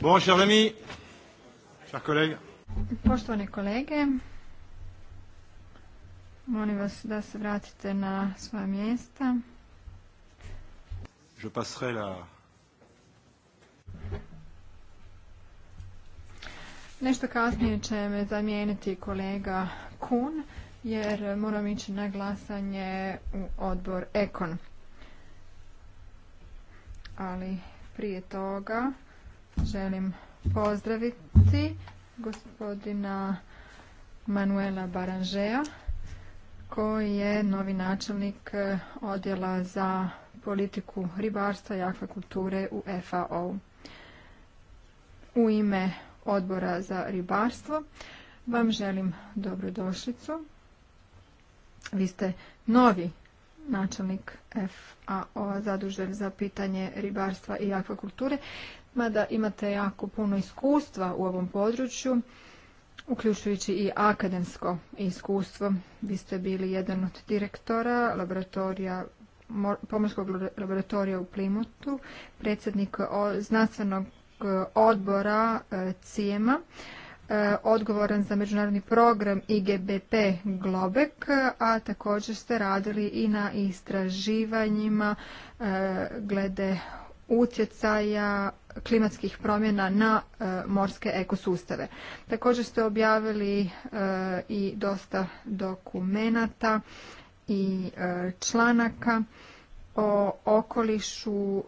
Bon, Poštovani kolege, molim vas da se vratite na svoja mjesta. Nešto kasnije će me zamijeniti kolega Kun, jer moram ići na glasanje u odbor Ekon ali prije toga želim pozdraviti gospodina Manuela Baranžeja koji je novi načelnik odjela za politiku ribarstva i akvakulture u FAO. U ime odbora za ribarstvo vam želim dobrodošlicu. Vi ste novi načelnik FAO zadužen za pitanje ribarstva i akvakulture, mada imate jako puno iskustva u ovom području, uključujući i akademsko iskustvo. Vi ste bili jedan od direktora laboratorija pomorskog laboratorija u Plimutu, predsjednik znanstvenog odbora e, cijema E, odgovoran za međunarodni program IGBP Globek, a također ste radili i na istraživanjima e, glede utjecaja klimatskih promjena na e, morske ekosustave. Također ste objavili i dosta dokumenata i članaka o okolišu,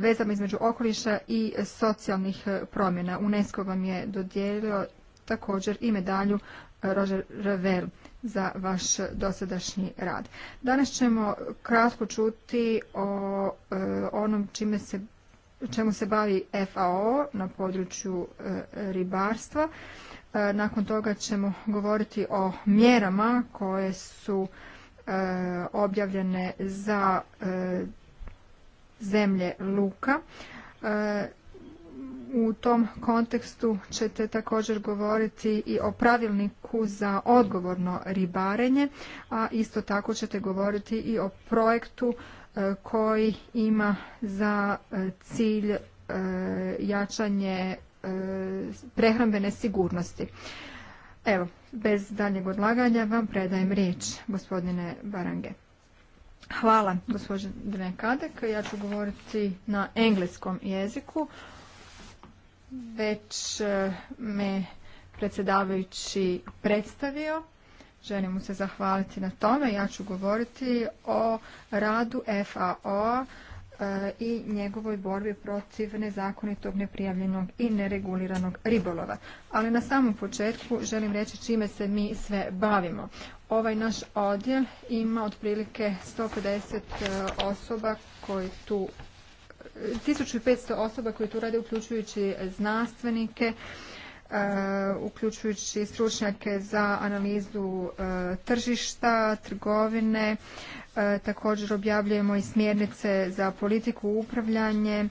vezama između okoliša i socijalnih e, promjena. UNESCO vam je dodijelio također i medalju e, Roger Revel za vaš dosadašnji rad. Danas ćemo kratko čuti o e, onom čime se, čemu se bavi FAO na području ribarstva. Nakon toga ćemo govoriti o mjerama koje su objavljene za zemlje luka. E, u tom kontekstu ćete također govoriti i o pravilniku za odgovorno ribarenje, a isto tako ćete govoriti i o projektu e, koji ima za e, cilj jačanje prehrambene sigurnosti. Evo, bez daljeg odlaganja vam predajem riječ, gospodine Barange. Hvala, gospodine Kadek. Ja ću govoriti na engleskom jeziku. Već e, me predsjedavajući predstavio. Želim mu se zahvaliti na tome. Ja ću govoriti o radu FAO E, i njegovoj borbi protiv nezakonitog, neprijavljenog i nereguliranog ribolova. Ali na samom početku želim reći čime se mi sve bavimo. Ovaj naš odjel ima otprilike 150 e, osoba koji tu 1500 osoba koji tu rade uključujući znanstvenike, e, uključujući stručnjake za analizu tržišta, trgovine, E, također objavljujemo i smjernice za politiku upravljanje,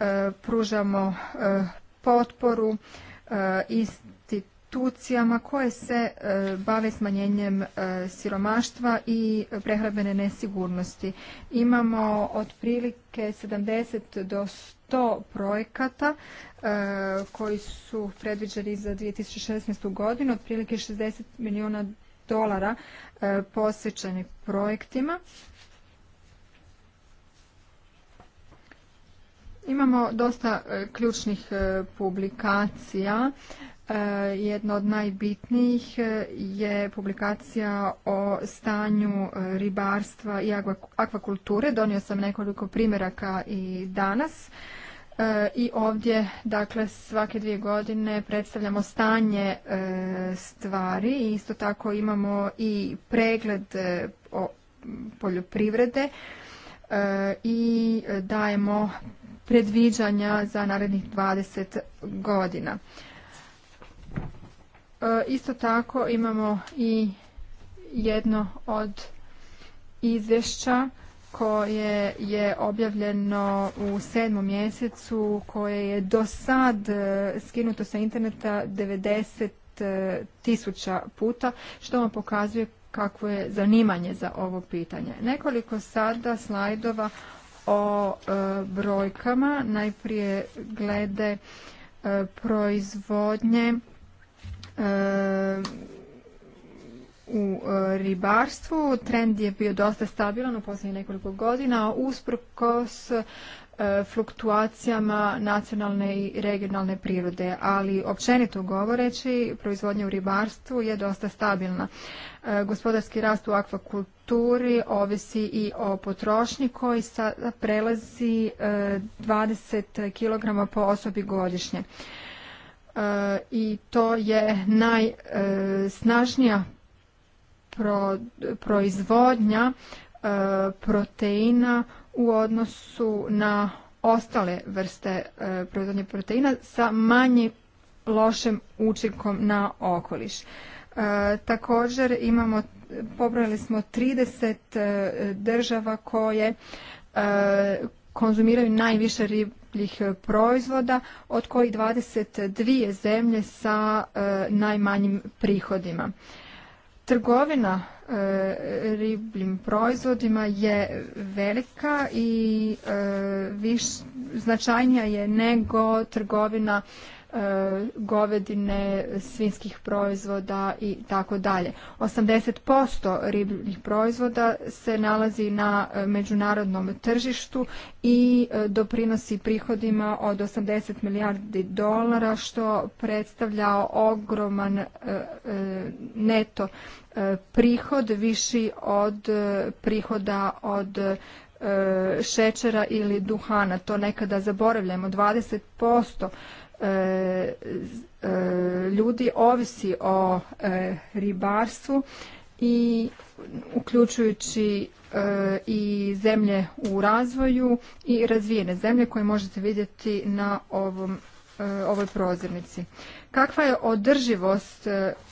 e, pružamo e, potporu institucijama koje se bave smanjenjem siromaštva i prehrabene nesigurnosti. Imamo otprilike 70 do 100 projekata koji su predviđeni za 2016. godinu, otprilike 60 milijuna dolara e, posvećeni projektima. Imamo dosta e, ključnih e, publikacija. Jedna od najbitnijih je publikacija o stanju ribarstva i akvakulture. Donio sam nekoliko primjeraka i danas. E, i ovdje dakle svake dvije godine predstavljamo stanje e, stvari i isto tako imamo i pregled e, poljoprivrede i dajemo predviđanja za narednih 20 godina. Isto tako imamo i jedno od izvješća koje je objavljeno u sedmom mjesecu, koje je do sad e, skinuto sa interneta 90 e, tisuća puta, što vam pokazuje kakvo je zanimanje za ovo pitanje. Nekoliko sada slajdova o e, brojkama, najprije glede proizvodnje u e, ribarstvu. Trend je bio dosta stabilan u posljednjih nekoliko godina, usprkos e, fluktuacijama nacionalne i regionalne prirode, ali općenito govoreći proizvodnja u ribarstvu je dosta stabilna. E, gospodarski rast u akvakulturi ovisi i o potrošnji koji sada prelazi 20 kg po osobi godišnje i to je najsnažnija proizvodnja e, proteina u odnosu na ostale vrste e, proizvodnje proteina sa manje lošim učinkom na okoliš. E, također imamo, pobrali smo 30 država koje konzumiraju najviše ribljih proizvoda, od kojih 22 zemlje sa najmanjim prihodima. Trgovina e, ribljim proizvodima je velika i e, značajnija je nego trgovina E, govedine, svinskih proizvoda i tako dalje. 80% ribljih proizvoda se nalazi na e, međunarodnom tržištu i e, doprinosi prihodima od 80 milijardi dolara što predstavlja ogroman neto prihod viši od prihoda od šećera ili duhana. To nekada zaboravljamo. 20% E, e, ljudi ovisi o e, ribarstvu i uključujući i zemlje u razvoju i razvijene zemlje koje možete vidjeti na ovom, ovoj prozirnici. Kakva je održivost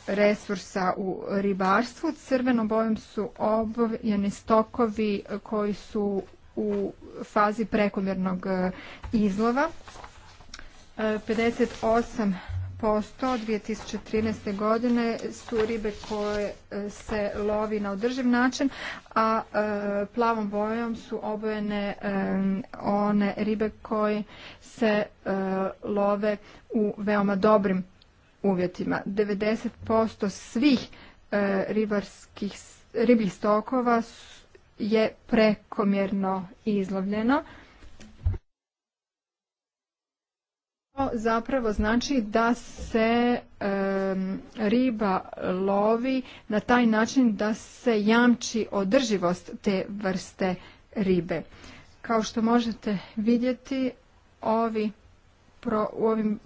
resursa u ribarstvu? Crvenom bojem su obojeni stokovi koji su u fazi prekomjernog izlova 58% 2013. godine su ribe koje e, se lovi na održiv način, a e, plavom bojom su obojene e, one ribe koje se love u veoma dobrim uvjetima. 90% svih ribarskih, ribljih stokova je prekomjerno izlovljeno. zapravo znači da se riba lovi na taj način da se jamči održivost te vrste ribe. Kao što možete vidjeti, ovi u ovim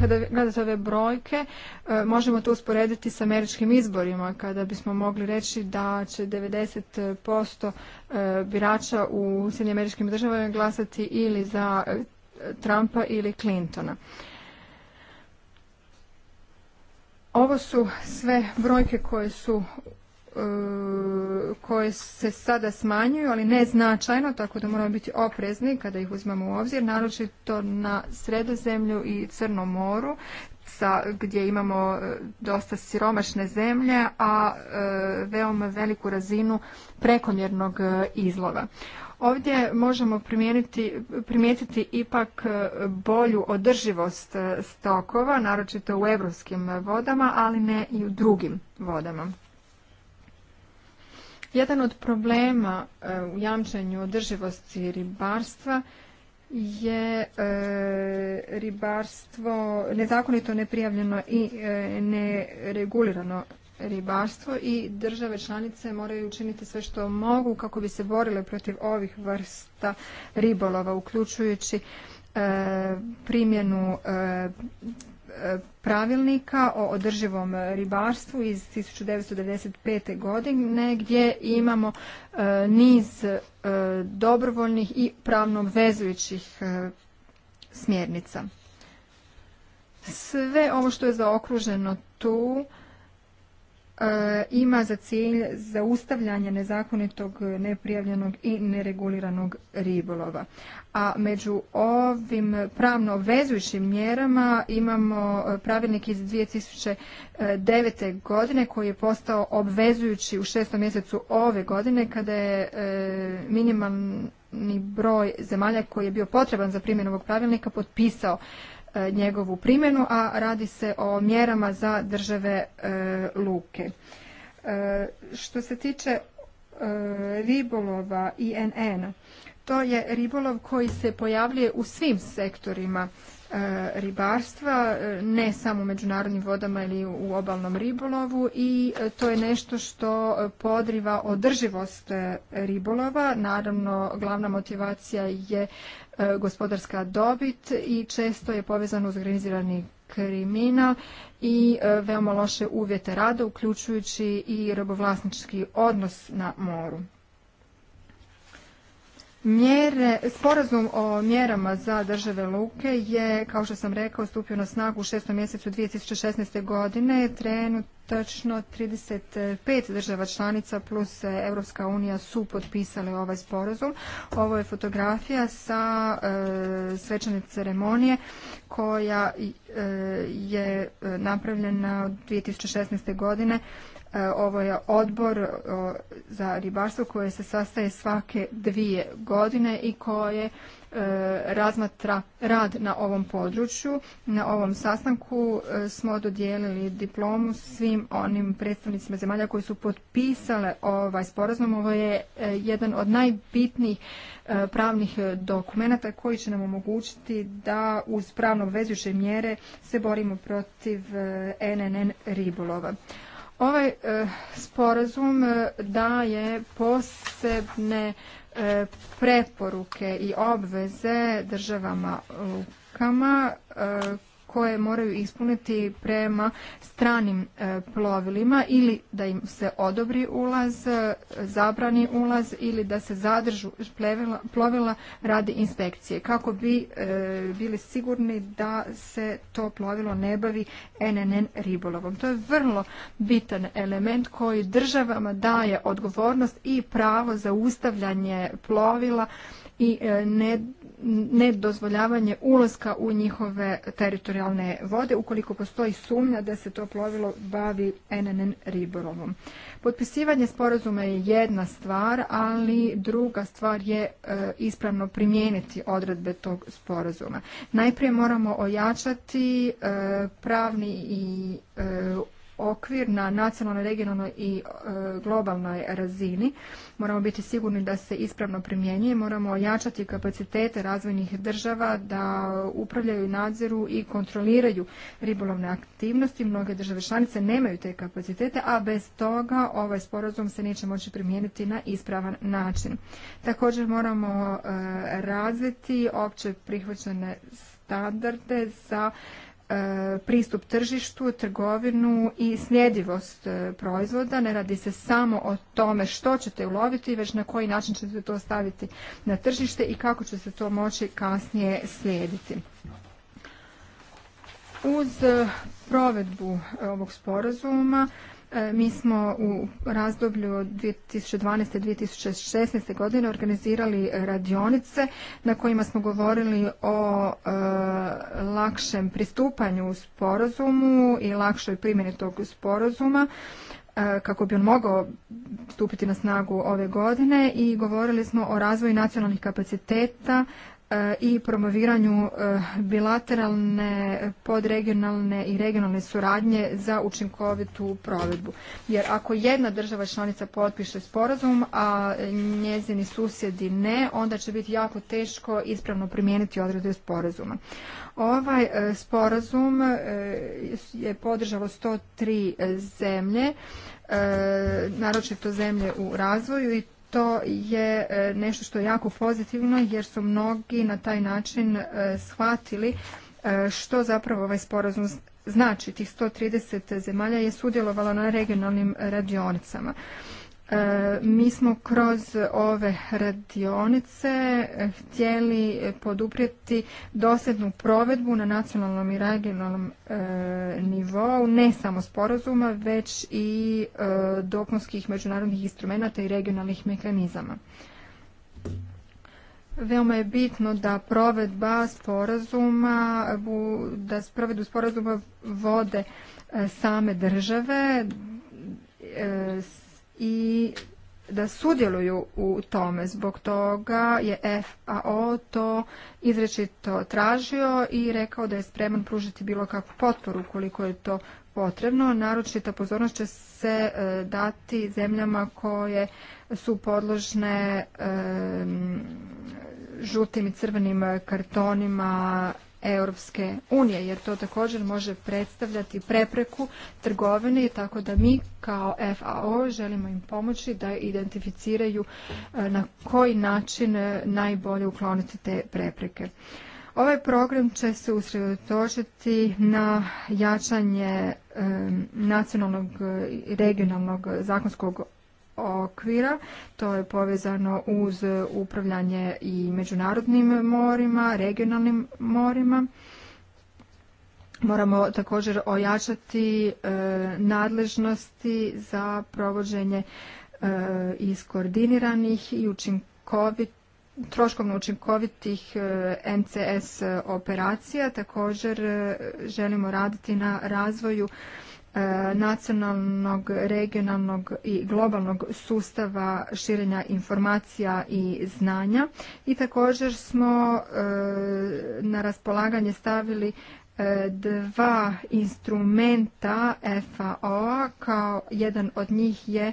kada gledate ove brojke, e, možemo to usporediti s američkim izborima, kada bismo mogli reći da će 90% e, birača u Sjedinim američkim državama glasati ili za Trumpa ili Clintona. Ovo su sve brojke koje su e, koje se sada smanjuju, ali ne značajno, tako da moramo biti oprezni kada ih uzmemo u obzir, naročito na Sredozemlju i Crnom moru, sa, gdje imamo e, dosta siromašne zemlje, a e, veoma veliku razinu prekomjernog izlova. Ovdje možemo primijetiti ipak e, bolju održivost e, stokova, naročito u evropskim vodama, ali ne i u drugim vodama. Jedan od problema e, u jamčanju održivosti ribarstva je ribarstvo nezakonito neprijavljeno i neregulirano ribarstvo i države članice moraju učiniti sve što mogu kako bi se borile protiv ovih vrsta ribolova, uključujući e, primjenu e, e, pravilnika o održivom ribarstvu iz 1995. godine gdje imamo niz dobrovoljnih i pravno obvezujućih smjernica. Sve ovo što je zaokruženo tu E, ima za cilj zaustavljanje nezakonitog, neprijavljenog i nereguliranog ribolova. A među ovim pravno obvezujućim mjerama imamo e, pravilnik iz 2009. godine koji je postao obvezujući u šestom mjesecu ove godine kada je e, minimalni broj zemalja koji je bio potreban za primjenu ovog pravilnika potpisao E, njegovu primjenu, a radi se o mjerama za države e, luke. E, što se tiče ribolova INN, to je ribolov koji se pojavljuje u svim sektorima ribarstva, ne samo u međunarodnim vodama ili u obalnom ribolovu i to je nešto što podriva održivost ribolova. Naravno, glavna motivacija je E, gospodarska dobit i često je povezano uz organizirani kriminal i e, veoma loše uvjete rada, uključujući i robovlasnički odnos na moru. Mjere, sporazum o mjerama za države Luke je, kao što sam rekao, stupio na snagu u šestom mjesecu 2016. godine. Trenutačno 35 država članica plus Evropska unija su potpisale ovaj sporazum. Ovo je fotografija sa e, svečane ceremonije koja e, je e, napravljena od 2016. godine E, ovo je odbor e, za ribarstvo koje se sastaje svake dvije godine i koje e, razmatra rad na ovom području. Na ovom sastanku smo dodijelili diplomu svim onim predstavnicima zemalja koji su potpisale ovaj sporazum. Ovo je jedan od najbitnijih pravnih dokumenata koji će nam omogućiti da uz pravno obvezujuće mjere se borimo protiv NNN ribolova. Ovaj e, sporazum e, daje posebne e, preporuke i obveze državama lukama koje moraju ispuniti prema stranim e, plovilima ili da im se odobri ulaz, e, zabrani ulaz ili da se zadržu plovila radi inspekcije kako bi e, bili sigurni da se to plovilo ne bavi NNN ribolovom. To je vrlo bitan element koji državama daje odgovornost i pravo za ustavljanje plovila i ne nedozvoljavanje ulaska u njihove teritorijalne vode ukoliko postoji sumnja da se to plovilo bavi NNN ribolovom. Potpisivanje sporazuma je jedna stvar, ali druga stvar je e, ispravno primijeniti odredbe tog sporazuma. Najprije moramo ojačati e, pravni i e, okvir na nacionalnoj, regionalnoj i e, globalnoj razini. Moramo biti sigurni da se ispravno primjenjuje, moramo ojačati kapacitete razvojnih država da upravljaju, nadziru i kontroliraju ribolovne aktivnosti. Mnoge države članice nemaju te kapacitete, a bez toga ovaj sporazum se neće moći primijeniti na ispravan način. Također moramo e, razviti opće prihvaćene standarde za E, pristup tržištu, trgovinu i sljedivost e, proizvoda. Ne radi se samo o tome što ćete uloviti, već na koji način ćete to staviti na tržište i kako će se to moći kasnije slijediti. Uz e, provedbu ovog sporazuma E, mi smo u razdoblju od 2012. 2016. godine organizirali radionice na kojima smo govorili o e, lakšem pristupanju u sporazumu i lakšoj primjeni tog sporazuma e, kako bi on mogao stupiti na snagu ove godine i govorili smo o razvoju nacionalnih kapaciteta E, i promoviranju e, bilateralne, podregionalne i regionalne suradnje za učinkovitu provedbu. Jer ako jedna država članica potpiše sporazum, a njezini susjedi ne, onda će biti jako teško ispravno primijeniti odredbe sporazuma. Ovaj e, sporazum je podržalo 103 zemlje, naročito zemlje u razvoju i to je e, nešto što je jako pozitivno jer su mnogi na taj način e, shvatili e, što zapravo ovaj sporazum znači. Tih 130 zemalja je sudjelovalo na regionalnim radionicama. E, mi smo kroz ove radionice e, htjeli poduprijeti dosljednu provedbu na nacionalnom i regionalnom e, nivou, ne samo sporazuma, već i dopunskih međunarodnih instrumenata i regionalnih mehanizama. Veoma je bitno da provedba sporazuma, da provedbu sporazuma vode same države, i da sudjeluju u tome. Zbog toga je FAO to izrečito tražio i rekao da je spreman pružiti bilo kakvu potporu ukoliko je to potrebno. Naročita pozornost će se e, dati zemljama koje su podložne e, žutim i crvenim kartonima Europske unije, jer to također može predstavljati prepreku trgovine, tako da mi kao FAO želimo im pomoći da identificiraju e, na koji način e, najbolje ukloniti te prepreke. Ovaj program će se usredotočiti na jačanje e, nacionalnog i regionalnog zakonskog okvira. To je povezano uz upravljanje i međunarodnim morima, regionalnim morima. Moramo također ojačati e, nadležnosti za provođenje e, iskoordiniranih i troškovno učinkovitih e, NCS operacija. Također želimo raditi na razvoju E, nacionalnog, regionalnog i globalnog sustava širenja informacija i znanja i također smo e, na raspolaganje stavili e, dva instrumenta FAO-a, kao jedan od njih je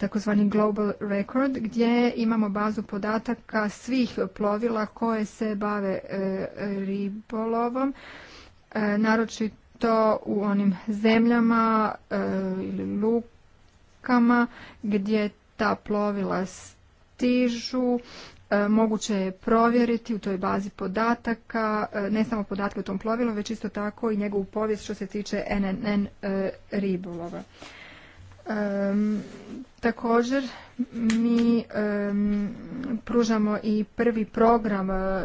takozvani Global Record, gdje imamo bazu podataka svih plovila koje se bave ribolovom, naročito to u onim zemljama e, ili lukama gdje ta plovila stižu e, moguće je provjeriti u toj bazi podataka e, ne samo podatke o tom plovilu već isto tako i njegovu povijest što se tiče NNN ribolova Um, također mi um, pružamo i prvi program, e,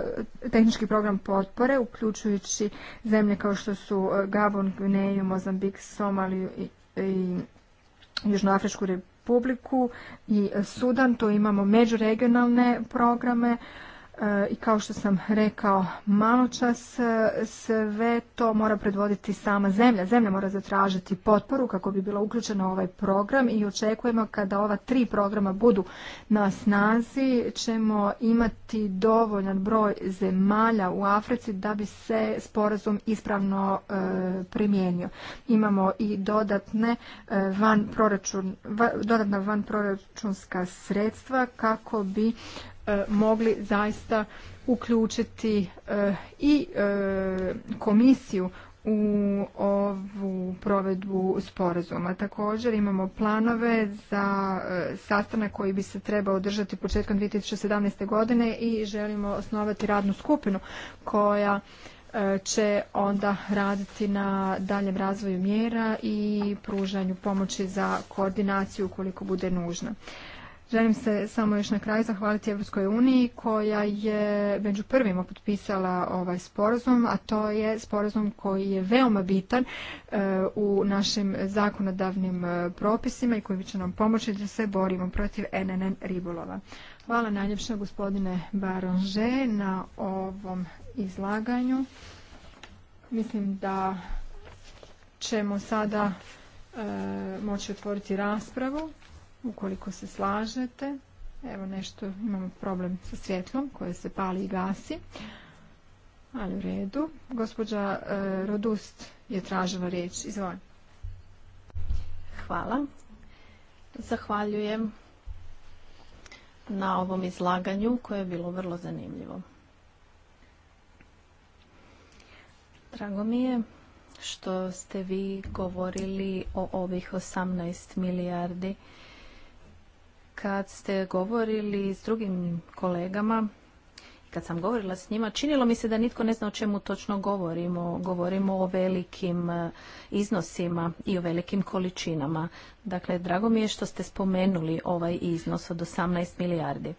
tehnički program potpore, uključujući zemlje kao što su e, Gabon, Gvineju, Mozambik, Somaliju i, i Južnoafričku republiku i Sudan. Tu imamo međuregionalne programe E, i kao što sam rekao malo čas, e, sve to mora predvoditi sama zemlja. Zemlja mora zatražiti potporu kako bi bila uključena u ovaj program i očekujemo kada ova tri programa budu na snazi ćemo imati dovoljan broj zemalja u Africi da bi se sporazum ispravno e, primijenio. Imamo i dodatne van proračun, dodatna vanproračunska sredstva kako bi E, mogli zaista uključiti e, i e, komisiju u ovu provedbu sporazuma. Također imamo planove za sastanak koji bi se trebao održati početkom 2017. godine i želimo osnovati radnu skupinu koja će onda raditi na daljem razvoju mjera i pružanju pomoći za koordinaciju ukoliko bude nužna. Želim se samo još na kraju zahvaliti Evropskoj uniji koja je među prvima potpisala ovaj sporazum, a to je sporazum koji je veoma bitan e, u našim zakonodavnim e, propisima i koji će nam pomoći da se borimo protiv NNN ribolova. Hvala najljepša gospodine Baronže na ovom izlaganju. Mislim da ćemo sada e, moći otvoriti raspravu. Ukoliko se slažete, evo nešto, imamo problem sa svjetlom koje se pali i gasi, ali u redu. Gospođa e, Rodust je tražila riječ, izvoli. Hvala. Zahvaljujem na ovom izlaganju koje je bilo vrlo zanimljivo. Drago mi je što ste vi govorili o ovih 18 milijardi kad ste govorili s drugim kolegama, kad sam govorila s njima, činilo mi se da nitko ne zna o čemu točno govorimo. Govorimo o velikim e, iznosima i o velikim količinama. Dakle, drago mi je što ste spomenuli ovaj iznos od 18 milijardi.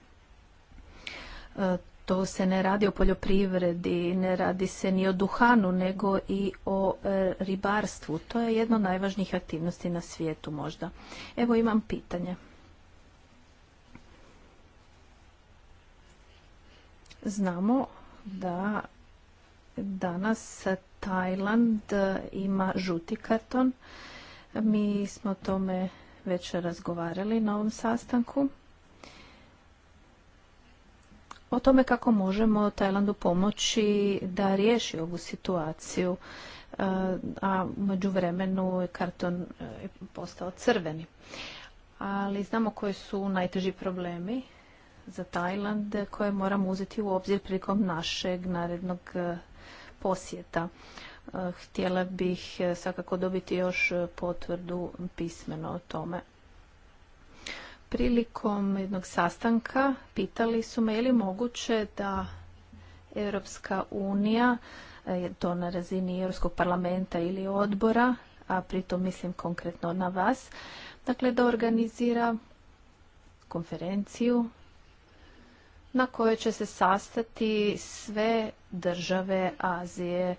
E, to se ne radi o poljoprivredi, ne radi se ni o duhanu, nego i o e, ribarstvu. To je jedno najvažnijih aktivnosti na svijetu možda. Evo imam pitanje. Znamo da danas Tajland ima žuti karton. Mi smo o tome već razgovarali na ovom sastanku. O tome kako možemo Tajlandu pomoći da riješi ovu situaciju, e, a među vremenu je karton e, postao crveni. Ali znamo koji su najteži problemi za Tajland e, koje moramo uzeti u obzir prilikom našeg narednog e, posjeta. E, htjela bih svakako dobiti još potvrdu pismeno o tome. Prilikom jednog sastanka pitali su me je li moguće da Europska unija, to na razini Europskog parlamenta ili odbora, a pritom mislim konkretno na vas, dakle da organizira konferenciju na kojoj će se sastati sve države Azije.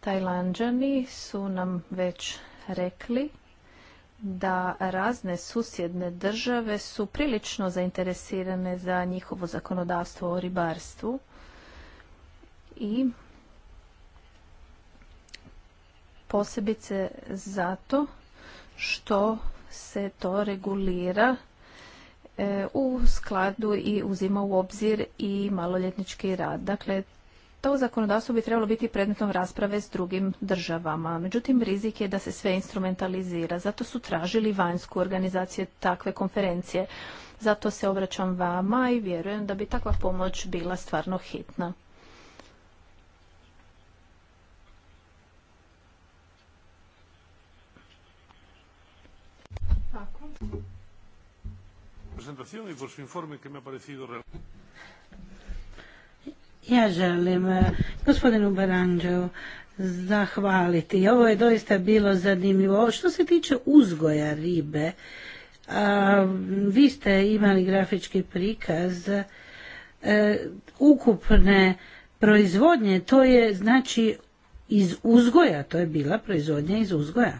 Tajlanđani su nam već rekli da razne susjedne države su prilično zainteresirane za njihovo zakonodavstvo o ribarstvu i posebice zato što se to regulira E, u skladu i uzima u obzir i maloljetnički rad. Dakle, to zakonodavstvo bi trebalo biti predmetom rasprave s drugim državama. Međutim, rizik je da se sve instrumentalizira. Zato su tražili vanjsku organizaciju takve konferencije. Zato se obraćam vama i vjerujem da bi takva pomoć bila stvarno hitna presentación y por su informe Ja želim eh, gospodinu baranđu zahvaliti. Ovo je doista bilo zanimljivo. Što se tiče uzgoja ribe, a, vi ste imali grafički prikaz eh, ukupne proizvodnje. To je znači iz uzgoja, to je bila proizvodnja iz uzgoja.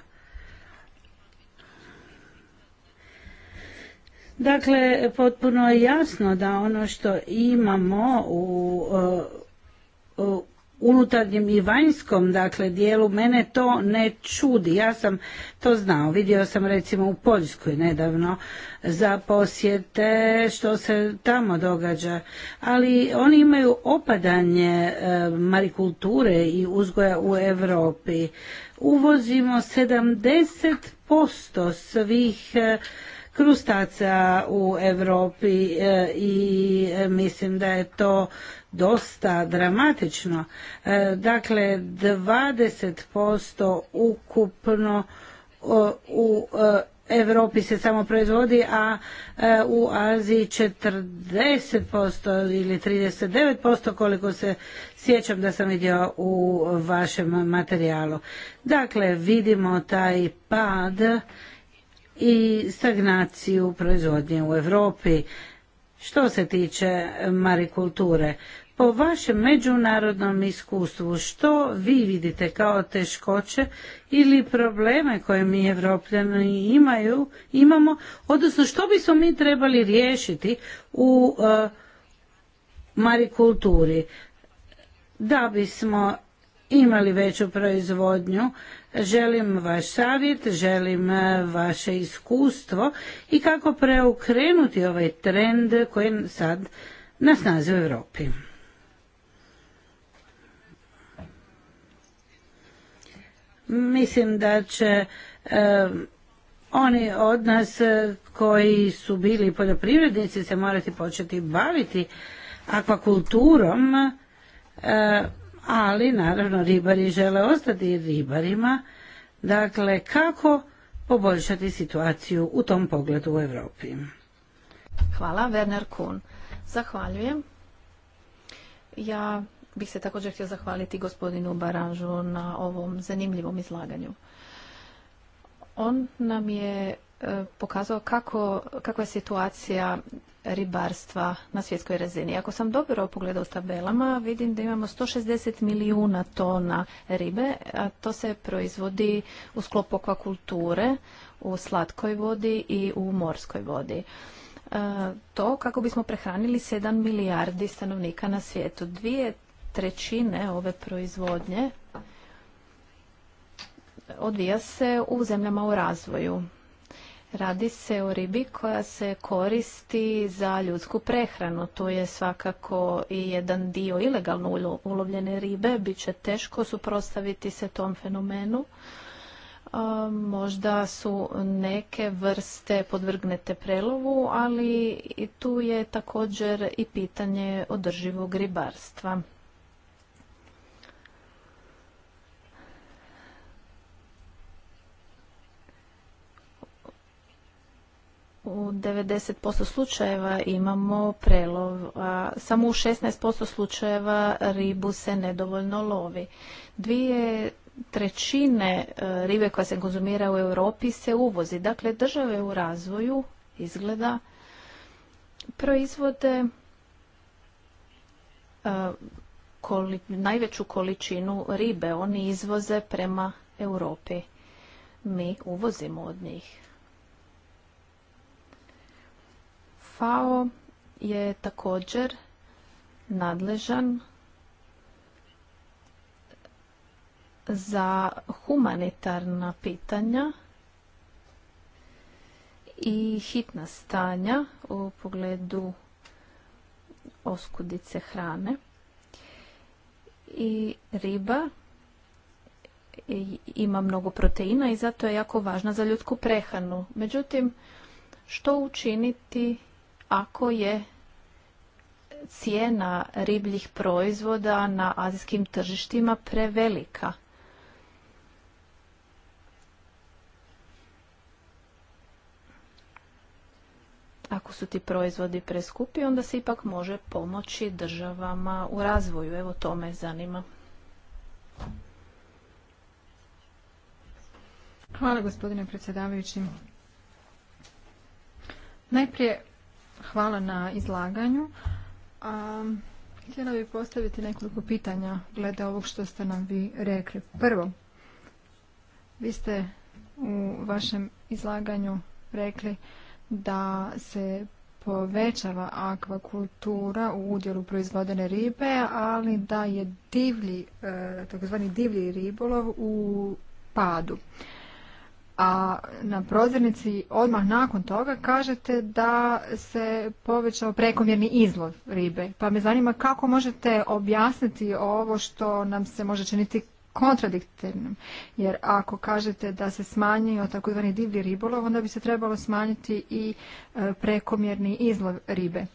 Dakle, potpuno je jasno da ono što imamo u, e, u unutarnjem i vanjskom dakle dijelu mene to ne čudi ja sam to znao vidio sam recimo u Poljskoj nedavno za posjete što se tamo događa ali oni imaju opadanje e, marikulture i uzgoja u Europi uvozimo 70% svih e, krustaca u Europi e, i e, mislim da je to dosta dramatično. E, dakle, 20% ukupno u Europi se samo proizvodi, a u Aziji 40% ili 39% koliko se sjećam da sam vidio u vašem materijalu. Dakle, vidimo taj pad i stagnaciju proizvodnje u Europi. Što se tiče marikulture, po vašem međunarodnom iskustvu što vi vidite kao teškoće ili probleme koje mi Evropljani imaju, imamo, odnosno što bismo mi trebali riješiti u e, marikulturi da bismo imali veću proizvodnju Želim vaš savjet, želim e, vaše iskustvo i kako preokrenuti ovaj trend koji sad na snazi u Europi. Mislim da će e, oni od nas koji su bili poljoprivrednici se morati početi baviti akvakulturom e, ali naravno ribari žele ostati ribarima. Dakle, kako poboljšati situaciju u tom pogledu u Europi? Hvala, Werner Kuhn. Zahvaljujem. Ja bih se također htio zahvaliti gospodinu Baranžu na ovom zanimljivom izlaganju. On nam je E, pokazao kako, kakva je situacija ribarstva na svjetskoj razini. Ako sam dobro pogledao s tabelama, vidim da imamo 160 milijuna tona ribe, a to se proizvodi u sklopu akvakulture, u slatkoj vodi i u morskoj vodi. E, to kako bismo prehranili 7 milijardi stanovnika na svijetu. Dvije trećine ove proizvodnje odvija se u zemljama u razvoju Radi se o ribi koja se koristi za ljudsku prehranu. To je svakako i jedan dio ilegalno ulovljene ribe. Biće teško suprostaviti se tom fenomenu. Možda su neke vrste podvrgnete prelovu, ali tu je također i pitanje održivog ribarstva. u 90% slučajeva imamo prelov, a samo u 16% slučajeva ribu se nedovoljno lovi. Dvije trećine e, ribe koja se konzumira u Europi se uvozi. Dakle, države u razvoju izgleda proizvode e, najveću količinu ribe. Oni izvoze prema Europi. Mi uvozimo od njih. FAO je također nadležan za humanitarna pitanja i hitna stanja u pogledu oskudice hrane i riba ima mnogo proteina i zato je jako važna za ljudsku prehranu. Međutim, što učiniti ako je cijena ribljih proizvoda na azijskim tržištima prevelika. Ako su ti proizvodi preskupi, onda se ipak može pomoći državama u razvoju. Evo to me zanima. Hvala gospodine predsjedavajući. Najprije Hvala na izlaganju. htjela bih postaviti nekoliko pitanja glede ovog što ste nam vi rekli. Prvo, vi ste u vašem izlaganju rekli da se povećava akvakultura u udjelu proizvodene ribe, ali da je divlji, e, takozvani divlji ribolov u padu a na prozirnici odmah nakon toga kažete da se povećao prekomjerni izlov ribe. Pa me zanima kako možete objasniti ovo što nam se može činiti kontradiktornim. Jer ako kažete da se smanjio takozvani divlji ribolov, onda bi se trebalo smanjiti i e, prekomjerni izlov ribe.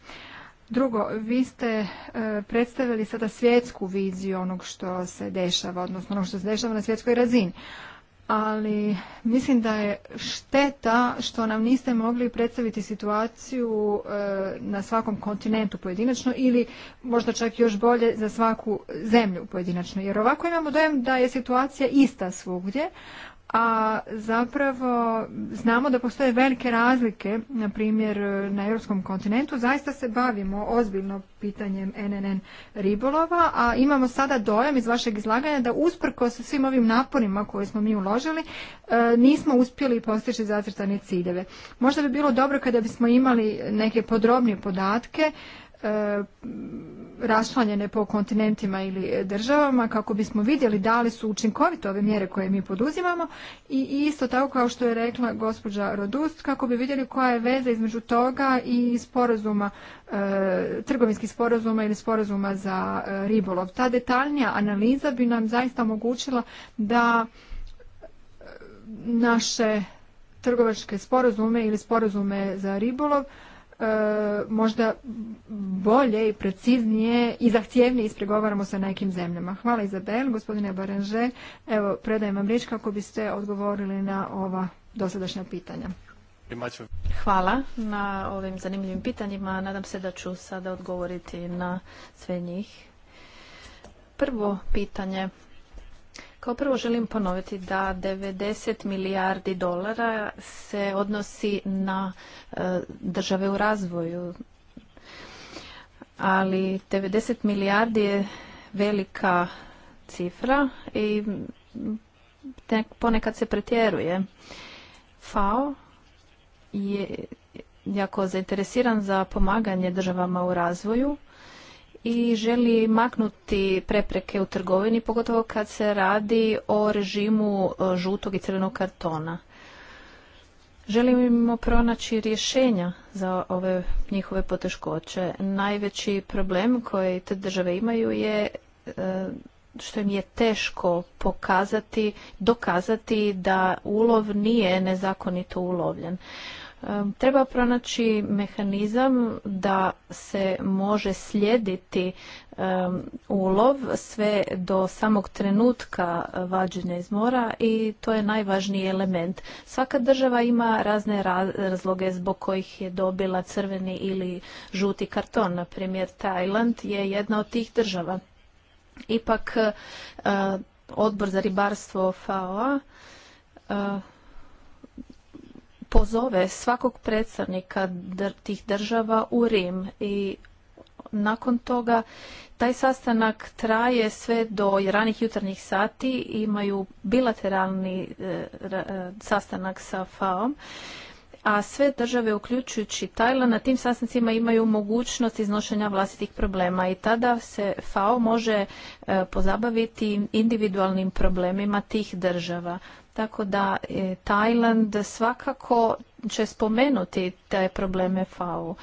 Drugo, vi ste e, predstavili sada svjetsku viziju onog što se dešava, odnosno onog što se dešava na svjetskoj razini ali mislim da je šteta što nam niste mogli predstaviti situaciju e, na svakom kontinentu pojedinačno ili možda čak još bolje za svaku zemlju pojedinačno jer ovako imamo dojem da je situacija ista svugdje a zapravo znamo da postoje velike razlike, na primjer na europskom kontinentu, zaista se bavimo ozbiljno pitanjem NNN ribolova, a imamo sada dojam iz vašeg izlaganja da usprko sa svim ovim naporima koje smo mi uložili, e, nismo uspjeli postići zacrtane ciljeve. Možda bi bilo dobro kada bismo imali neke podrobnije podatke E, raščlanjene po kontinentima ili državama kako bismo vidjeli da li su učinkovite ove mjere koje mi poduzimamo i isto tako kao što je rekla gospođa Rodust kako bi vidjeli koja je veza između toga i sporazuma e, trgovinskih sporazuma ili sporazuma za e, ribolov. Ta detaljnija analiza bi nam zaista omogućila da e, naše trgovačke sporazume ili sporazume za ribolov E, možda bolje i preciznije i zahtjevnije ispregovaramo sa nekim zemljama. Hvala Izabel, gospodine Baranže. Evo, predajem vam riječ kako biste odgovorili na ova dosadašnja pitanja. Hvala na ovim zanimljivim pitanjima. Nadam se da ću sada odgovoriti na sve njih. Prvo pitanje kao prvo želim ponoviti da 90 milijardi dolara se odnosi na e, države u razvoju, ali 90 milijardi je velika cifra i ponekad se pretjeruje. FAO je jako zainteresiran za pomaganje državama u razvoju i želi maknuti prepreke u trgovini, pogotovo kad se radi o režimu e, žutog i crvenog kartona. Želimo pronaći rješenja za ove njihove poteškoće. Najveći problem koji te države imaju je e, što im je teško pokazati, dokazati da ulov nije nezakonito ulovljen. Treba pronaći mehanizam da se može slijediti ulov sve do samog trenutka eh, vađenja iz mora i to je najvažniji element. Svaka država ima razne razloge zbog kojih je dobila crveni ili žuti karton. Na primjer, Tajland je jedna od tih država. Ipak, eh, odbor za ribarstvo FAO-a pozove svakog predstavnika tih država u Rim i nakon toga taj sastanak traje sve do ranih jutarnjih sati, imaju bilateralni e, e, sastanak sa fao a sve države uključujući Tajlan na tim sastancima imaju mogućnost iznošenja vlastitih problema i tada se FAO može e, pozabaviti individualnim problemima tih država. Tako da e, Tajland svakako će spomenuti te probleme FAO.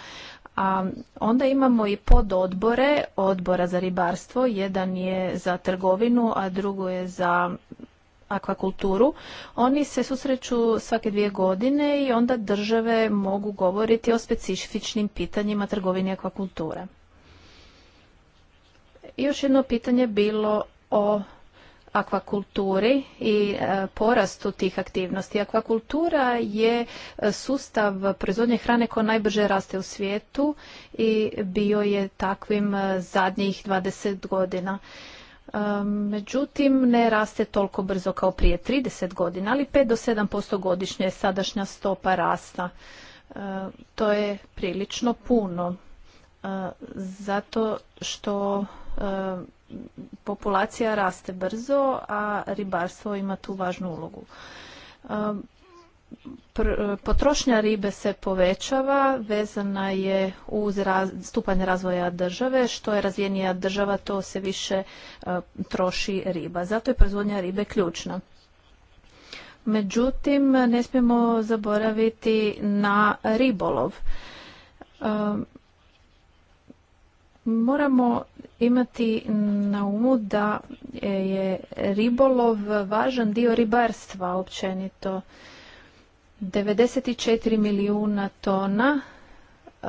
A onda imamo i pododbore, odbora za ribarstvo, jedan je za trgovinu, a drugo je za akvakulturu. Oni se susreću svake dvije godine i onda države mogu govoriti o specifičnim pitanjima trgovine akvakulture. još jedno pitanje bilo o akvakulturi i e, porastu tih aktivnosti. Akvakultura je e, sustav proizvodnje hrane koja najbrže raste u svijetu i bio je takvim e, zadnjih 20 godina. Međutim, ne raste toliko brzo kao prije 30 godina, ali 5 do 7% godišnje je sadašnja stopa rasta. To je prilično puno, zato što populacija raste brzo, a ribarstvo ima tu važnu ulogu. Potrošnja ribe se povećava, vezana je uz stupanje razvoja države. Što je razvijenija država, to se više e, troši riba. Zato je proizvodnja ribe ključna. Međutim, ne smijemo zaboraviti na ribolov. Moramo imati na umu da je ribolov važan dio ribarstva općenito. 94 milijuna tona e,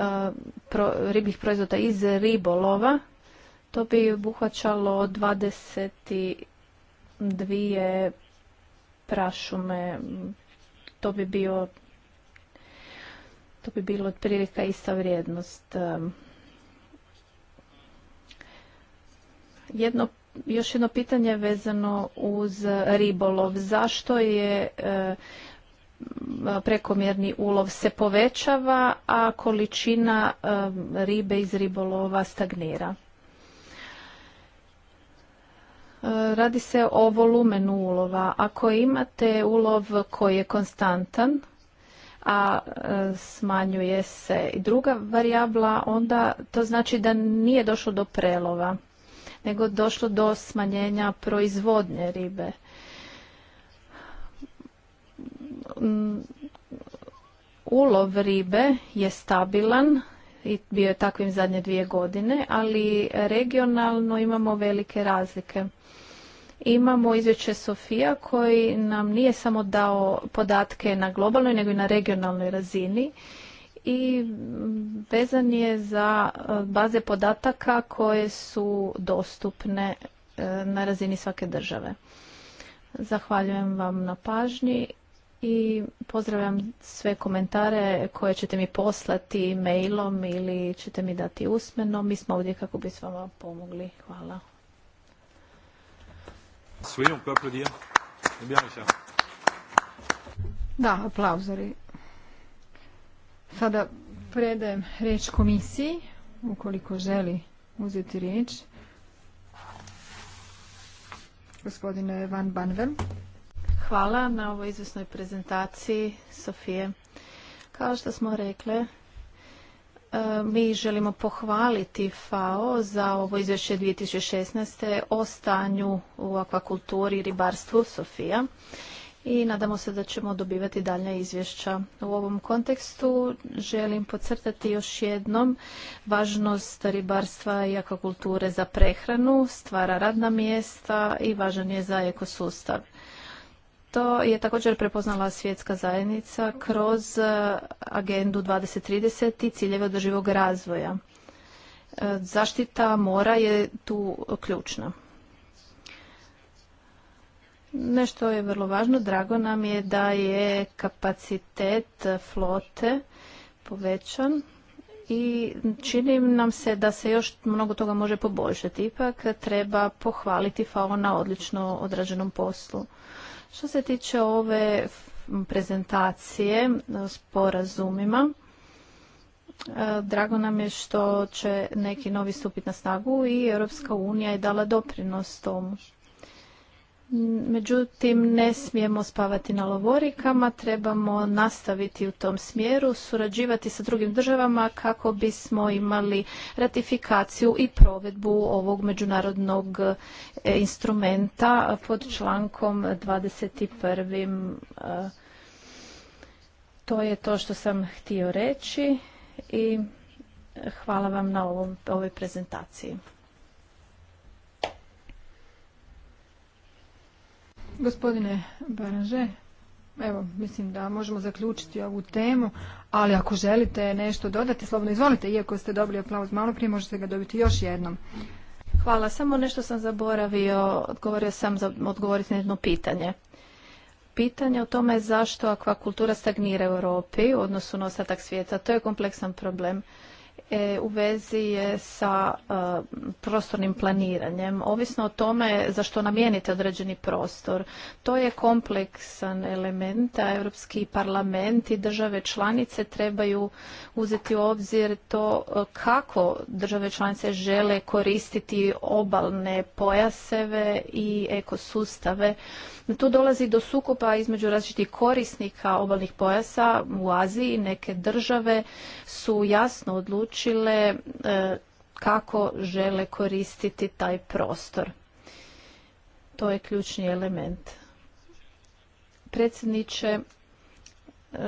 ribih proizvoda iz ribolova. To bi obuhvaćalo 22 prašume. To bi bio to bi bilo otprilike ista vrijednost jedno još jedno pitanje vezano uz ribolov. Zašto je e, prekomjerni ulov se povećava, a količina e, ribe iz ribolova stagnira? E, radi se o volumenu ulova. Ako imate ulov koji je konstantan, a smanjuje se i druga varijabla, onda to znači da nije došlo do prelova nego došlo do smanjenja proizvodnje ribe. Ulov ribe je stabilan i bio je takvim zadnje dvije godine, ali regionalno imamo velike razlike. Imamo izvješće Sofija koji nam nije samo dao podatke na globalnoj, nego i na regionalnoj razini i vezan je za e, baze podataka koje su dostupne e, na razini svake države. Zahvaljujem vam na pažnji i pozdravljam sve komentare koje ćete mi poslati mailom ili ćete mi dati usmeno. Mi smo ovdje kako bi s vama pomogli. Hvala. Da, aplauzari. Sada predajem riječ komisiji, ukoliko želi uzeti riječ. Gospodine Van Banvel. Hvala na ovoj izvjesnoj prezentaciji Sofije. Kao što smo rekle, e, mi želimo pohvaliti FAO za ovo izvješće 2016. o stanju u akvakulturi i ribarstvu Sofija i nadamo se da ćemo dobivati dalje izvješća. U ovom kontekstu želim podcrtati još jednom važnost ribarstva i akvakulture za prehranu, stvara radna mjesta i važan je za ekosustav. To je također prepoznala svjetska zajednica kroz agendu 2030 i ciljeve održivog razvoja. Zaštita mora je tu ključna. Nešto je vrlo važno, drago nam je da je kapacitet flote povećan i čini nam se da se još mnogo toga može poboljšati. Ipak treba pohvaliti FAO na odlično odrađenom poslu. Što se tiče ove prezentacije s porazumima, drago nam je što će neki novi stupiti na snagu i Europska unija je dala doprinos tomu. Međutim, ne smijemo spavati na lovorikama, trebamo nastaviti u tom smjeru, surađivati sa drugim državama kako bismo imali ratifikaciju i provedbu ovog međunarodnog e, instrumenta pod člankom 21. E, to je to što sam htio reći i hvala vam na ovoj prezentaciji. Gospodine Baranže, evo, mislim da možemo zaključiti ovu temu, ali ako želite nešto dodati, slobodno izvolite, iako ste dobili aplauz malo prije, možete ga dobiti još jednom. Hvala, samo nešto sam zaboravio, odgovorio sam za odgovoriti na jedno pitanje. Pitanje o tome zašto akvakultura stagnira u Europi u odnosu na ostatak svijeta, to je kompleksan problem. E, u vezi je sa e, prostornim planiranjem, ovisno o tome za što namijenite određeni prostor. To je kompleksan element, a Europski parlament i države članice trebaju uzeti u obzir to e, kako države članice žele koristiti obalne pojaseve i ekosustave. Tu dolazi do sukoba između različitih korisnika obalnih pojasa u Aziji. Neke države su jasno odlučile odlučile e, kako žele koristiti taj prostor. To je ključni element. Predsjedniče, e,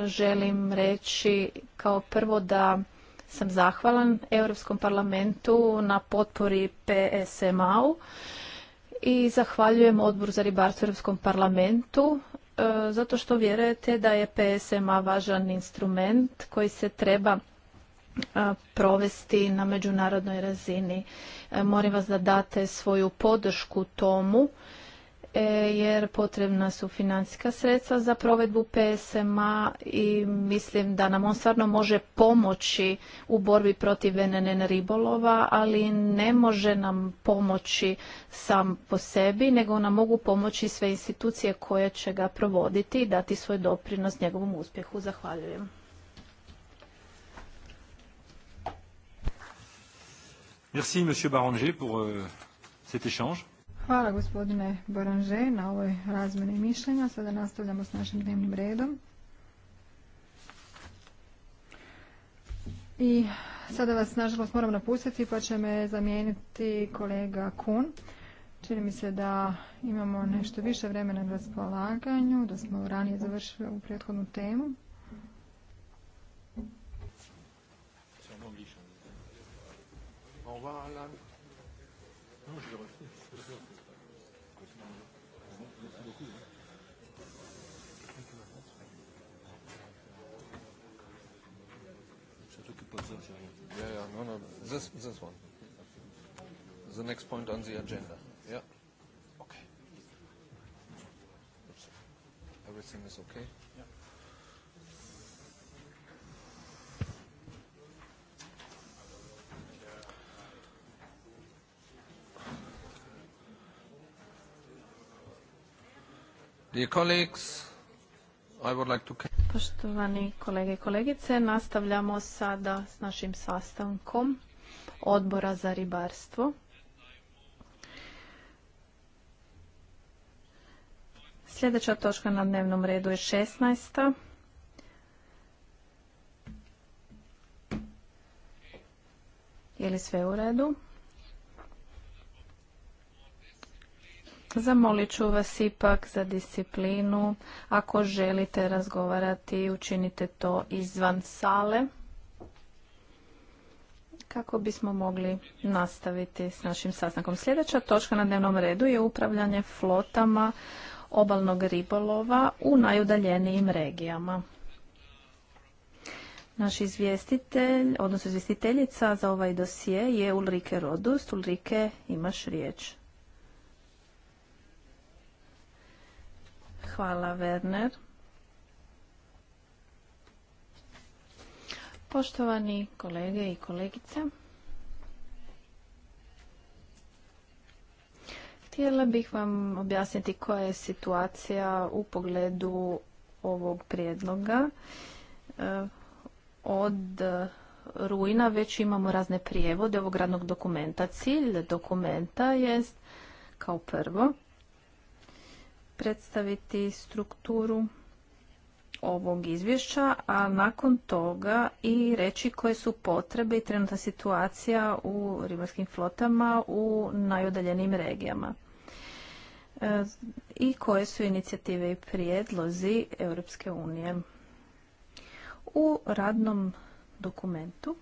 želim reći kao prvo da sam zahvalan Europskom parlamentu na potpori PSMA-u i zahvaljujem Odboru za ribarstvo Europskom parlamentu e, zato što vjerujete da je PSMA važan instrument koji se treba provesti na međunarodnoj razini. E, molim vas da date svoju podršku tomu e, jer potrebna su financijska sredstva za provedbu PSMA i mislim da nam on stvarno može pomoći u borbi protiv NNN ribolova, ali ne može nam pomoći sam po sebi, nego nam mogu pomoći sve institucije koje će ga provoditi i dati svoj doprinos njegovom uspjehu. Zahvaljujem. Euh, Hvala gospodine Baranže na ovoj razmeni mišljenja. Sada nastavljamo s našim dnevnim redom. I sada vas nažalost moram napustiti pa će me zamijeniti kolega Kun. Čini mi se da imamo nešto više vremena na raspolaganju, da smo ranije završili u prethodnu temu. revoir Alan. Non, je le Yeah, yeah, no, no, this, this one. The next point on the agenda. Yeah. Okay. Everything is okay. Poštovani kolege i kolegice, nastavljamo sada s našim sastankom odbora za ribarstvo. Sljedeća točka na dnevnom redu je 16. Je li sve u redu? Zamolit ću vas ipak za disciplinu. Ako želite razgovarati, učinite to izvan sale kako bismo mogli nastaviti s našim sastankom. Sljedeća točka na dnevnom redu je upravljanje flotama obalnog ribolova u najudaljenijim regijama. Naš izvjestitelj, odnosno izvjestiteljica za ovaj dosije je Ulrike Rodust. Ulrike, imaš riječ. Hvala, Werner. Poštovani kolege i kolegice, htjela bih vam objasniti koja je situacija u pogledu ovog prijedloga. E, od rujna već imamo razne prijevode ovog radnog dokumenta. Cilj dokumenta jest kao prvo predstaviti strukturu ovog izvješća, a nakon toga i reći koje su potrebe i trenutna situacija u ribarskim flotama u najudaljenijim regijama e, i koje su inicijative i prijedlozi Europske unije. U radnom dokumentu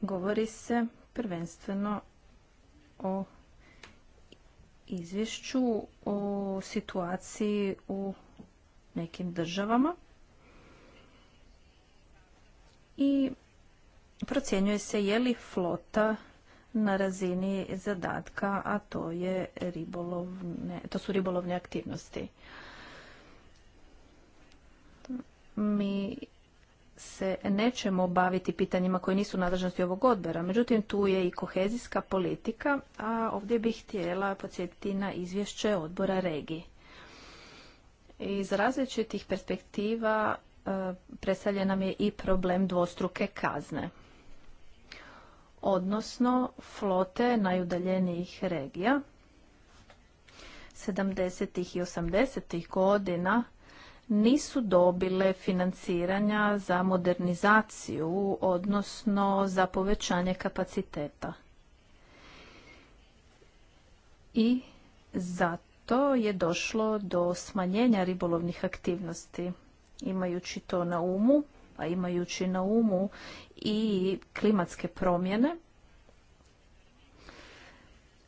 govori se prvenstveno o izvješću o situaciji u nekim državama i procjenjuje se je li flota na razini zadatka, a to, je ribolovne, to su ribolovne aktivnosti. Mi se nećemo baviti pitanjima koji nisu nadležnosti ovog odbora. Međutim, tu je i kohezijska politika, a ovdje bih htjela podsjetiti na izvješće odbora regije. Iz različitih perspektiva e, predstavljen nam je i problem dvostruke kazne, odnosno flote najudaljenijih regija. 70. i 80. godina nisu dobile financiranja za modernizaciju, odnosno za povećanje kapaciteta. I zato je došlo do smanjenja ribolovnih aktivnosti. Imajući to na umu, a imajući na umu i klimatske promjene,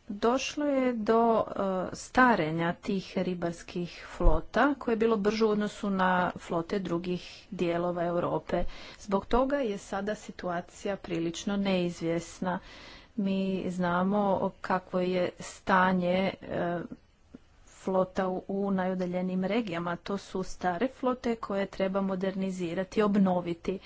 došlo je do e, starenja tih ribarskih flota koje je bilo brže u odnosu na flote drugih dijelova Europe. Zbog toga je sada situacija prilično neizvjesna. Mi znamo kakvo je stanje e, flota u najudaljenijim regijama. To su stare flote koje treba modernizirati, obnoviti.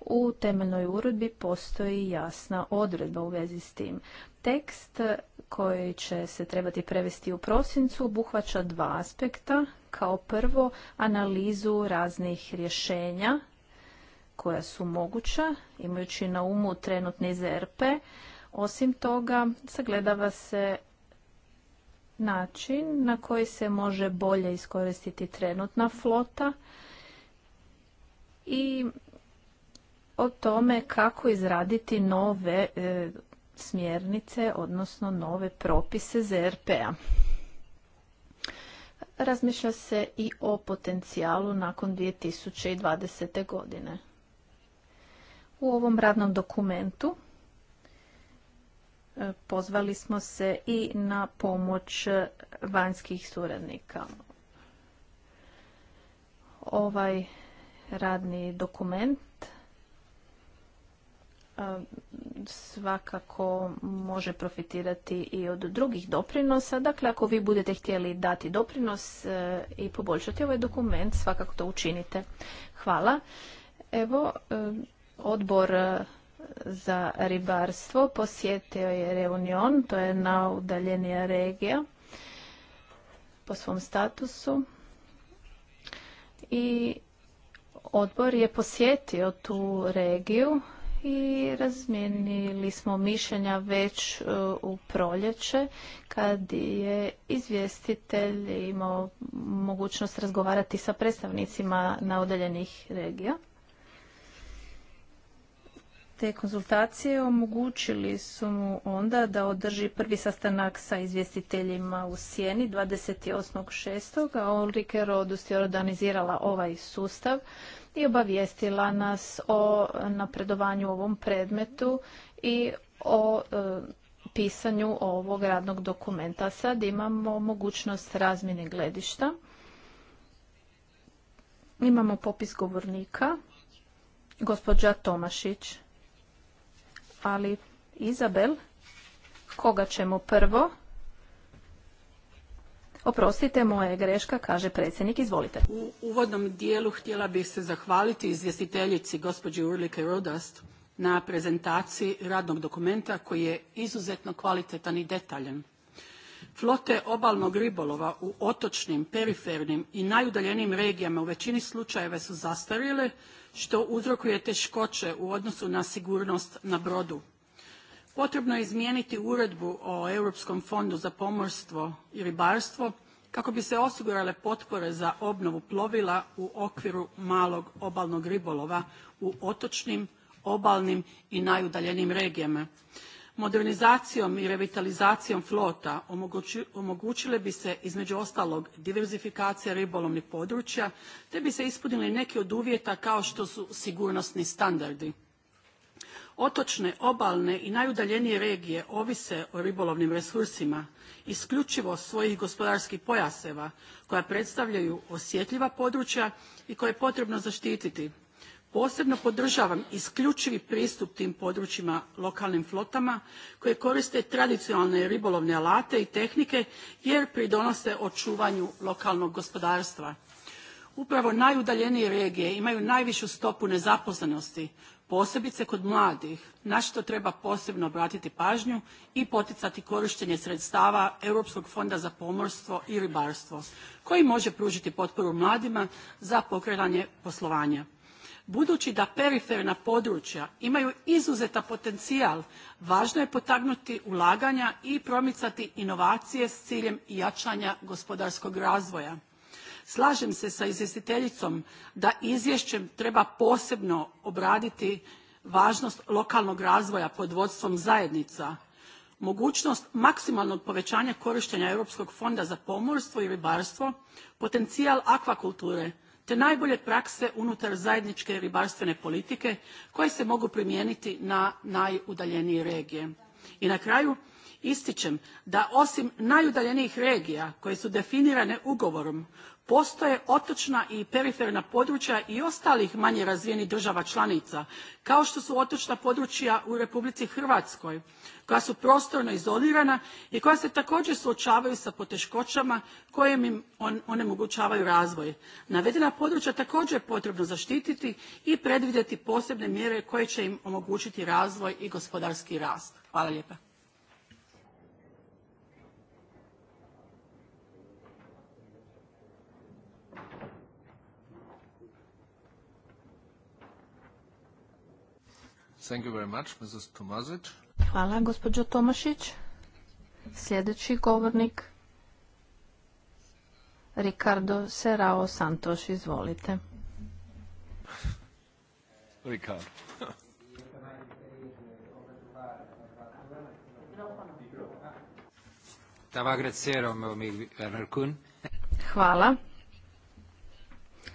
U temeljnoj uredbi postoji jasna odredba u vezi s tim. Tekst koji će se trebati prevesti u prosincu obuhvaća dva aspekta. Kao prvo analizu raznih rješenja koja su moguća, imajući na umu trenutne ZRP. Osim toga, sagledava se način na koji se može bolje iskoristiti trenutna flota i o tome kako izraditi nove e, smjernice, odnosno nove propise ZRP-a. Razmišlja se i o potencijalu nakon 2020. godine. U ovom radnom dokumentu e, pozvali smo se i na pomoć vanjskih suradnika. Ovaj radni dokument E, svakako može profitirati i od drugih doprinosa. Dakle, ako vi budete htjeli dati doprinos e, i poboljšati ovaj dokument, svakako to učinite. Hvala. Evo, e, odbor za ribarstvo posjetio je Reunion, to je na udaljenija regija po svom statusu. I odbor je posjetio tu regiju i razmijenili smo mišljenja već e, u proljeće kad je izvjestitelj imao mogućnost razgovarati sa predstavnicima na odeljenih regija. Te konzultacije omogućili su mu onda da održi prvi sastanak sa izvjestiteljima u Sjeni 28.6. a Ulrike Rodust je organizirala ovaj sustav i obavijestila nas o napredovanju u ovom predmetu i o e, pisanju ovog radnog dokumenta. Sad imamo mogućnost razmjene gledišta. Imamo popis govornika, gospođa Tomašić, ali Izabel, koga ćemo prvo? Oprostite, moja je greška, kaže predsjednik, izvolite. U uvodnom dijelu htjela bih se zahvaliti izvjestiteljici gospođi Urlike Rodast na prezentaciji radnog dokumenta koji je izuzetno kvalitetan i detaljan. Flote obalnog ribolova u otočnim, perifernim i najudaljenijim regijama u većini slučajeva su zastarjele, što uzrokuje teškoće u odnosu na sigurnost na brodu potrebno je izmijeniti uredbu o Europskom fondu za pomorstvo i ribarstvo kako bi se osigurale potpore za obnovu plovila u okviru malog obalnog ribolova u otočnim, obalnim i najudaljenim regijama. Modernizacijom i revitalizacijom flota omogućile bi se između ostalog diverzifikacija ribolovnih područja te bi se ispunili neki od uvjeta kao što su sigurnosni standardi. Otočne, obalne i najudaljenije regije ovise o ribolovnim resursima, isključivo svojih gospodarskih pojaseva koja predstavljaju osjetljiva područja i koje je potrebno zaštititi. Posebno podržavam isključivi pristup tim područjima lokalnim flotama koje koriste tradicionalne ribolovne alate i tehnike jer pridonose očuvanju lokalnog gospodarstva. Upravo najudaljenije regije imaju najvišu stopu nezaposlenosti posebice kod mladih na što treba posebno obratiti pažnju i poticati korištenje sredstava europskog fonda za pomorstvo i ribarstvo koji može pružiti potporu mladima za pokretanje poslovanja budući da periferna područja imaju izuzetan potencijal važno je potaknuti ulaganja i promicati inovacije s ciljem jačanja gospodarskog razvoja slažem se sa izvjestiteljicom da izvješćem treba posebno obraditi važnost lokalnog razvoja pod vodstvom zajednica mogućnost maksimalnog povećanja korištenja europskog fonda za pomorstvo i ribarstvo potencijal akvakulture te najbolje prakse unutar zajedničke ribarstvene politike koje se mogu primijeniti na najudaljenije regije i na kraju ističem da osim najudaljenijih regija koje su definirane ugovorom postoje otočna i periferna područja i ostalih manje razvijenih država članica kao što su otočna područja u republici hrvatskoj koja su prostorno izolirana i koja se također suočavaju sa poteškoćama koje im onemogućavaju razvoj. navedena područja također je potrebno zaštititi i predvidjeti posebne mjere koje će im omogućiti razvoj i gospodarski rast. hvala lijepa. Thank Hvala, gospođo Tomašić. Sljedeći govornik, Ricardo Serao Santoš, izvolite. Ricardo. Hvala.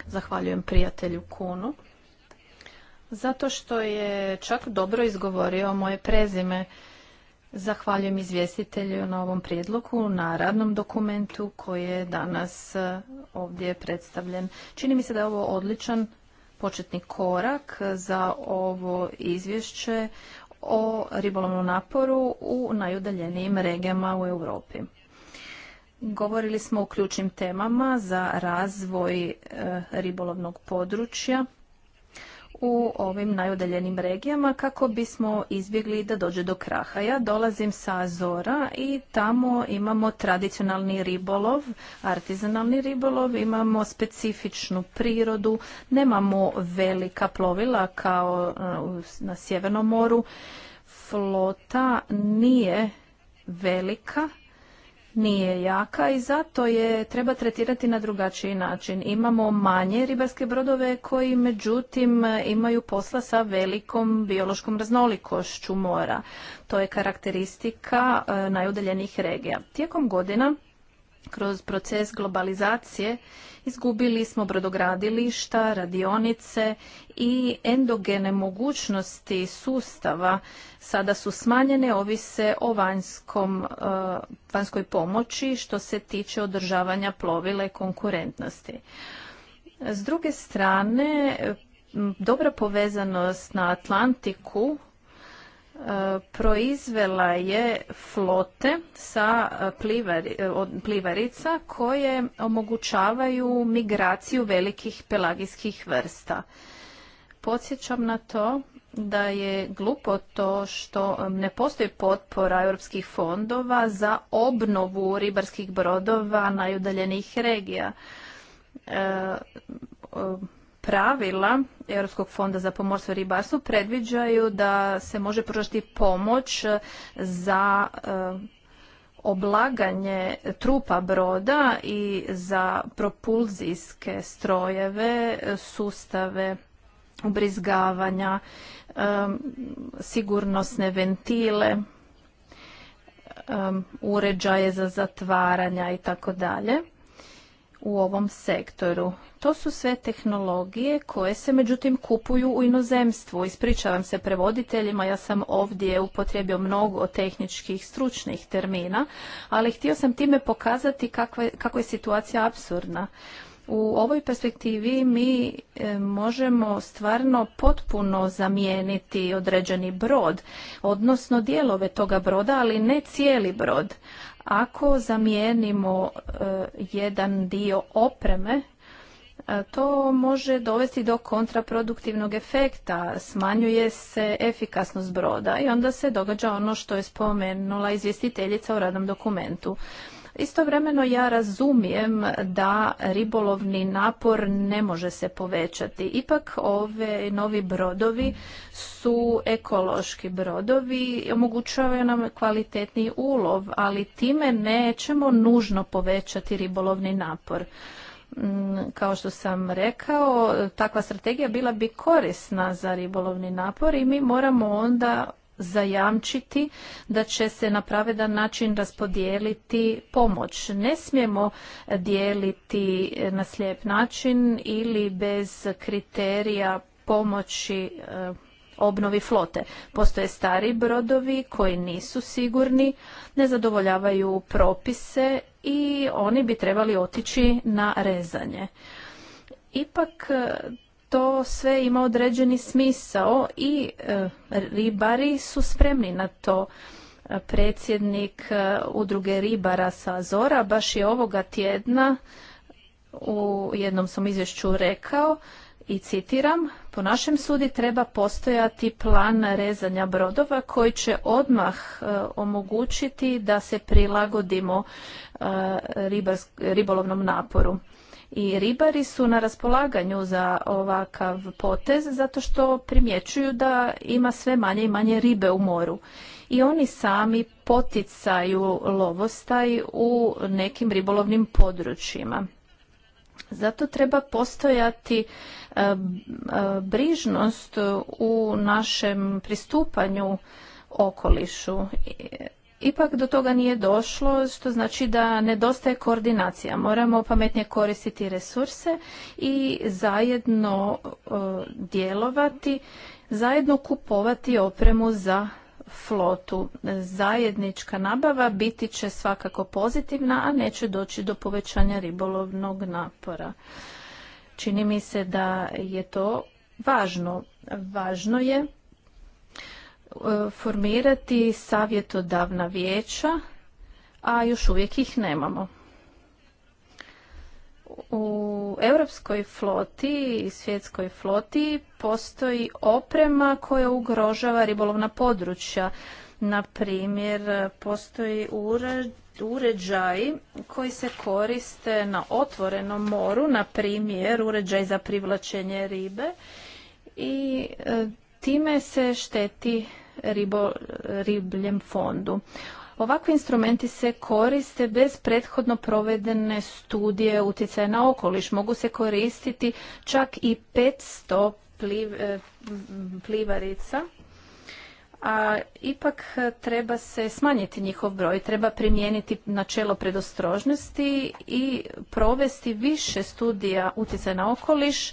Zahvaljujem prijatelju Kunu zato što je čak dobro izgovorio moje prezime. Zahvaljujem izvjestitelju na ovom prijedlogu, na radnom dokumentu koji je danas e, ovdje predstavljen. Čini mi se da je ovo odličan početni korak za ovo izvješće o ribolovnom naporu u najudaljenijim regijama u Europi. Govorili smo o ključnim temama za razvoj e, ribolovnog područja u ovim najudaljenim regijama kako bismo izbjegli da dođe do kraha. Ja dolazim sa Azora i tamo imamo tradicionalni ribolov, artizanalni ribolov, imamo specifičnu prirodu, nemamo velika plovila kao uh, na Sjevernom moru. Flota nije velika nije jaka i zato je treba tretirati na drugačiji način. Imamo manje ribarske brodove koji međutim imaju posla sa velikom biološkom raznolikošću mora. To je karakteristika e, najudaljenijih regija. Tijekom godina kroz proces globalizacije izgubili smo brodogradilišta, radionice i endogene mogućnosti sustava sada su smanjene, ovise o vanjskom, e, vanjskoj pomoći što se tiče održavanja plovile konkurentnosti. S druge strane, dobra povezanost na Atlantiku proizvela je flote sa e, e, plivarica koje omogućavaju migraciju velikih pelagijskih vrsta. Podsjećam na to da je glupo to što e, ne postoji potpora europskih fondova za obnovu ribarskih brodova najudaljenijih regija pravila Europskog fonda za pomorstvo i ribarstvo predviđaju da se može pružati pomoć e, za e, oblaganje trupa broda i za propulzijske strojeve, sustave ubrizgavanja, e, sigurnosne ventile, uređaje za zatvaranja i tako dalje u ovom sektoru. To su sve tehnologije koje se međutim kupuju u inozemstvu. Ispričavam se prevoditeljima, ja sam ovdje upotrijebio mnogo tehničkih stručnih termina, ali htio sam time pokazati kako je situacija absurdna. U ovoj perspektivi mi e, možemo stvarno potpuno zamijeniti određeni brod, odnosno dijelove toga broda, ali ne cijeli brod. Ako zamijenimo e, jedan dio opreme, e, to može dovesti do kontraproduktivnog efekta, smanjuje se efikasnost broda i onda se događa ono što je spomenula izvjestiteljica u radnom dokumentu. Istovremeno ja razumijem da ribolovni napor ne može se povećati. Ipak ove novi brodovi su ekološki brodovi, i omogućavaju nam kvalitetni ulov, ali time nećemo nužno povećati ribolovni napor mm, kao što sam rekao, takva strategija bila bi korisna za ribolovni napor i mi moramo onda zajamčiti da će se na pravedan način raspodijeliti pomoć. Ne smijemo dijeliti na slijep način ili bez kriterija pomoći e, obnovi flote. Postoje stari brodovi koji nisu sigurni, ne zadovoljavaju propise i oni bi trebali otići na rezanje. Ipak to sve ima određeni smisao i e, ribari su spremni na to predsjednik e, udruge ribara sa Azora baš je ovoga tjedna u jednom sam izvješću rekao i citiram po našem sudi treba postojati plan rezanja brodova koji će odmah e, omogućiti da se prilagodimo ribolovnom naporu i ribari su na raspolaganju za ovakav potez zato što primjećuju da ima sve manje i manje ribe u moru. I oni sami poticaju lovostaj u nekim ribolovnim područjima. Zato treba postojati e, e, brižnost u našem pristupanju okolišu Ipak do toga nije došlo, što znači da nedostaje koordinacija. Moramo pametnije koristiti resurse i zajedno e, djelovati, zajedno kupovati opremu za flotu. Zajednička nabava biti će svakako pozitivna, a neće doći do povećanja ribolovnog napora. Čini mi se da je to važno. Važno je E, formirati savjetodavna vijeća, a još uvijek ih nemamo. U europskoj floti i svjetskoj floti postoji oprema koja ugrožava ribolovna područja. Na primjer, postoji uređaj koji se koriste na otvorenom moru, na primjer uređaj za privlačenje ribe i e, time se šteti ribljem fondu. Ovakvi instrumenti se koriste bez prethodno provedene studije utjecaja na okoliš. Mogu se koristiti čak i 500 e, plivarica, a ipak treba se smanjiti njihov broj, treba primijeniti načelo predostrožnosti i provesti više studija utjecaja na okoliš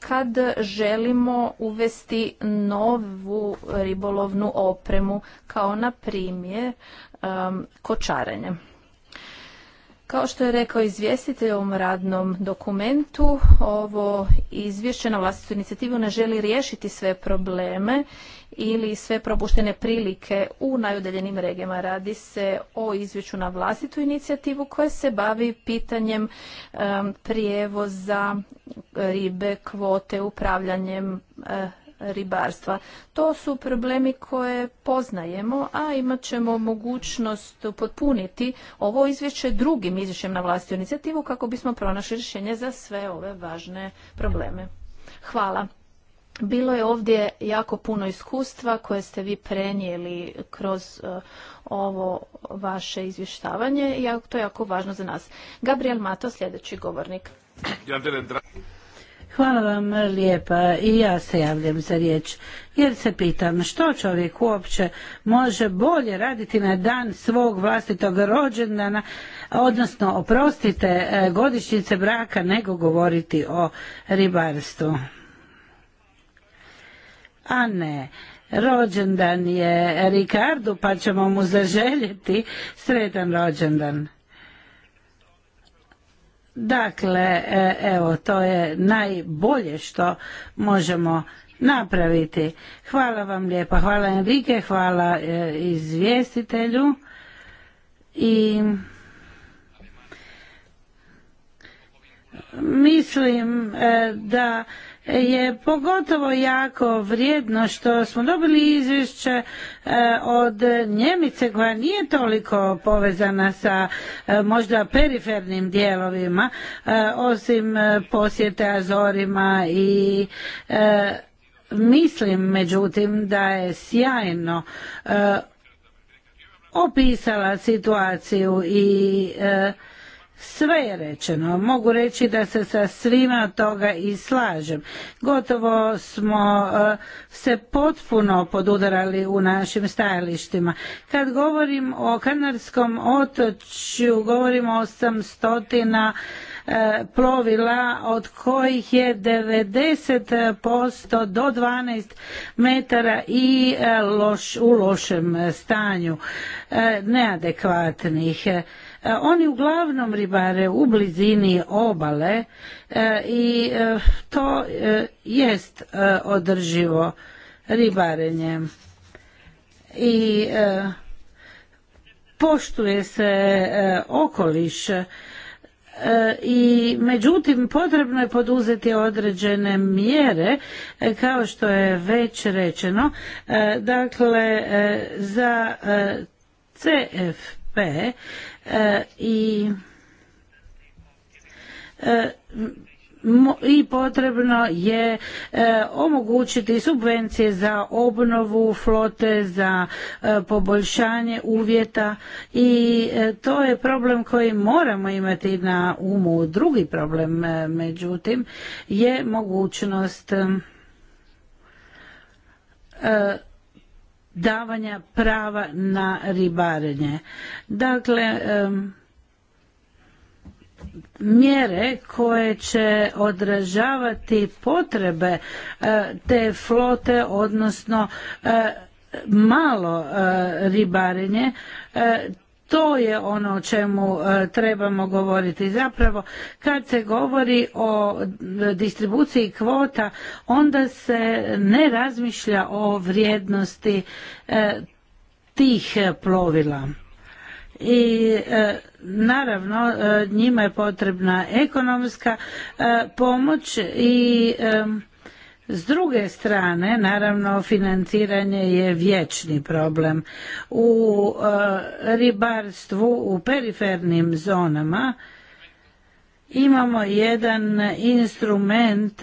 kad želimo uvesti novu ribolovnu opremu kao na primjer um, kočaranje. Kao što je rekao izvjestitelj u ovom radnom dokumentu, ovo izvješće na vlastitu inicijativu ne želi riješiti sve probleme ili sve propuštene prilike u najudeljenim regijama. Radi se o izvješću na vlastitu inicijativu koja se bavi pitanjem prijevoza ribe, kvote, upravljanjem eh, ribarstva. To su problemi koje poznajemo, a imat ćemo mogućnost potpuniti ovo izvješće drugim izvješćem na vlastitu inicijativu kako bismo pronašli rješenje za sve ove važne probleme. Hvala. Bilo je ovdje jako puno iskustva koje ste vi prenijeli kroz eh, ovo vaše izvještavanje i to je jako važno za nas. Gabriel Mato, sljedeći govornik. Hvala vam lijepa i ja se javljam za riječ jer se pitam što čovjek uopće može bolje raditi na dan svog vlastitog rođendana, odnosno oprostite eh, godišnjice braka nego govoriti o ribarstvu a ne rođendan je Rikardu pa ćemo mu zaželjeti sretan rođendan. Dakle, e, evo, to je najbolje što možemo napraviti. Hvala vam lijepa, hvala Enrique, hvala e, izvjestitelju i mislim e, da je pogotovo jako vrijedno što smo dobili izvješće e, od Njemice koja nije toliko povezana sa e, možda perifernim dijelovima e, osim posjete Azorima i mislim međutim da je sjajno opisala situaciju i sve je rečeno. Mogu reći da se sa svima toga i slažem. Gotovo smo e, se potpuno podudarali u našim stajalištima. Kad govorim o Kanarskom otočju, govorimo o 800 e, plovila od kojih je 90% do 12 metara i e, u lošem stanju neadekvatnih E, oni uglavnom ribare u blizini obale e, i e, to jest održivo ribarenje. I poštuje se okoliš i međutim potrebno je poduzeti određene mjere kao što je već rečeno dakle za CFP E, i e, i potrebno je e, omogućiti subvencije za obnovu flote za poboljšanje uvjeta i to je problem koji moramo imati na umu drugi problem međutim je mogućnost davanja prava na ribarenje. Dakle, mjere koje će odražavati potrebe e, te flote, odnosno e, malo e, ribarenje, to je ono o čemu e, trebamo govoriti. Zapravo kad se govori o distribuciji kvota onda se ne razmišlja o vrijednosti e, tih plovila. I e, naravno njima je potrebna ekonomska pomoć i s druge strane, naravno, financiranje je vječni problem. U e, ribarstvu, u perifernim zonama, imamo jedan instrument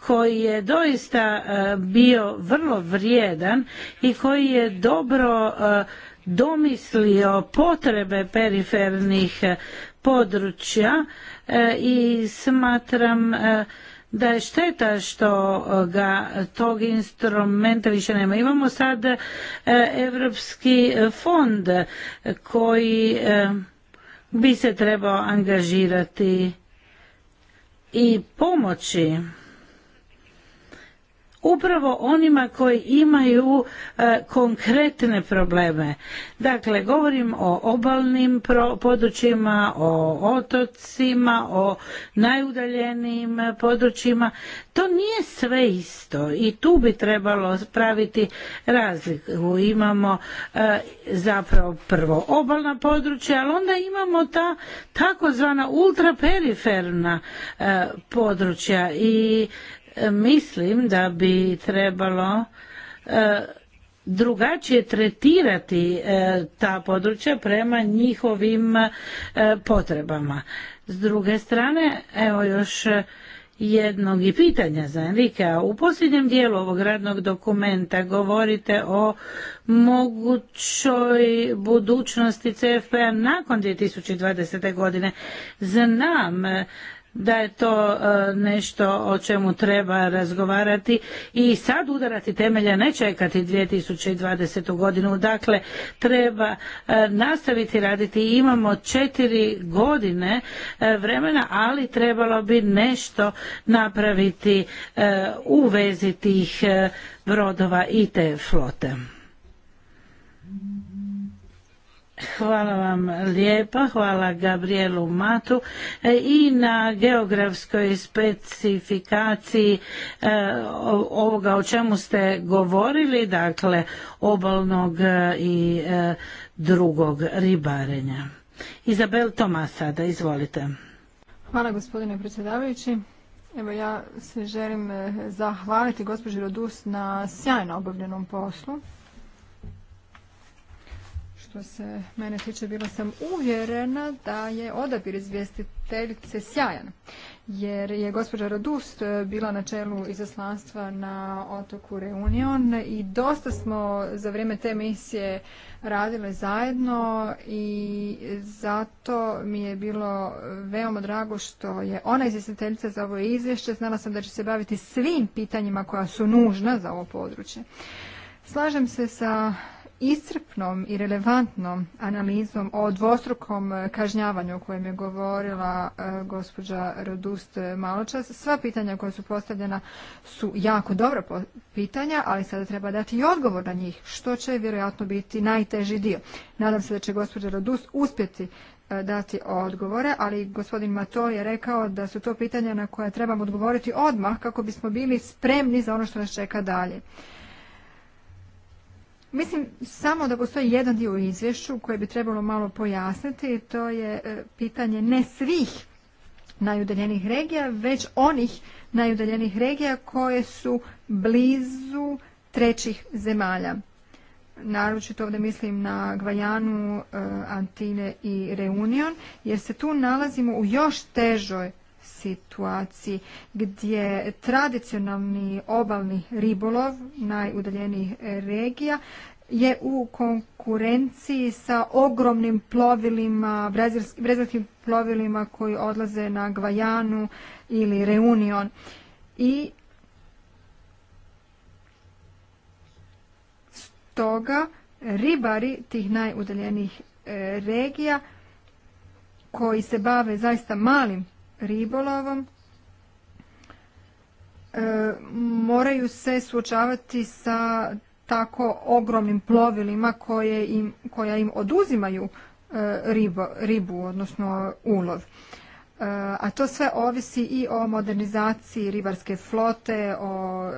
koji je doista e, bio vrlo vrijedan i koji je dobro e, domislio potrebe perifernih područja i smatram da je šteta što e, ga tog instrumenta više nema. Imamo sad Europski fond koji e, bi se trebao angažirati i pomoći upravo onima koji imaju e, konkretne probleme. Dakle, govorim o obalnim područjima, o otocima, o najudaljenijim e, područjima. To nije sve isto i tu bi trebalo praviti razliku. Imamo e, zapravo prvo obalna područja, ali onda imamo ta takozvana ultraperiferna područja i mislim da bi trebalo e, drugačije tretirati e, ta područja prema njihovim e, potrebama. S druge strane, evo još jednog i pitanja za Enrika. U posljednjem dijelu ovog radnog dokumenta govorite o mogućoj budućnosti CFP-a nakon 2020. godine. Znam da je to e, nešto o čemu treba razgovarati i sad udarati temelja ne čekati 2020. godinu. Dakle, treba e, nastaviti raditi imamo četiri godine e, vremena, ali trebalo bi nešto napraviti u vezi tih brodova i te flote. Hvala vam lijepa, hvala Gabrielu Matu e, i na geografskoj specifikaciji e, ovoga o čemu ste govorili, dakle obalnog e, i drugog ribarenja. Izabel Tomasa, da izvolite. Hvala gospodine predsjedavajući. Evo ja se želim zahvaliti gospođi Rodus na sjajno obavljenom poslu što se mene tiče bila sam uvjerena da je odabir izvjestiteljice sjajan jer je gospođa Radust bila na čelu izaslanstva na otoku Reunion i dosta smo za vrijeme te misije radile zajedno i zato mi je bilo veoma drago što je ona izvjestiteljica za ovo izvješće. Znala sam da će se baviti svim pitanjima koja su nužna za ovo područje. Slažem se sa iscrpnom i relevantnom analizom o dvostrukom e, kažnjavanju o kojem je govorila e, gospođa Rodust maločas. Sva pitanja koja su postavljena su jako dobra pitanja, ali sada treba dati i odgovor na njih, što će vjerojatno biti najteži dio. Nadam se da će gospođa Rodust uspjeti e, dati odgovore, ali gospodin Mato je rekao da su to pitanja na koja trebamo odgovoriti odmah kako bismo bili spremni za ono što nas čeka dalje. Mislim samo da postoji jedan dio u izvješću koje bi trebalo malo pojasniti, to je e, pitanje ne svih najudaljenih regija, već onih najudaljenih regija koje su blizu trećih zemalja. Naročito ovdje mislim na Gvajanu, e, Antine i Reunion, jer se tu nalazimo u još težoj situaciji gdje tradicionalni obalni ribolov najudaljenijih regija je u konkurenciji sa ogromnim plovilima, brazilskim plovilima koji odlaze na Gvajanu ili Reunion. I stoga ribari tih najudaljenijih eh, regija koji se bave zaista malim ribolovom e, moraju se suočavati sa tako ogromnim plovilima koja im oduzimaju e, ribu, odnosno ulov. E, a to sve ovisi i o modernizaciji ribarske flote, o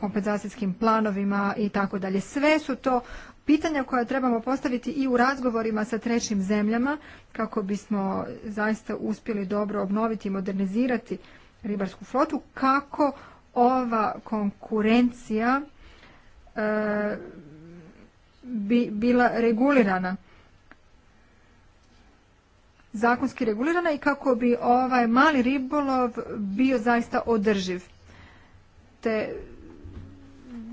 kompenzacijskim planovima i tako dalje. Sve su to pitanja koja trebamo postaviti i u razgovorima sa trećim zemljama kako bismo zaista uspjeli dobro obnoviti i modernizirati ribarsku flotu, kako ova konkurencija e, bi bila regulirana zakonski regulirana i kako bi ovaj mali ribolov bio zaista održiv te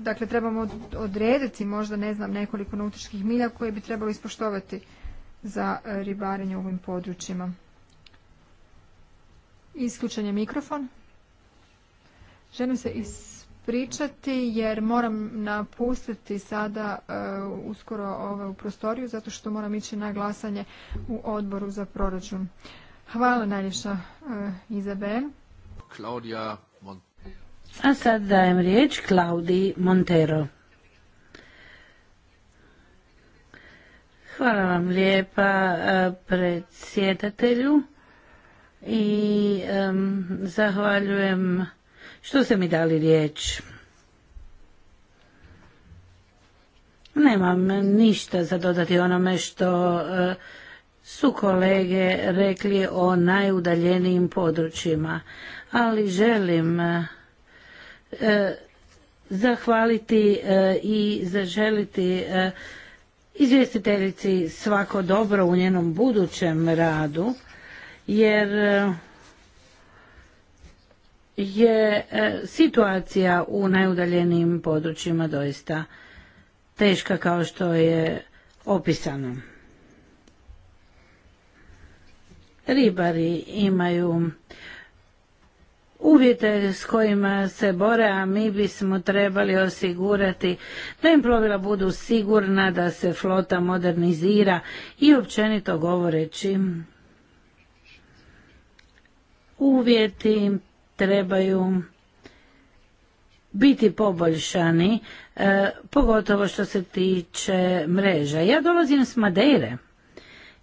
dakle trebamo odrediti možda ne znam nekoliko nautičkih milja koje bi trebalo ispoštovati za e, ribarenje u ovim područjima. Isključen je mikrofon. Želim se ispričati jer moram napustiti sada e, uskoro u prostoriju zato što moram ići na glasanje u odboru za proračun. Hvala najljepša e, Izabel. A sad dajem riječ Klaudi Montero. Hvala vam lijepa e, predsjedatelju i zahvaljujem što ste mi dali riječ. Nemam ništa za dodati onome što e, su kolege rekli o najudaljenijim područjima, ali želim e, E, zahvaliti e, i zaželiti e, izvjestiteljici svako dobro u njenom budućem radu jer je situacija u najudaljenijim područjima doista teška kao što je opisano. Ribari imaju uvjete s kojima se bore, a mi bismo trebali osigurati da im plovila budu sigurna, da se flota modernizira i općenito govoreći uvjeti trebaju biti poboljšani, e, pogotovo što se tiče mreža. Ja dolazim s Madeire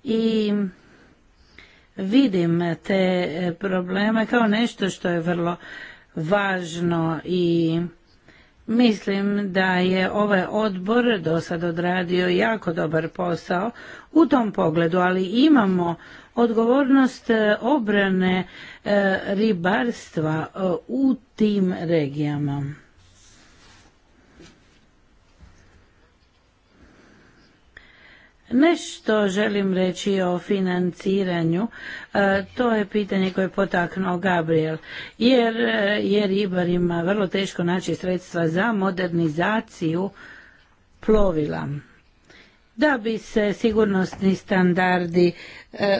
i vidim te e, probleme kao nešto što je vrlo važno i Mislim da je ovaj odbor do sad odradio jako dobar posao u tom pogledu, ali imamo odgovornost e, obrane e, ribarstva u tim regijama. Nešto želim reći o financiranju, e, to je pitanje koje je potaknuo Gabriel, jer e, je ribarima vrlo teško naći sredstva za modernizaciju plovila. Da bi se sigurnosni standardi e,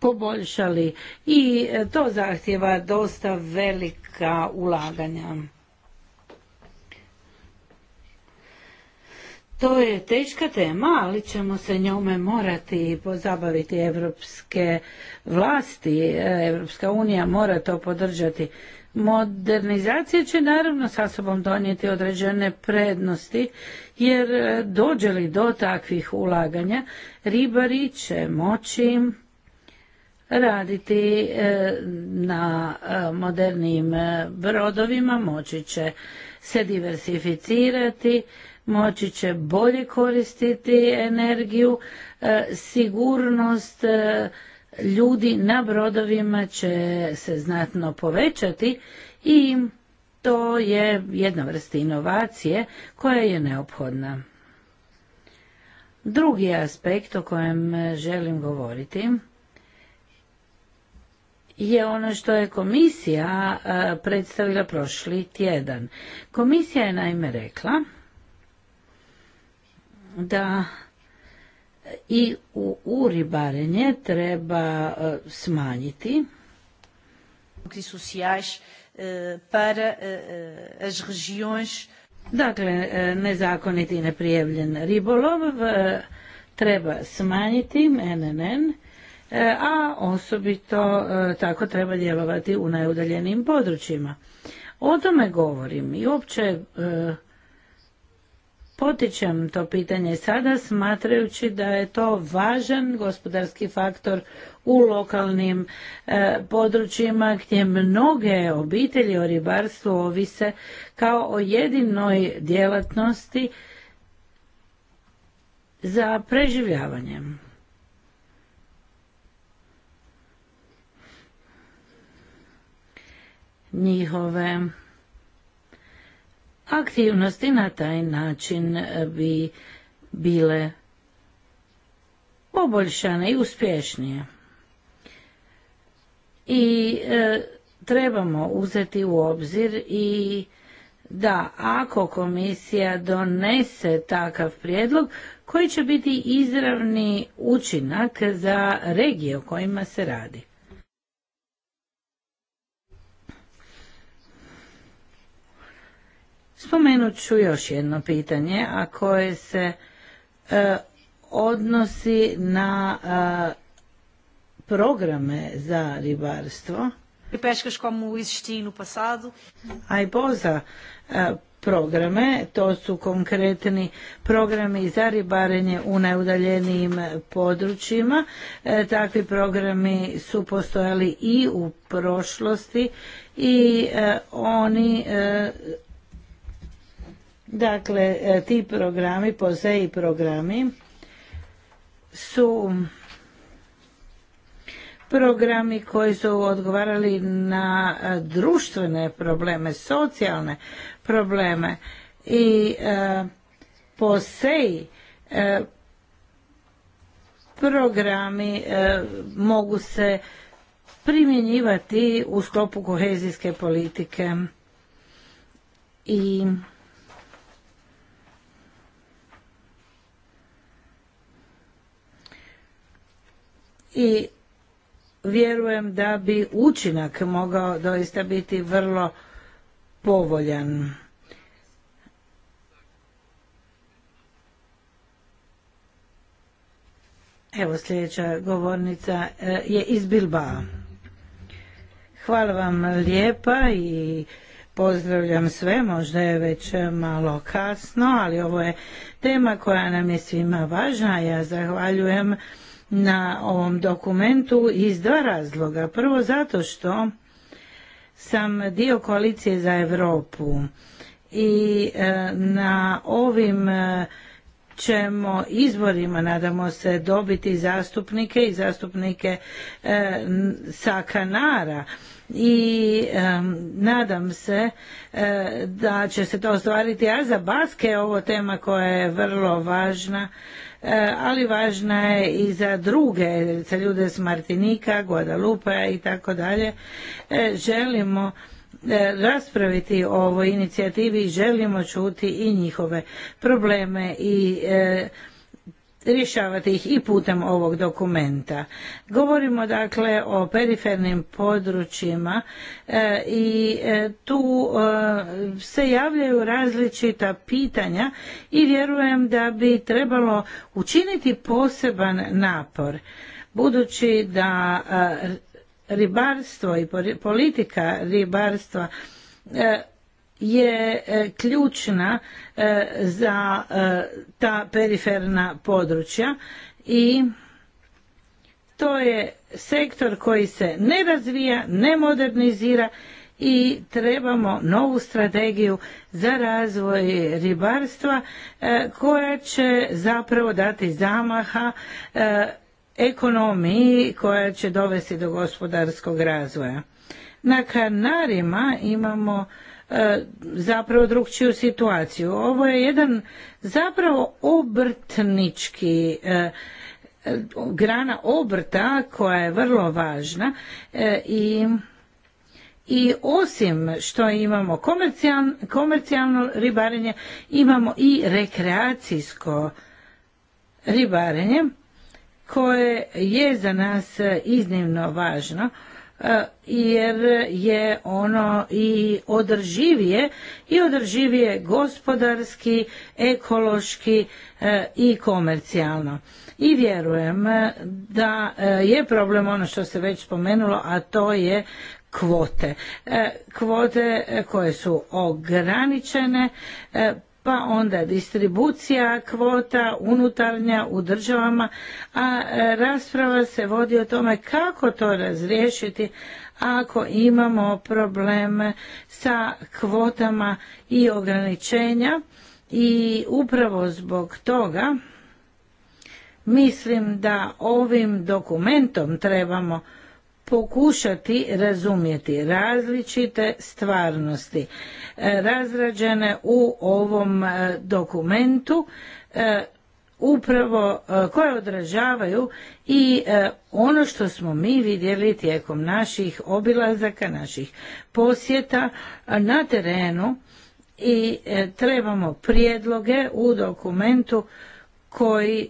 poboljšali i to zahtjeva dosta velika ulaganja. To je teška tema, ali ćemo se njome morati pozabaviti evropske vlasti. Evropska unija mora to podržati. Modernizacija će naravno sa sobom donijeti određene prednosti, jer e, dođe li do takvih ulaganja, ribari će moći raditi e, na e, modernim brodovima, moći će se diversificirati, moći će bolje koristiti energiju, e, sigurnost e, ljudi na brodovima će se znatno povećati i to je jedna vrsta inovacije koja je neophodna. Drugi aspekt o kojem želim govoriti je ono što je komisija e, predstavila prošli tjedan. Komisija je naime rekla da i u ribarenje treba e, smanjiti eh, para eh, eh, as regiões Dakle, e, nezakoniti i neprijavljen ribolov treba smanjiti NNN, e, a osobito tako treba djelovati u najudaljenim područjima. O tome govorim i uopće Potičem to pitanje sada smatrajući da je to važan gospodarski faktor u lokalnim e, područjima gdje mnoge obitelji o ribarstvu ovise kao o jedinoj djelatnosti za preživljavanje. Njihove aktivnosti na taj način eh, bi bile poboljšane i uspješnije. I eh, trebamo uzeti u obzir i da ako komisija donese takav prijedlog koji će biti izravni učinak za regije o kojima se radi. Spomenut ću još jedno pitanje, a koje se e, odnosi na e, programe za ribarstvo. i e, como u no A i poza programe, to su konkretni programi za ribarenje u najudaljenijim područjima. takvi programi su postojali i u prošlosti i oni Dakle, e, ti programi, posei programi, su programi koji su odgovarali na e, društvene probleme, socijalne probleme i e, e programi mogu se primjenjivati u sklopu kohezijske politike i i vjerujem da bi učinak mogao doista biti vrlo povoljan. Evo sljedeća govornica e, je iz Bilbao. Hvala vam lijepa i pozdravljam sve, možda je već malo kasno, ali ovo je tema koja nam je svima važna. Ja zahvaljujem na ovom dokumentu iz dva razloga. Prvo zato što sam dio koalicije za Europu i e, na ovim e, ćemo izborima nadamo se dobiti zastupnike i zastupnike e, sa Kanara i nadam se da će se to ostvariti a za Baske je ovo tema koja je vrlo važna E, ali važna je i za druge, ljude s Martinika, Guadalupe i tako dalje. E, želimo e, raspraviti o ovoj inicijativi i želimo čuti i njihove probleme i rješavati ih i putem ovog dokumenta. Govorimo dakle o perifernim područjima e, i e, tu e, se javljaju različita pitanja i vjerujem da bi trebalo učiniti poseban napor budući da ribarstvo i politika ribarstva je e, ključna e, za e, ta periferna područja i to je sektor koji se ne razvija, ne modernizira i trebamo novu strategiju za razvoj ribarstva koja će zapravo dati zamaha ekonomiji koja će dovesti do gospodarskog razvoja. Na Kanarima imamo E, zapravo drugčiju situaciju. Ovo je jedan zapravo obrtnički e, grana obrta koja je vrlo važna e, i i osim što imamo komercijalno, komercijalno ribarenje, imamo i rekreacijsko ribarenje koje je za nas iznimno važno E, jer je ono i održivije i održivije gospodarski, ekološki e, i komercijalno. I vjerujem da e, je problem ono što se već spomenulo, a to je kvote. Kvote koje su ograničene pa onda distribucija kvota unutarnja u državama, a e, rasprava se vodi o tome kako to razriješiti ako imamo probleme sa kvotama i ograničenja i upravo zbog toga mislim da ovim dokumentom trebamo pokušati razumjeti različite stvarnosti e, razrađene u ovom e, dokumentu e, upravo koje odražavaju i ono što smo mi vidjeli tijekom naših obilazaka, naših posjeta na terenu i trebamo prijedloge u dokumentu koji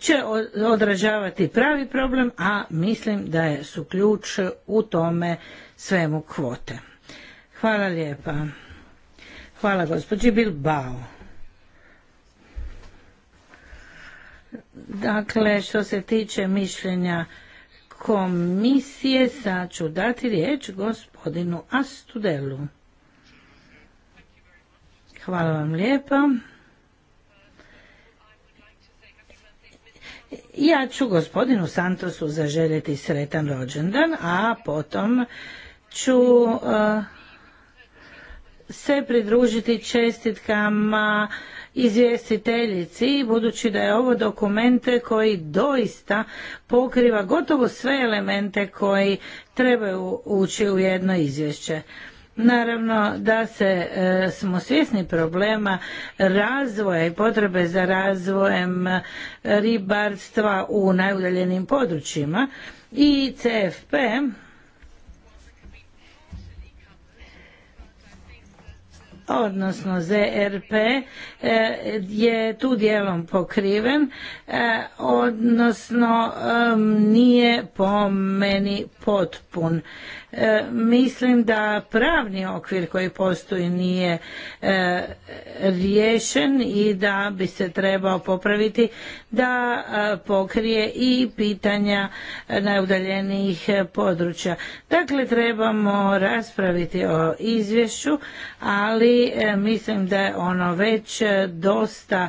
će odražavati pravi problem, a mislim da je su ključ u tome svemu kvote. Hvala lijepa. Hvala gospođi Bilbao. Dakle, što se tiče mišljenja komisije, sad ću dati riječ gospodinu Astudelu. Hvala vam lijepa. Ja ću gospodinu Santosu zaželjeti sretan rođendan, a potom ću e, se pridružiti čestitkama izvjestiteljici, budući da je ovo dokument koji doista pokriva gotovo sve elemente koji trebaju ući u jedno izvješće. Naravno da se e, smo svjesni problema razvoja i potrebe za razvojem ribarstva u najudaljenim područjima i CFP odnosno ZRP e, je tu dijelom pokriven e, odnosno nije po meni potpun E, mislim da pravni okvir koji postoji nije e, riješen i da bi se trebao popraviti da e, pokrije i pitanja najudaljenijih područja. Dakle, trebamo raspraviti o izvješću, ali mislim da je ono već dosta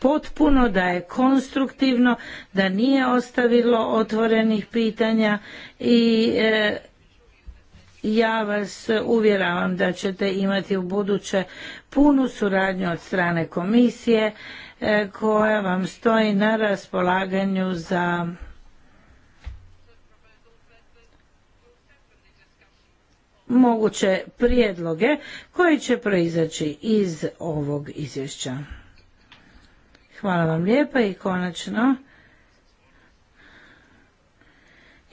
potpuno, da je konstruktivno, da nije ostavilo otvorenih pitanja i e, ja vas uvjeravam da ćete imati u buduće punu suradnju od strane komisije e, koja vam stoji na raspolaganju za moguće prijedloge koji će proizaći iz ovog izvješća. Hvala vam lijepa i konačno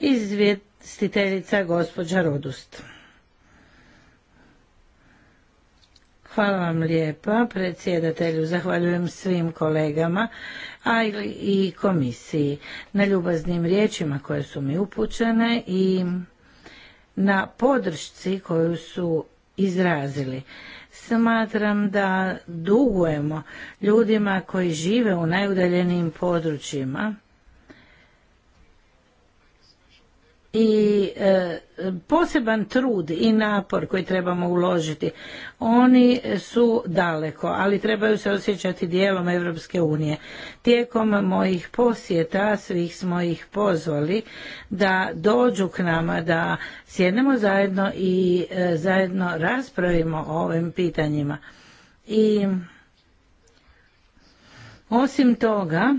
izvjestiteljica gospođa Rodust. Hvala vam lijepa predsjedatelju, zahvaljujem svim kolegama, a i komisiji na ljubaznim riječima koje su mi upućene i na podršci koju su izrazili. Smatram da dugujemo ljudima koji žive u najudaljenijim područjima i e, poseban trud i napor koji trebamo uložiti oni su daleko ali trebaju se osjećati dijelom Europske unije tijekom mojih posjeta svih smo ih pozvali da dođu k nama da sjednemo zajedno i e, zajedno raspravimo o ovim pitanjima i osim toga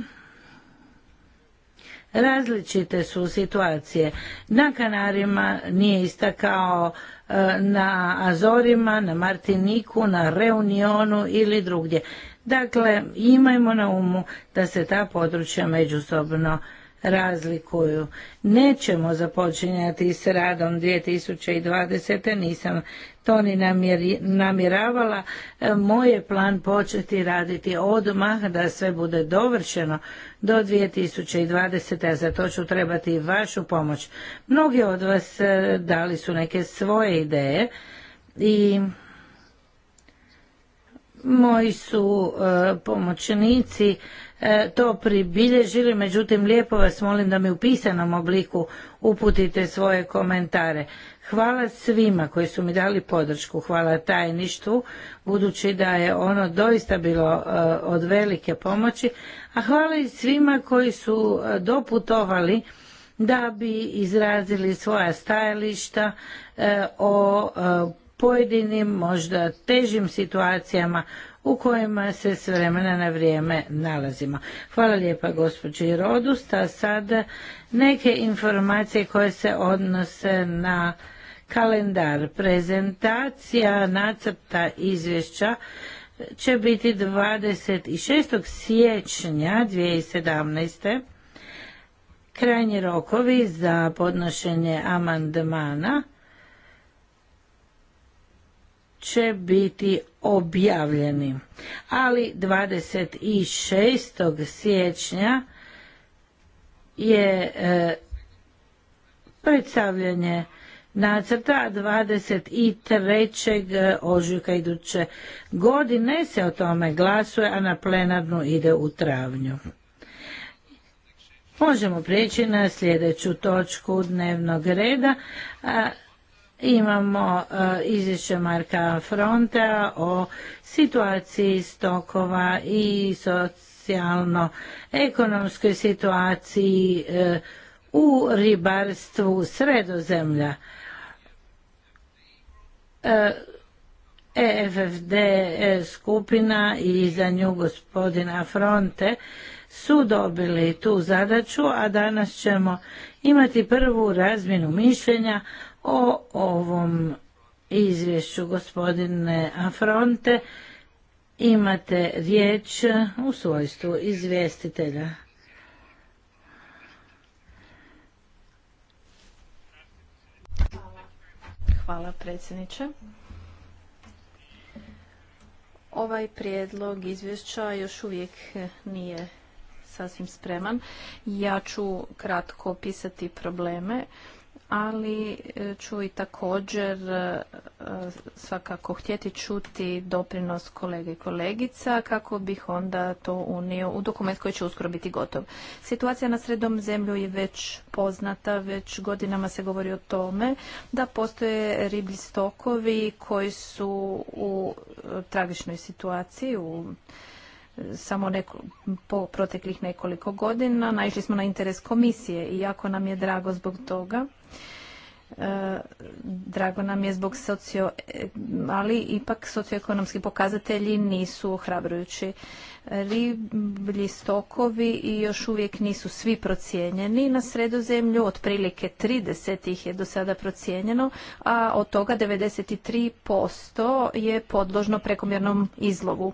različite su situacije. Na Kanarima nije istakao kao e, na Azorima, na Martiniku, na Reunionu ili drugdje. Dakle, imajmo na umu da se ta područja međusobno razlikuju. Nećemo započinjati s radom 2020. Nisam to ni namjeravala. E, moj je plan početi raditi odmah da sve bude dovršeno do 2020. a za to ću trebati i vašu pomoć. Mnogi od vas e, dali su neke svoje ideje i moji su e, pomoćnici to pribilježili, međutim lijepo vas molim da mi u pisanom obliku uputite svoje komentare. Hvala svima koji su mi dali podršku, hvala tajništvu, budući da je ono doista bilo e, od velike pomoći, a hvala i svima koji su e, doputovali da bi izrazili svoja stajališta e, o pojedinim možda težim situacijama u kojima se s vremena na vrijeme nalazimo. Hvala lijepa gospođi Rodust, a sad neke informacije koje se odnose na kalendar. Prezentacija nacrta izvješća će biti 26. siječnja 2017. Krajnji rokovi za podnošenje amandmana će biti objavljeni. Ali 26. siječnja je e, predstavljanje nacrta, 23. ožujka iduće godine se o tome glasuje, a na plenarnu ide u travnju. Možemo prijeći na sljedeću točku dnevnog reda. Imamo izvješće Marka Fronta o situaciji stokova i socijalno-ekonomskoj situaciji e, u ribarstvu sredozemlja. EFFD e e, skupina i za nju gospodina Afronte su dobili tu zadaću, a danas ćemo imati prvu razminu mišljenja o ovom izvješću gospodine Afronte. Imate riječ u svojstvu izvjestitelja. Hvala predsjedniče. Ovaj prijedlog izvješća još uvijek nije sasvim spreman. Ja ću kratko opisati probleme ali e, ću i također e, svakako htjeti čuti doprinos kolege i kolegica kako bih onda to unio u dokument koji će uskoro biti gotov. Situacija na sredom zemlju je već poznata, već godinama se govori o tome da postoje riblji stokovi koji su u e, tragičnoj situaciji, u samo po proteklih nekoliko godina. Naišli smo na interes komisije i jako nam je drago zbog toga. E, drago nam je zbog socio, ali ipak socioekonomski pokazatelji nisu ohrabrujući. Riblji stokovi i još uvijek nisu svi procijenjeni na sredozemlju, otprilike 30 ih je do sada procijenjeno, a od toga 93% je podložno prekomjernom izlovu.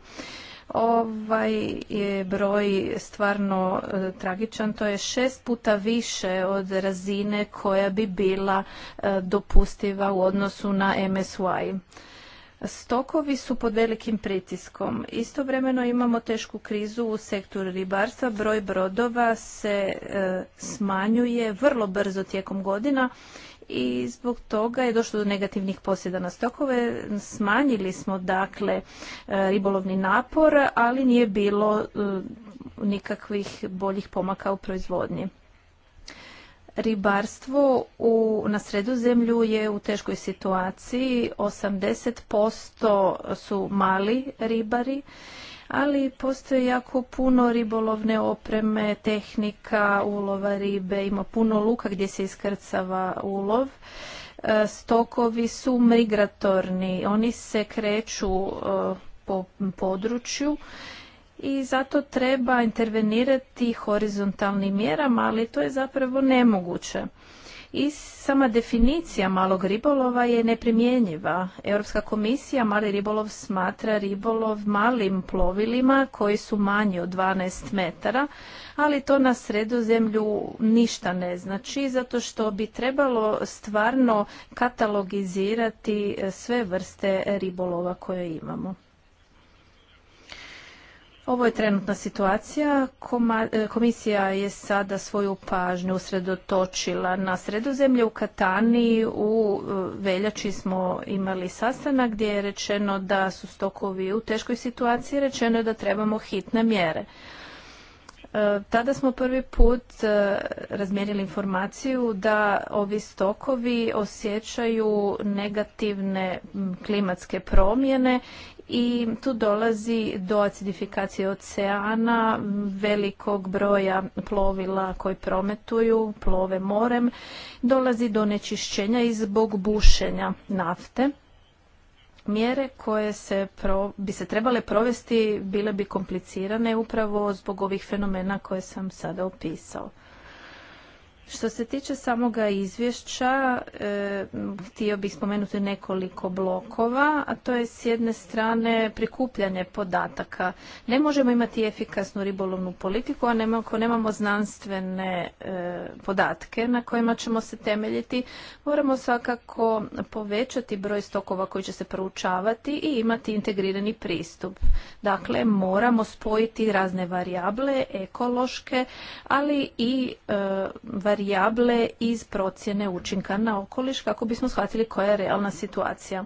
Ovaj je broj stvarno e, tragičan. To je šest puta više od razine koja bi bila e, dopustiva u odnosu na MSY. Stokovi su pod velikim pritiskom. Istovremeno imamo tešku krizu u sektoru ribarstva. Broj brodova se e, smanjuje vrlo brzo tijekom godina i zbog toga je došlo do negativnih posjeda na stokove. Smanjili smo dakle e, ribolovni napor, ali nije bilo e, nikakvih boljih pomaka u proizvodnji. Ribarstvo u, na zemlju je u teškoj situaciji. 80% su mali ribari ali postoji jako puno ribolovne opreme, tehnika, ulova ribe, ima puno luka gdje se iskrcava ulov. E, stokovi su migratorni, oni se kreću e, po području i zato treba intervenirati horizontalnim mjerama, ali to je zapravo nemoguće i sama definicija malog ribolova je neprimjenjiva. Europska komisija mali ribolov smatra ribolov malim plovilima koji su manji od 12 metara, ali to na sredozemlju ništa ne znači zato što bi trebalo stvarno katalogizirati sve vrste ribolova koje imamo. Ovo je trenutna situacija. E, komisija je sada svoju pažnju usredotočila na sredozemlje u Katani. U e, Veljači smo imali sastanak gdje je rečeno da su stokovi u teškoj situaciji. Rečeno je da trebamo hitne mjere. E, tada smo prvi put razmjerili informaciju da ovi stokovi osjećaju negativne klimatske promjene i tu dolazi do acidifikacije oceana, velikog broja plovila koji prometuju, plove morem, dolazi do nečišćenja i zbog bušenja nafte. Mjere koje se bi se trebale provesti bile bi komplicirane upravo zbog ovih fenomena koje sam sada opisao. Što se tiče samoga izvješća, e, htio bih spomenuti nekoliko blokova, a to je s jedne strane prikupljanje podataka. Ne možemo imati efikasnu ribolovnu politiku, a nema, ako nemamo znanstvene e, podatke na kojima ćemo se temeljiti, moramo svakako povećati broj stokova koji će se proučavati i imati integrirani pristup. Dakle, moramo spojiti razne varijable, ekološke, ali i e, varijable iz procjene učinka na okoliš kako bismo shvatili koja je realna situacija.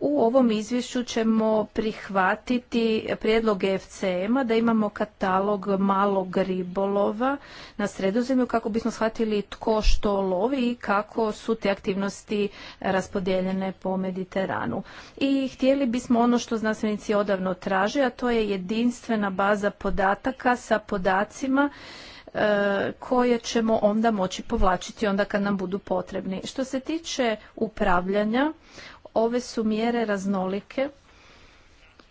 U ovom izvješću ćemo prihvatiti prijedlog FCM-a da imamo katalog malog ribolova na sredozemlju kako bismo shvatili tko što lovi i kako su te aktivnosti raspodijeljene po Mediteranu. I htjeli bismo ono što znanstvenici odavno traže, a to je jedinstvena baza podataka sa podacima E, koje ćemo onda moći povlačiti onda kad nam budu potrebni. Što se tiče upravljanja, ove su mjere raznolike.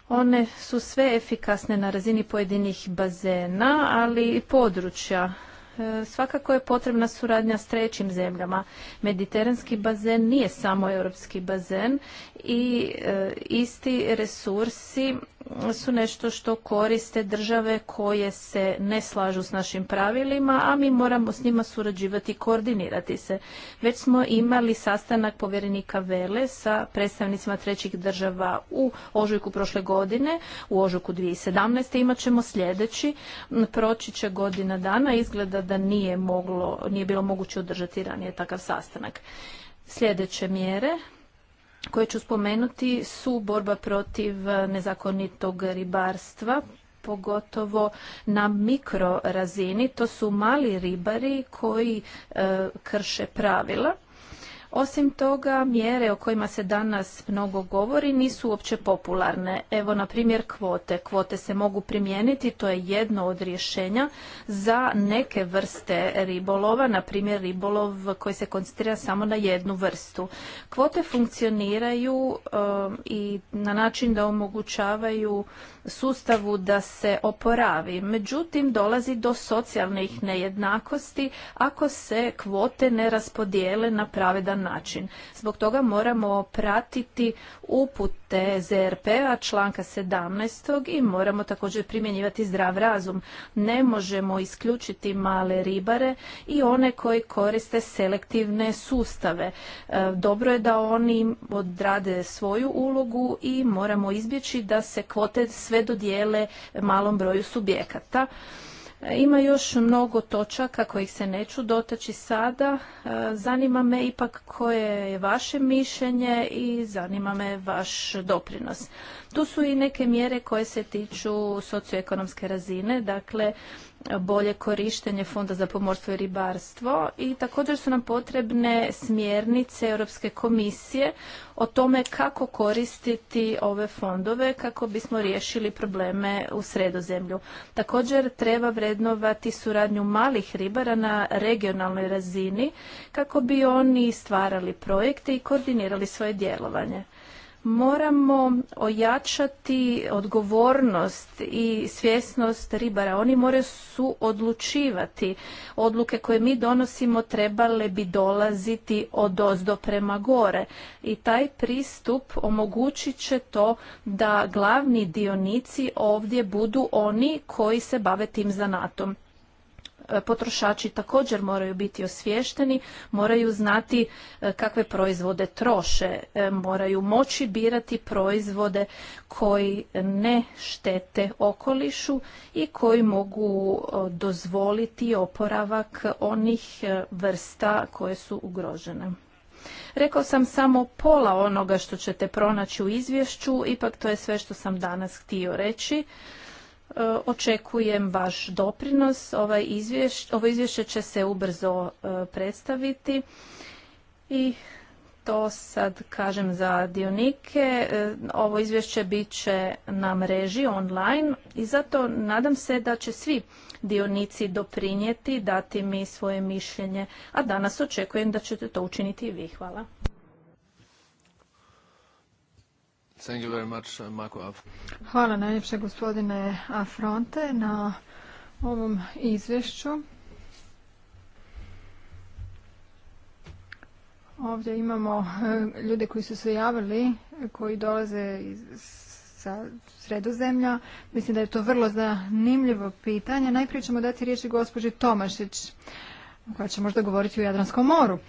One su sve efikasne na razini pojedinih bazena, ali i područja. E, svakako je potrebna suradnja s trećim zemljama. Mediteranski bazen nije samo europski bazen i e, isti resursi su nešto što koriste države koje se ne slažu s našim pravilima, a mi moramo s njima surađivati i koordinirati se. Već smo imali sastanak povjerenika Vele sa predstavnicima trećih država u ožujku prošle godine, u ožujku 2017. imat ćemo sljedeći, proći će godina dana, izgleda da nije, moglo, nije bilo moguće održati ranije takav sastanak. Sljedeće mjere koje ću spomenuti su borba protiv nezakonitog ribarstva, pogotovo na mikrorazini. To su mali ribari koji e, krše pravila osim toga, mjere o kojima se danas mnogo govori nisu uopće popularne. Evo, na primjer, kvote. Kvote se mogu primijeniti, to je jedno od rješenja za neke vrste ribolova, na primjer ribolov koji se koncentrira samo na jednu vrstu. Kvote funkcioniraju um, i na način da omogućavaju sustavu da se oporavi. Međutim, dolazi do socijalnih nejednakosti ako se kvote ne raspodijele na pravedan način. Zbog toga moramo pratiti upute ZRP-a članka 17. i moramo također primjenjivati zdrav razum. Ne možemo isključiti male ribare i one koji koriste selektivne sustave. E, dobro je da oni odrade svoju ulogu i moramo izbjeći da se kvote sve sve dodijele malom broju subjekata. E, ima još mnogo točaka kojih se neću dotaći sada. E, zanima me ipak koje je vaše mišljenje i zanima me vaš doprinos. Tu su i neke mjere koje se tiču socioekonomske razine, dakle bolje korištenje Fonda za pomorstvo i ribarstvo i također su nam potrebne smjernice Europske komisije o tome kako koristiti ove fondove kako bismo riješili probleme u sredozemlju. Također treba vrednovati suradnju malih ribara na regionalnoj razini kako bi oni stvarali projekte i koordinirali svoje djelovanje moramo ojačati odgovornost i svjesnost ribara. Oni moraju su odlučivati. Odluke koje mi donosimo trebale bi dolaziti od ozdo prema gore. I taj pristup omogućit će to da glavni dionici ovdje budu oni koji se bave tim zanatom. E, potrošači također moraju biti osviješteni, moraju znati e, kakve proizvode troše, e, moraju moći birati proizvode koji ne štete okolišu i koji mogu dozvoliti oporavak onih vrsta koje su ugrožene. Rekao sam samo pola onoga što ćete pronaći u izvješću, ipak to je sve što sam danas htio reći. E, očekujem vaš doprinos. Ovaj ovo izvješće će se ubrzo e, predstaviti i to sad kažem za dionike. E, ovo izvješće bit će na mreži online i zato nadam se da će svi dionici doprinijeti, dati mi svoje mišljenje, a danas očekujem da ćete to učiniti i vi. Hvala. Thank you uh, Hvala najljepše gospodine Afronte na ovom izvješću. Ovdje imamo uh, ljude koji su se javili, koji dolaze sa sredozemlja. Mislim da je to vrlo zanimljivo pitanje. Najprije ćemo dati riječi gospođi Tomašić, koja će možda govoriti u Jadranskom moru.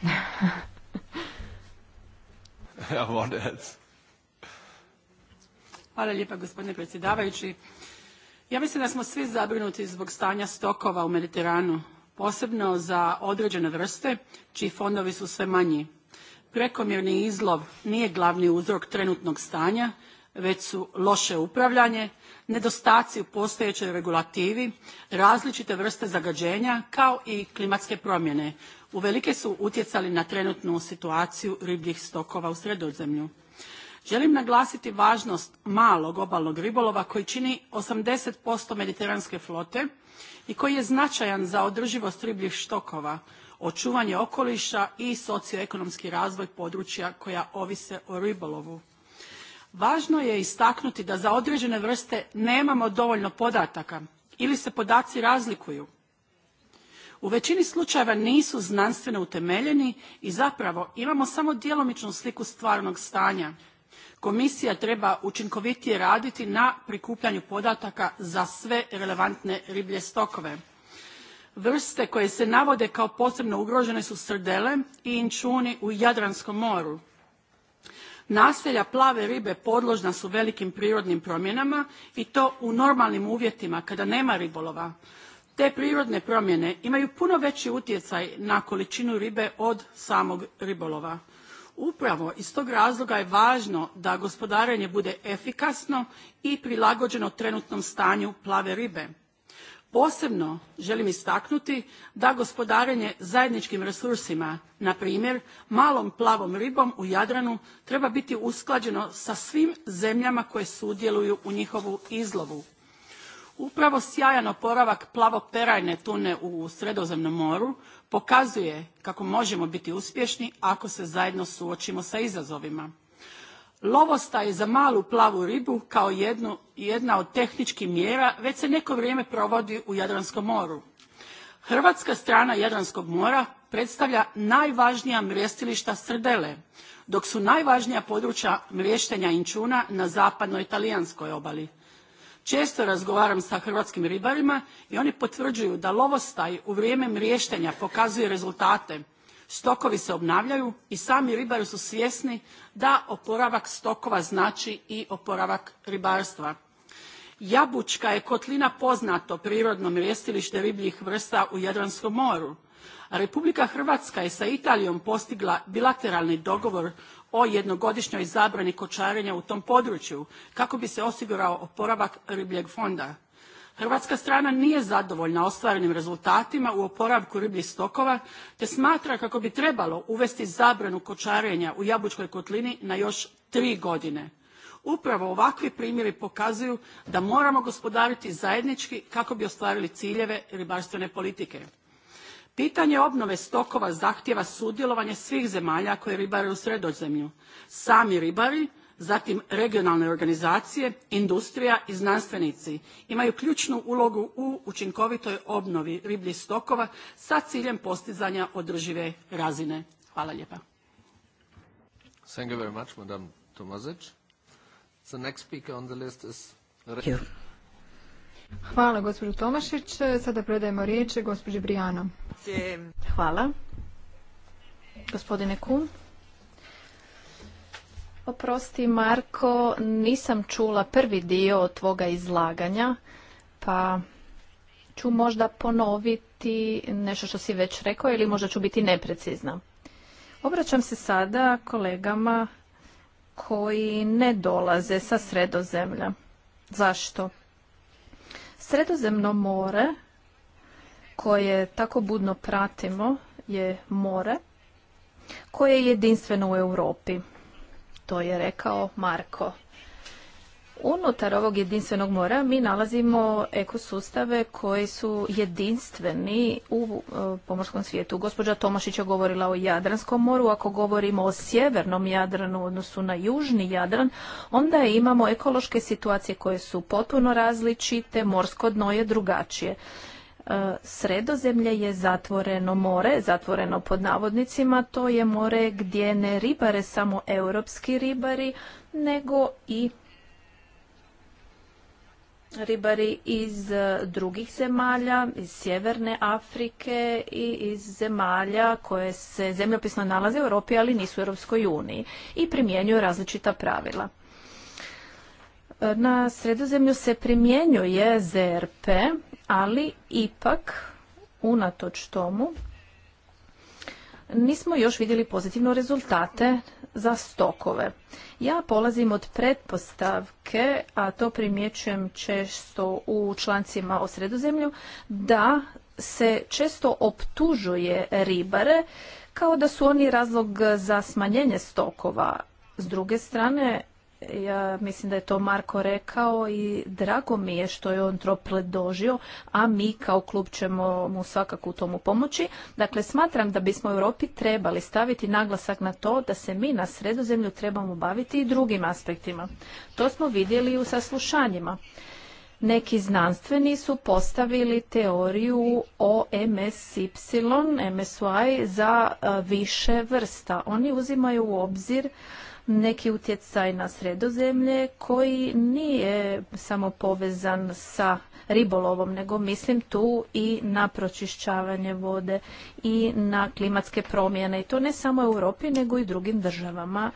Hvala lijepa gospodine predsjedavajući. Ja mislim da smo svi zabrinuti zbog stanja stokova u Mediteranu, posebno za određene vrste čiji fondovi su sve manji. Prekomjerni izlov nije glavni uzrok trenutnog stanja, već su loše upravljanje, nedostaci u postojećoj regulativi, različite vrste zagađenja kao i klimatske promjene uvelike su utjecali na trenutnu situaciju ribljih stokova u Sredozemlju. Želim naglasiti važnost malog obalnog ribolova koji čini 80% mediteranske flote i koji je značajan za održivost ribljih štokova, očuvanje okoliša i socioekonomski razvoj područja koja ovise o ribolovu. Važno je istaknuti da za određene vrste nemamo dovoljno podataka ili se podaci razlikuju. U većini slučajeva nisu znanstveno utemeljeni i zapravo imamo samo djelomičnu sliku stvarnog stanja komisija treba učinkovitije raditi na prikupljanju podataka za sve relevantne riblje stokove. Vrste koje se navode kao posebno ugrožene su srdele i inčuni u Jadranskom moru. Naselja plave ribe podložna su velikim prirodnim promjenama i to u normalnim uvjetima kada nema ribolova. Te prirodne promjene imaju puno veći utjecaj na količinu ribe od samog ribolova. Upravo iz tog razloga je važno da gospodarenje bude efikasno i prilagođeno trenutnom stanju plave ribe. Posebno želim istaknuti da gospodarenje zajedničkim resursima, na primjer malom plavom ribom u Jadranu, treba biti usklađeno sa svim zemljama koje sudjeluju u njihovu izlovu. Upravo sjajan oporavak perajne tune u Sredozemnom moru pokazuje kako možemo biti uspješni ako se zajedno suočimo sa izazovima. je za malu plavu ribu kao jednu, jedna od tehničkih mjera već se neko vrijeme provodi u Jadranskom moru. Hrvatska strana Jadranskog mora predstavlja najvažnija mrjestilišta srdele, dok su najvažnija područja mriještenja inčuna na zapadnoj talijanskoj obali. Često razgovaram sa hrvatskim ribarima i oni potvrđuju da lovostaj u vrijeme mriještenja pokazuje rezultate. Stokovi se obnavljaju i sami ribari su svjesni da oporavak stokova znači i oporavak ribarstva. Jabučka je kotlina poznato prirodno mrjestilište ribljih vrsta u Jadranskom moru. A Republika Hrvatska je sa Italijom postigla bilateralni dogovor o jednogodišnjoj zabrani kočarenja u tom području kako bi se osigurao oporavak ribljeg fonda. Hrvatska strana nije zadovoljna ostvarenim rezultatima u oporavku ribljih stokova te smatra kako bi trebalo uvesti zabranu kočarenja u Jabučkoj kotlini na još tri godine. Upravo ovakvi primjeri pokazuju da moramo gospodariti zajednički kako bi ostvarili ciljeve ribarstvene politike. Pitanje obnove stokova zahtjeva sudjelovanje svih zemalja koje ribare u Sredozemlju, sami ribari, zatim regionalne organizacije, industrija i znanstvenici imaju ključnu ulogu u učinkovitoj obnovi ribljih stokova sa ciljem postizanja održive razine. Hvala lijepa. Hvala gospođo Tomašić. Sada predajemo riječ gospođi Brijano. Hvala. Gospodine Kuhn. Oprosti Marko, nisam čula prvi dio tvoga izlaganja, pa ću možda ponoviti nešto što si već rekao ili možda ću biti neprecizna. Obraćam se sada kolegama koji ne dolaze sa sredozemlja. Zašto? Sredozemno more koje tako budno pratimo je more koje je jedinstveno u Europi. To je rekao Marko Unutar ovog jedinstvenog mora mi nalazimo ekosustave koji su jedinstveni u e, pomorskom svijetu. Gospođa Tomašić je govorila o Jadranskom moru. Ako govorimo o sjevernom Jadranu u odnosu na južni Jadran, onda imamo ekološke situacije koje su potpuno različite, morsko dno je drugačije. E, sredozemlje je zatvoreno more, zatvoreno pod navodnicima, to je more gdje ne ribare samo europski ribari, nego i ribari iz e, drugih zemalja, iz Sjeverne Afrike i iz zemalja koje se zemljopisno nalaze u Europi, ali nisu u Europskoj uniji i primjenjuju različita pravila. E, na sredozemlju se primjenjuje ZRP, ali ipak unatoč tomu nismo još vidjeli pozitivne rezultate za stokove. Ja polazim od pretpostavke, a to primjećujem često u člancima o sredozemlju, da se često optužuje ribare kao da su oni razlog za smanjenje stokova. S druge strane, ja mislim da je to Marko rekao i drago mi je što je on to predložio, a mi kao klub ćemo mu svakako u tomu pomoći. Dakle, smatram da bismo u Europi trebali staviti naglasak na to da se mi na sredozemlju trebamo baviti i drugim aspektima. To smo vidjeli u saslušanjima. Neki znanstveni su postavili teoriju o MSY, MSY za više vrsta. Oni uzimaju u obzir neki utjecaj na sredozemlje koji nije samo povezan sa ribolovom, nego mislim tu i na pročišćavanje vode i na klimatske promjene. I to ne samo u Europi, nego i drugim državama.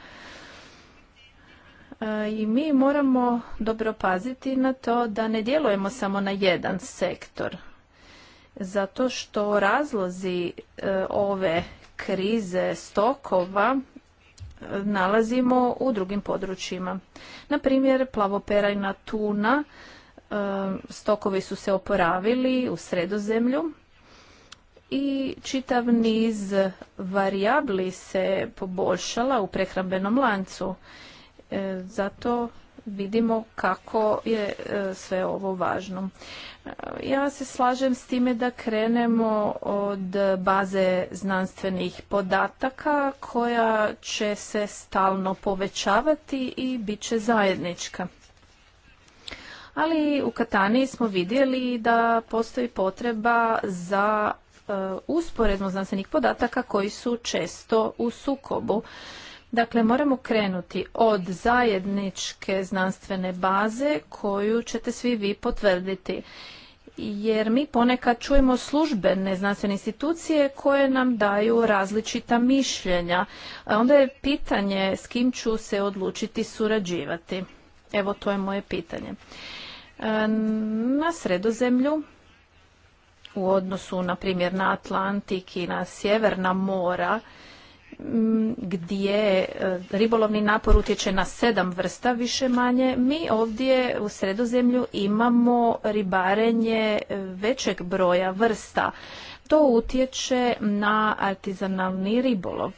E, I mi moramo dobro paziti na to da ne djelujemo samo na jedan sektor. Zato što razlozi e, ove krize stokova nalazimo u drugim područjima. Na primjer, plavoperajna tuna, e, stokovi su se oporavili u sredozemlju i čitav niz varijabli se poboljšala u prehrambenom lancu. E, zato vidimo kako je e, sve ovo važno. E, ja se slažem s time da krenemo od baze znanstvenih podataka koja će se stalno povećavati i bit će zajednička. Ali u Kataniji smo vidjeli da postoji potreba za e, usporedno znanstvenih podataka koji su često u sukobu. Dakle, moramo krenuti od zajedničke znanstvene baze koju ćete svi vi potvrditi. Jer mi ponekad čujemo službene znanstvene institucije koje nam daju različita mišljenja. E, onda je pitanje s kim ću se odlučiti surađivati. Evo to je moje pitanje. E, na sredozemlju u odnosu na primjer na Atlantik i na sjeverna mora gdje e, ribolovni napor utječe na sedam vrsta više manje, mi ovdje u sredozemlju imamo ribarenje e, većeg broja vrsta. To utječe na artizanalni ribolov.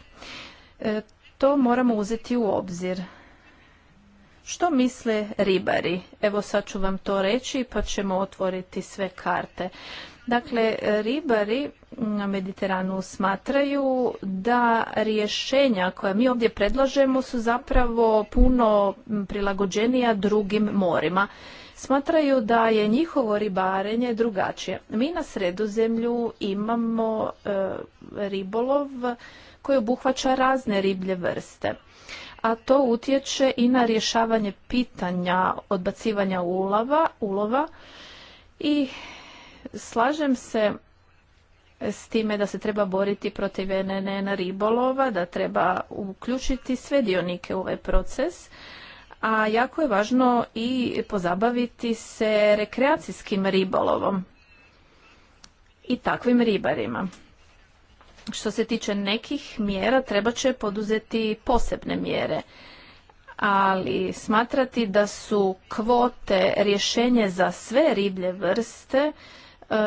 E, to moramo uzeti u obzir. Što misle ribari? Evo sad ću vam to reći pa ćemo otvoriti sve karte. Dakle, ribari na Mediteranu smatraju da rješenja koja mi ovdje predlažemo su zapravo puno prilagođenija drugim morima. Smatraju da je njihovo ribarenje drugačije. Mi na sredozemlju imamo e, ribolov koji obuhvaća razne riblje vrste a to utječe i na rješavanje pitanja odbacivanja ulova, ulova i Slažem se s time da se treba boriti protiv NNN ribolova, da treba uključiti sve dionike u ovaj proces, a jako je važno i pozabaviti se rekreacijskim ribolovom i takvim ribarima. Što se tiče nekih mjera, treba će poduzeti posebne mjere ali smatrati da su kvote rješenje za sve riblje vrste E,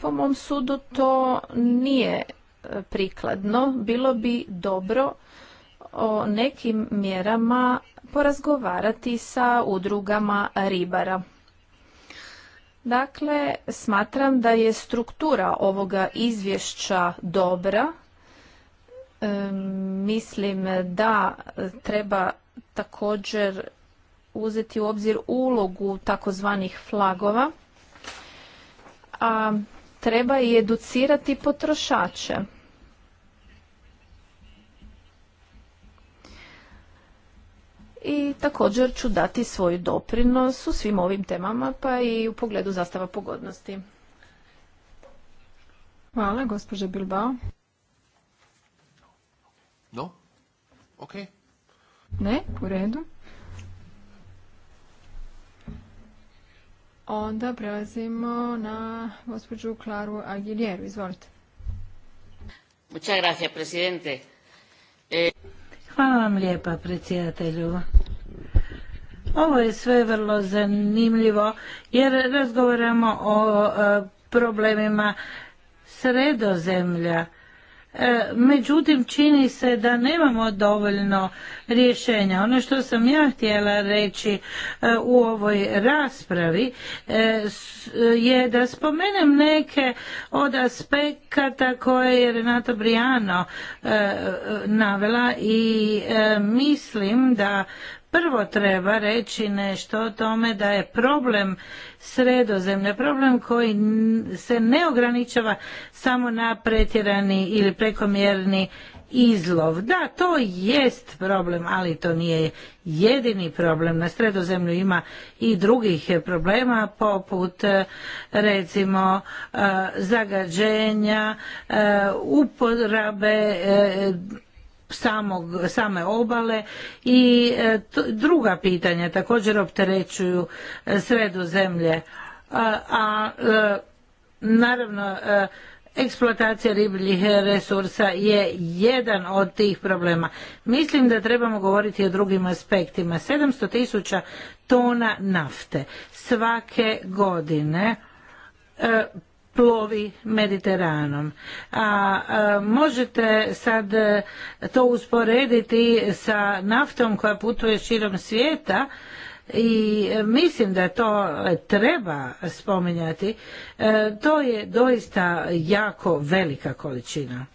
po mom sudu to nije e, prikladno. Bilo bi dobro o nekim mjerama porazgovarati sa udrugama ribara. Dakle, smatram da je struktura ovoga izvješća dobra. E, mislim da treba također uzeti u obzir ulogu takozvanih flagova a treba i educirati potrošače. I također ću dati svoj doprinos u svim ovim temama, pa i u pogledu zastava pogodnosti. Hvala, gospođa Bilbao. No? Ok. Ne, u redu. Onda prelazimo na gospođu Klaru Aguiljeru. Izvolite. Muchas eh, Hvala vam lijepa, predsjedatelju. Ovo je sve vrlo zanimljivo jer razgovaramo o eh, problemima sredozemlja E, međutim čini se da nemamo dovoljno rješenja. Ono što sam ja htjela reći e, u ovoj raspravi e, je da spomenem neke od aspekata koje je Renato Briano navela i mislim da prvo treba reći nešto o tome da je problem sredozemlja, problem koji se ne ograničava samo na pretjerani ili prekomjerni izlov. Da, to jest problem, ali to nije jedini problem. Na sredozemlju ima i drugih problema poput e, recimo e, zagađenja, e, uporabe same obale i e, druga pitanja također opterećuju e, sredozemlje. A, a e, naravno eksploatacija ribljih resursa je jedan od tih problema. Mislim da trebamo govoriti o drugim aspektima. 700 tisuća tona nafte svake godine plovi Mediteranom. A, e, možete sad e, to usporediti sa naftom koja putuje širom svijeta i e, mislim da to treba spominjati. to je doista jako velika količina.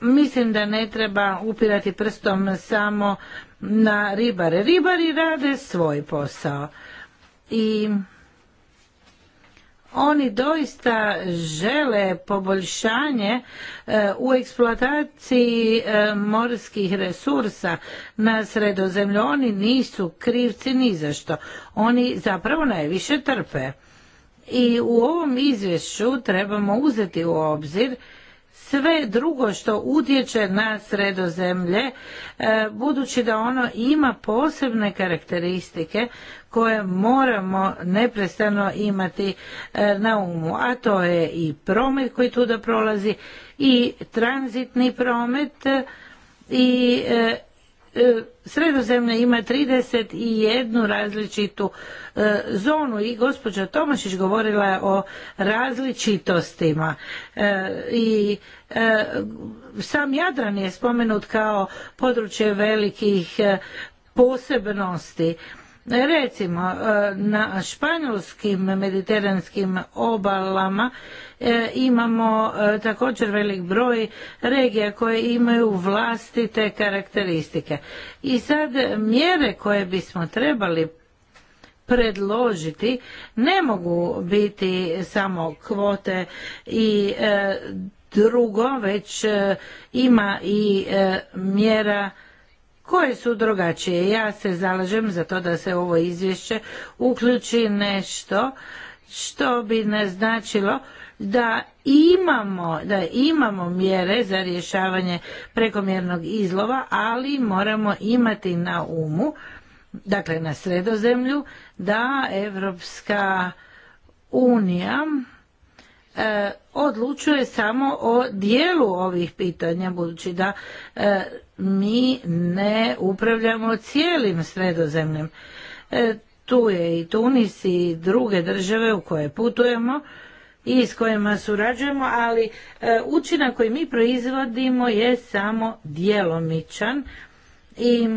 Mislim da ne treba upirati prstom samo na ribare. Ribari rade svoj posao. I oni doista žele poboljšanje e, u eksploataciji e, morskih resursa na sredozemlju. Oni nisu krivci ni za što. Oni zapravo najviše trpe. I u ovom izvješću trebamo uzeti u obzir sve drugo što utječe na sredozemlje, e, budući da ono ima posebne karakteristike koje moramo neprestano imati e, na umu, a to je i promet koji tu da prolazi i tranzitni promet e, i Sredozemlje ima 31 različitu zonu i gospođa Tomašić govorila je o različitostima i E, sam Jadran je spomenut kao područje velikih e, posebnosti. Recimo, e, na španjolskim mediteranskim obalama imamo također velik broj regija koje imaju vlastite karakteristike. I sad mjere koje bismo trebali predložiti ne mogu biti samo kvote i drugo, već e, ima i e, mjera koje su drugačije. Ja se zalažem za to da se ovo izvješće uključi nešto što bi naznačilo da imamo, da imamo mjere za rješavanje prekomjernog izlova, ali moramo imati na umu, dakle na sredozemlju, da Evropska unija E, odlučuje samo o dijelu ovih pitanja budući da e, mi ne upravljamo cijelim sredozemljem. E, tu je i Tunis i druge države u koje putujemo i s kojima surađujemo, ali učinak koji mi proizvodimo je samo djelomičan i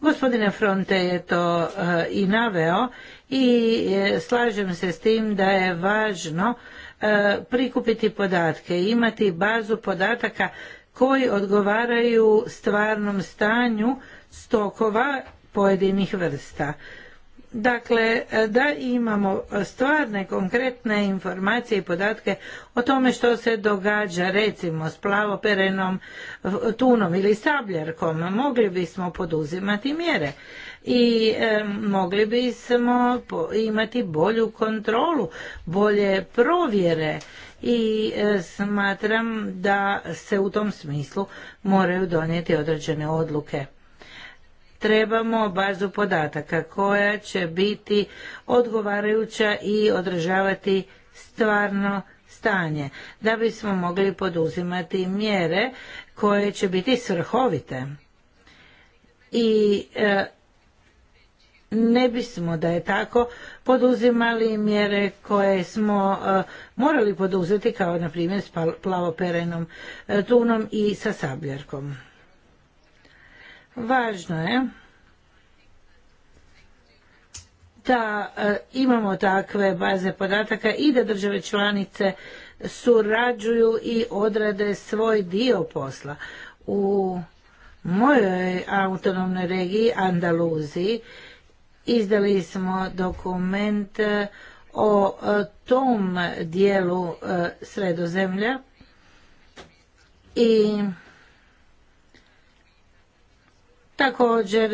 gospodine Fronte je to i naveo i e, slažem se s tim da je važno e, prikupiti podatke, imati bazu podataka koji odgovaraju stvarnom stanju stokova pojedinih vrsta. Dakle, e, da imamo stvarne, konkretne informacije i podatke o tome što se događa recimo s plavoperenom tunom ili sabljarkom, mogli bismo poduzimati mjere i mogli bismo imati bolju kontrolu, bolje provjere i e, smatram da se u tom smislu moraju donijeti određene odluke. Trebamo bazu podataka koja će biti odgovarajuća i održavati stvarno stanje, da bismo mogli poduzimati mjere koje će biti svrhovite. I e, ne bismo da je tako poduzimali mjere koje smo e, morali poduzeti kao na primjer s plavoperenom e, tunom i sa sabljarkom. Važno je da e, imamo takve baze podataka i da države članice surađuju i odrade svoj dio posla. U mojoj autonomnoj regiji Andaluziji Izdali smo dokument e, o e, tom dijelu e, sredozemlja i također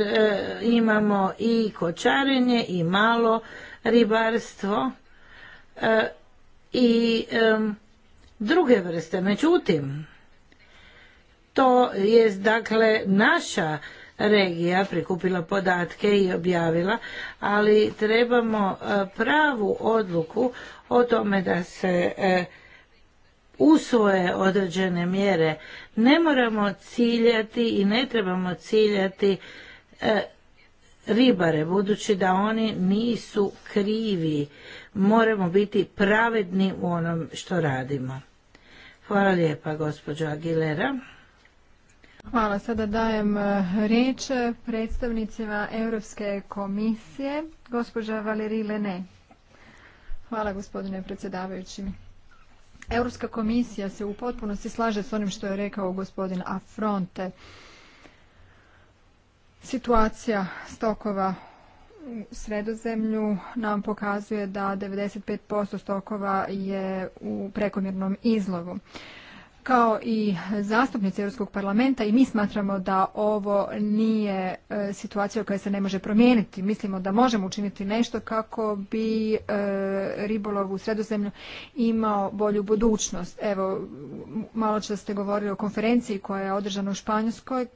imamo i kočarenje i malo ribarstvo i druge vrste. Međutim, to je dakle naša regija prikupila podatke i objavila, ali trebamo e, pravu odluku o tome da se e, usvoje određene mjere. Ne moramo ciljati i ne trebamo ciljati e, ribare, budući da oni nisu krivi. Moramo biti pravedni u onom što radimo. Hvala lijepa, gospođo Aguilera. Hvala. Sada dajem e, riječ predstavnicima Europske komisije. Gospođa Valerie Lene. Hvala gospodine predsjedavajući. Europska komisija se u potpunosti slaže s onim što je rekao gospodin Afronte. Situacija stokova u sredozemlju nam pokazuje da 95% stokova je u prekomjernom izlovu. Kao i zastupnici Europskog parlamenta i mi smatramo da ovo nije e, situacija koja se ne može promijeniti. Mislimo da možemo učiniti nešto kako bi e, ribolov u sredozemlju imao bolju budućnost. Evo, malo čas ste govorili o konferenciji koja je održana u Španjolskoj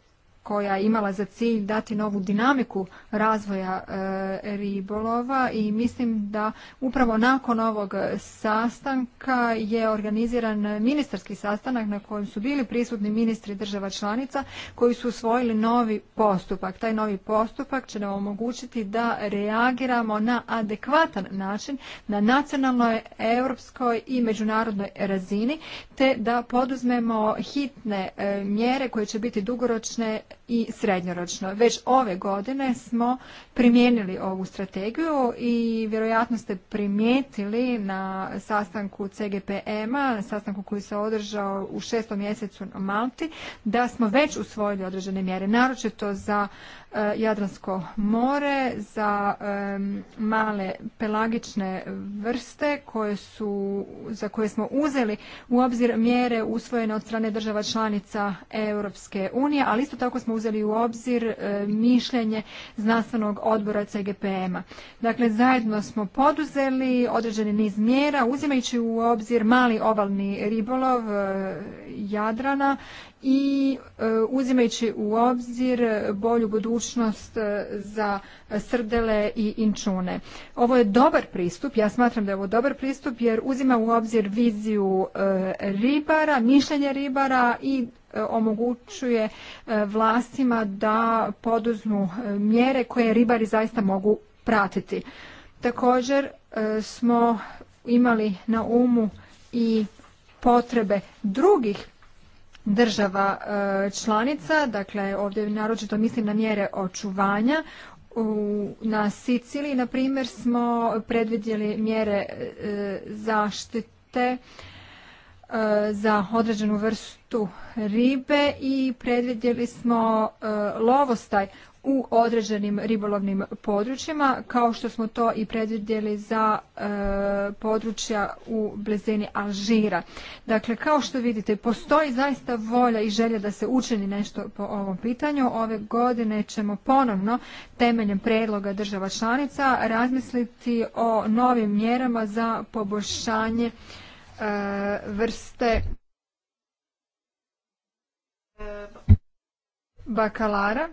koja je imala za cilj dati novu dinamiku razvoja e, ribolova i mislim da upravo nakon ovog sastanka je organiziran ministarski sastanak na kojem su bili prisutni ministri država članica koji su usvojili novi postupak. Taj novi postupak će nam omogućiti da reagiramo na adekvatan način na nacionalnoj, europskoj i međunarodnoj razini te da poduzmemo hitne e, mjere koje će biti dugoročne i srednjoročno. Već ove godine smo primijenili ovu strategiju i vjerojatno ste primijetili na sastanku CGPM-a, sastanku koji se održao u šestom mjesecu na Malti, da smo već usvojili određene mjere, naročito za E, Jadransko more za e, male pelagične vrste koje su, za koje smo uzeli u obzir mjere usvojene od strane država članica Europske unije, ali isto tako smo uzeli u obzir e, mišljenje znanstvenog odbora CGPM-a. Dakle, zajedno smo poduzeli određeni niz mjera uzimajući u obzir mali ovalni ribolov Jadrana i e, uzimajući u obzir bolju budućnost e, za srdele i inčune. Ovo je dobar pristup, ja smatram da je ovo dobar pristup jer uzima u obzir viziju e, ribara, mišljenje ribara i omogućuje vlastima da poduzmu mjere koje ribari zaista mogu pratiti. Također smo imali na umu i potrebe drugih država e, članica, dakle ovdje naročito mislim na mjere očuvanja, na Siciliji, na primjer, smo predvidjeli mjere e, zaštite e, za određenu vrstu ribe i predvidjeli smo lovostaj u određenim ribolovnim područjima, kao što smo to i predvidjeli za e, područja u blizini Alžira. Dakle, kao što vidite, postoji zaista volja i želja da se učini nešto po ovom pitanju. Ove godine ćemo ponovno temeljem predloga država članica razmisliti o novim mjerama za poboljšanje e, vrste e, bakalara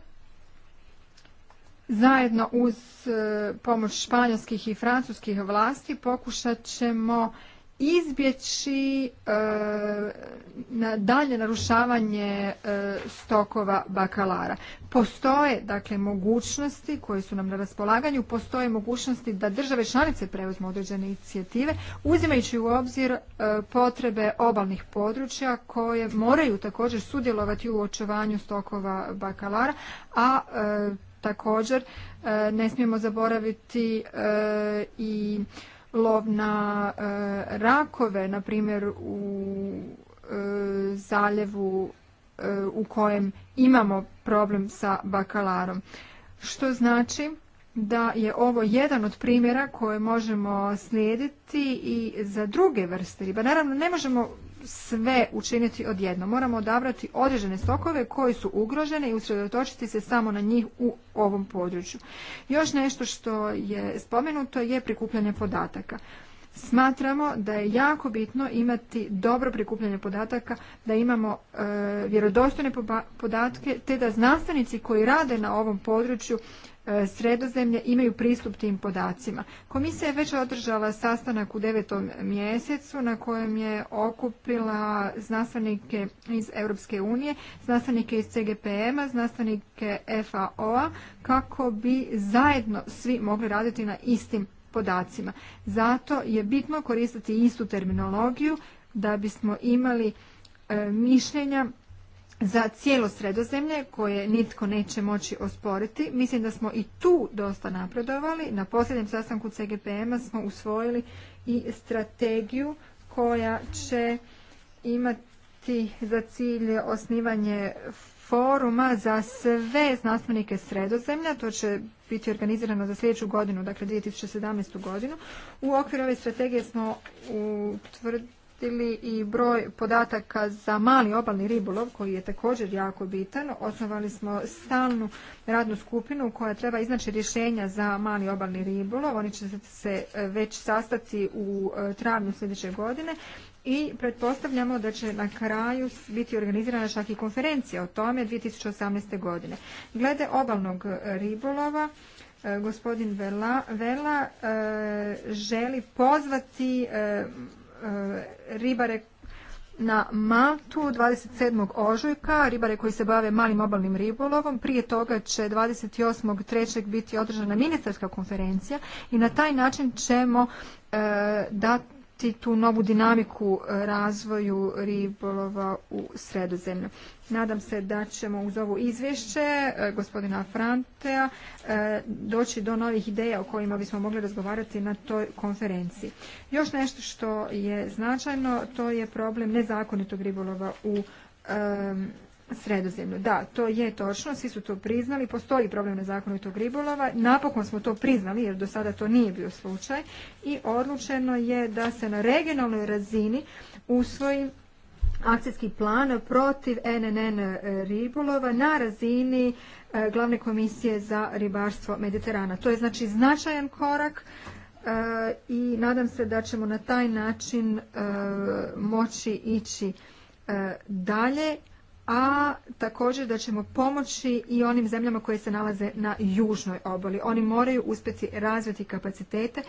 zajedno uz e, pomoć španjolskih i francuskih vlasti pokušat ćemo izbjeći e, dalje narušavanje e, stokova bakalara. Postoje dakle mogućnosti koje su nam na raspolaganju, postoje mogućnosti da države članice preuzmu određene inicijative, uzimajući u obzir e, potrebe obalnih područja koje moraju također sudjelovati u očuvanju stokova bakalara, a Također e, ne smijemo zaboraviti e, i lov na e, rakove, na primjer u zaljevu u kojem imamo problem sa bakalarom. Što znači da je ovo jedan od primjera koje možemo slijediti i za druge vrste riba. Naravno, ne možemo sve učiniti odjedno. Moramo odabrati određene sokove koji su ugrožene i usredotočiti se samo na njih u ovom području. Još nešto što je spomenuto je prikupljanje podataka. Smatramo da je jako bitno imati dobro prikupljanje podataka, da imamo e, vjerodostojne podatke, te da znanstvenici koji rade na ovom području E, sredozemlje imaju pristup tim podacima. Komisija je već održala sastanak u devetom mjesecu na kojem je okupila znanstvenike iz Europske unije, znanstvenike iz CGPM-a, znanstvenike FAO-a kako bi zajedno svi mogli raditi na istim podacima. Zato je bitno koristiti istu terminologiju da bismo imali e, mišljenja za cijelo sredozemlje koje nitko neće moći osporiti. Mislim da smo i tu dosta napredovali. Na posljednjem sastanku CGPM-a smo usvojili i strategiju koja će imati za cilj osnivanje foruma za sve znanstvenike sredozemlja. To će biti organizirano za sljedeću godinu, dakle 2017. godinu. U okviru ove strategije smo utvrdili koristili i broj podataka za mali obalni ribolov koji je također jako bitan. Osnovali smo stalnu radnu skupinu koja treba iznaći rješenja za mali obalni ribolov. Oni će se već sastati u e, travnju sljedeće godine i pretpostavljamo da će na kraju biti organizirana čak i konferencija o tome 2018. godine. Glede obalnog ribolova, e, gospodin Vela, e, želi pozvati E, ribare na Maltu 27. ožujka, ribare koji se bave malim obalnim ribolovom. Prije toga će 28.3. biti održana ministarska konferencija i na taj način ćemo e, da i tu novu dinamiku e, razvoju ribolova u sredozemlju. Nadam se da ćemo uz ovo izvješće e, gospodina Frantea e, doći do novih ideja o kojima bismo mogli razgovarati na toj konferenciji. Još nešto što je značajno, to je problem nezakonitog ribolova u sredozemlju. Da, to je točno, svi su to priznali, postoji problem nezakonitog ribolova, napokon smo to priznali jer do sada to nije bio slučaj i odlučeno je da se na regionalnoj razini usvoji akcijski plan protiv NNN ribolova na razini e, glavne komisije za ribarstvo Mediterana. To je znači značajan korak e, i nadam se da ćemo na taj način e, moći ići dalje a također da ćemo pomoći i onim zemljama koje se nalaze na južnoj oboli. Oni moraju uspjeti razviti kapacitete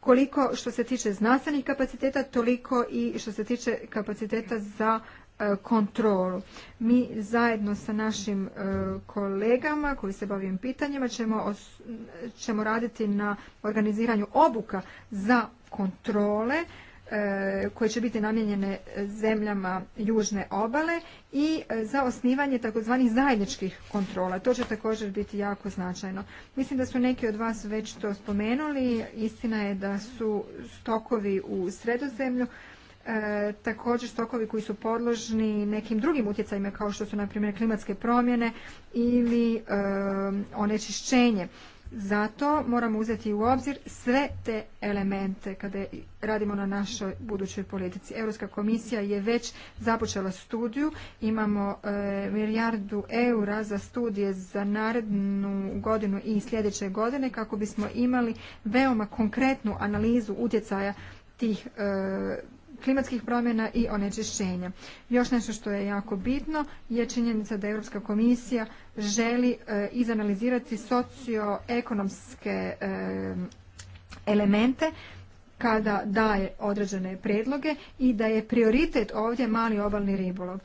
koliko što se tiče znanstvenih kapaciteta, toliko i što se tiče kapaciteta za e, kontrolu. Mi zajedno sa našim e, kolegama koji se bavim pitanjima ćemo, ćemo raditi na organiziranju obuka za kontrole E, koje će biti namijenjene zemljama južne obale i e, za osnivanje takozvanih zajedničkih kontrola. To će također biti jako značajno. Mislim da su neki od vas već to spomenuli. Istina je da su stokovi u sredozemlju e, također stokovi koji su podložni nekim drugim utjecajima kao što su na primjer klimatske promjene ili onečišćenje zato moramo uzeti u obzir sve te elemente kada radimo na našoj budućoj politici. Europska komisija je već započela studiju. Imamo e, milijardu eura za studije za narednu godinu i sljedeće godine kako bismo imali veoma konkretnu analizu utjecaja tih e, klimatskih promjena i onečišćenja. Još nešto što je jako bitno je činjenica da Europska komisija želi e, izanalizirati socioekonomske e, elemente kada daje određene predloge i da je prioritet ovdje mali obalni ribolov.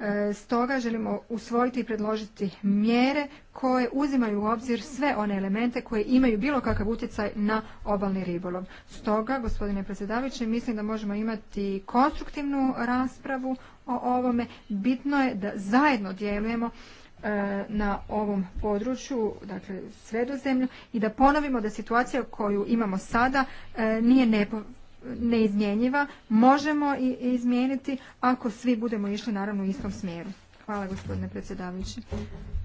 E, stoga želimo usvojiti i predložiti mjere koje uzimaju u obzir sve one elemente koje imaju bilo kakav utjecaj na obalni ribolov. Stoga, gospodine predsjedavajući, mislim da možemo imati konstruktivnu raspravu o ovome. Bitno je da zajedno djelujemo e, na ovom području, dakle sredozemlju, i da ponovimo da situacija koju imamo sada e, nije nepovoljna neizmjenjiva, možemo i izmijeniti ako svi budemo išli naravno u istom smjeru. Hvala gospodine predsjedavajući.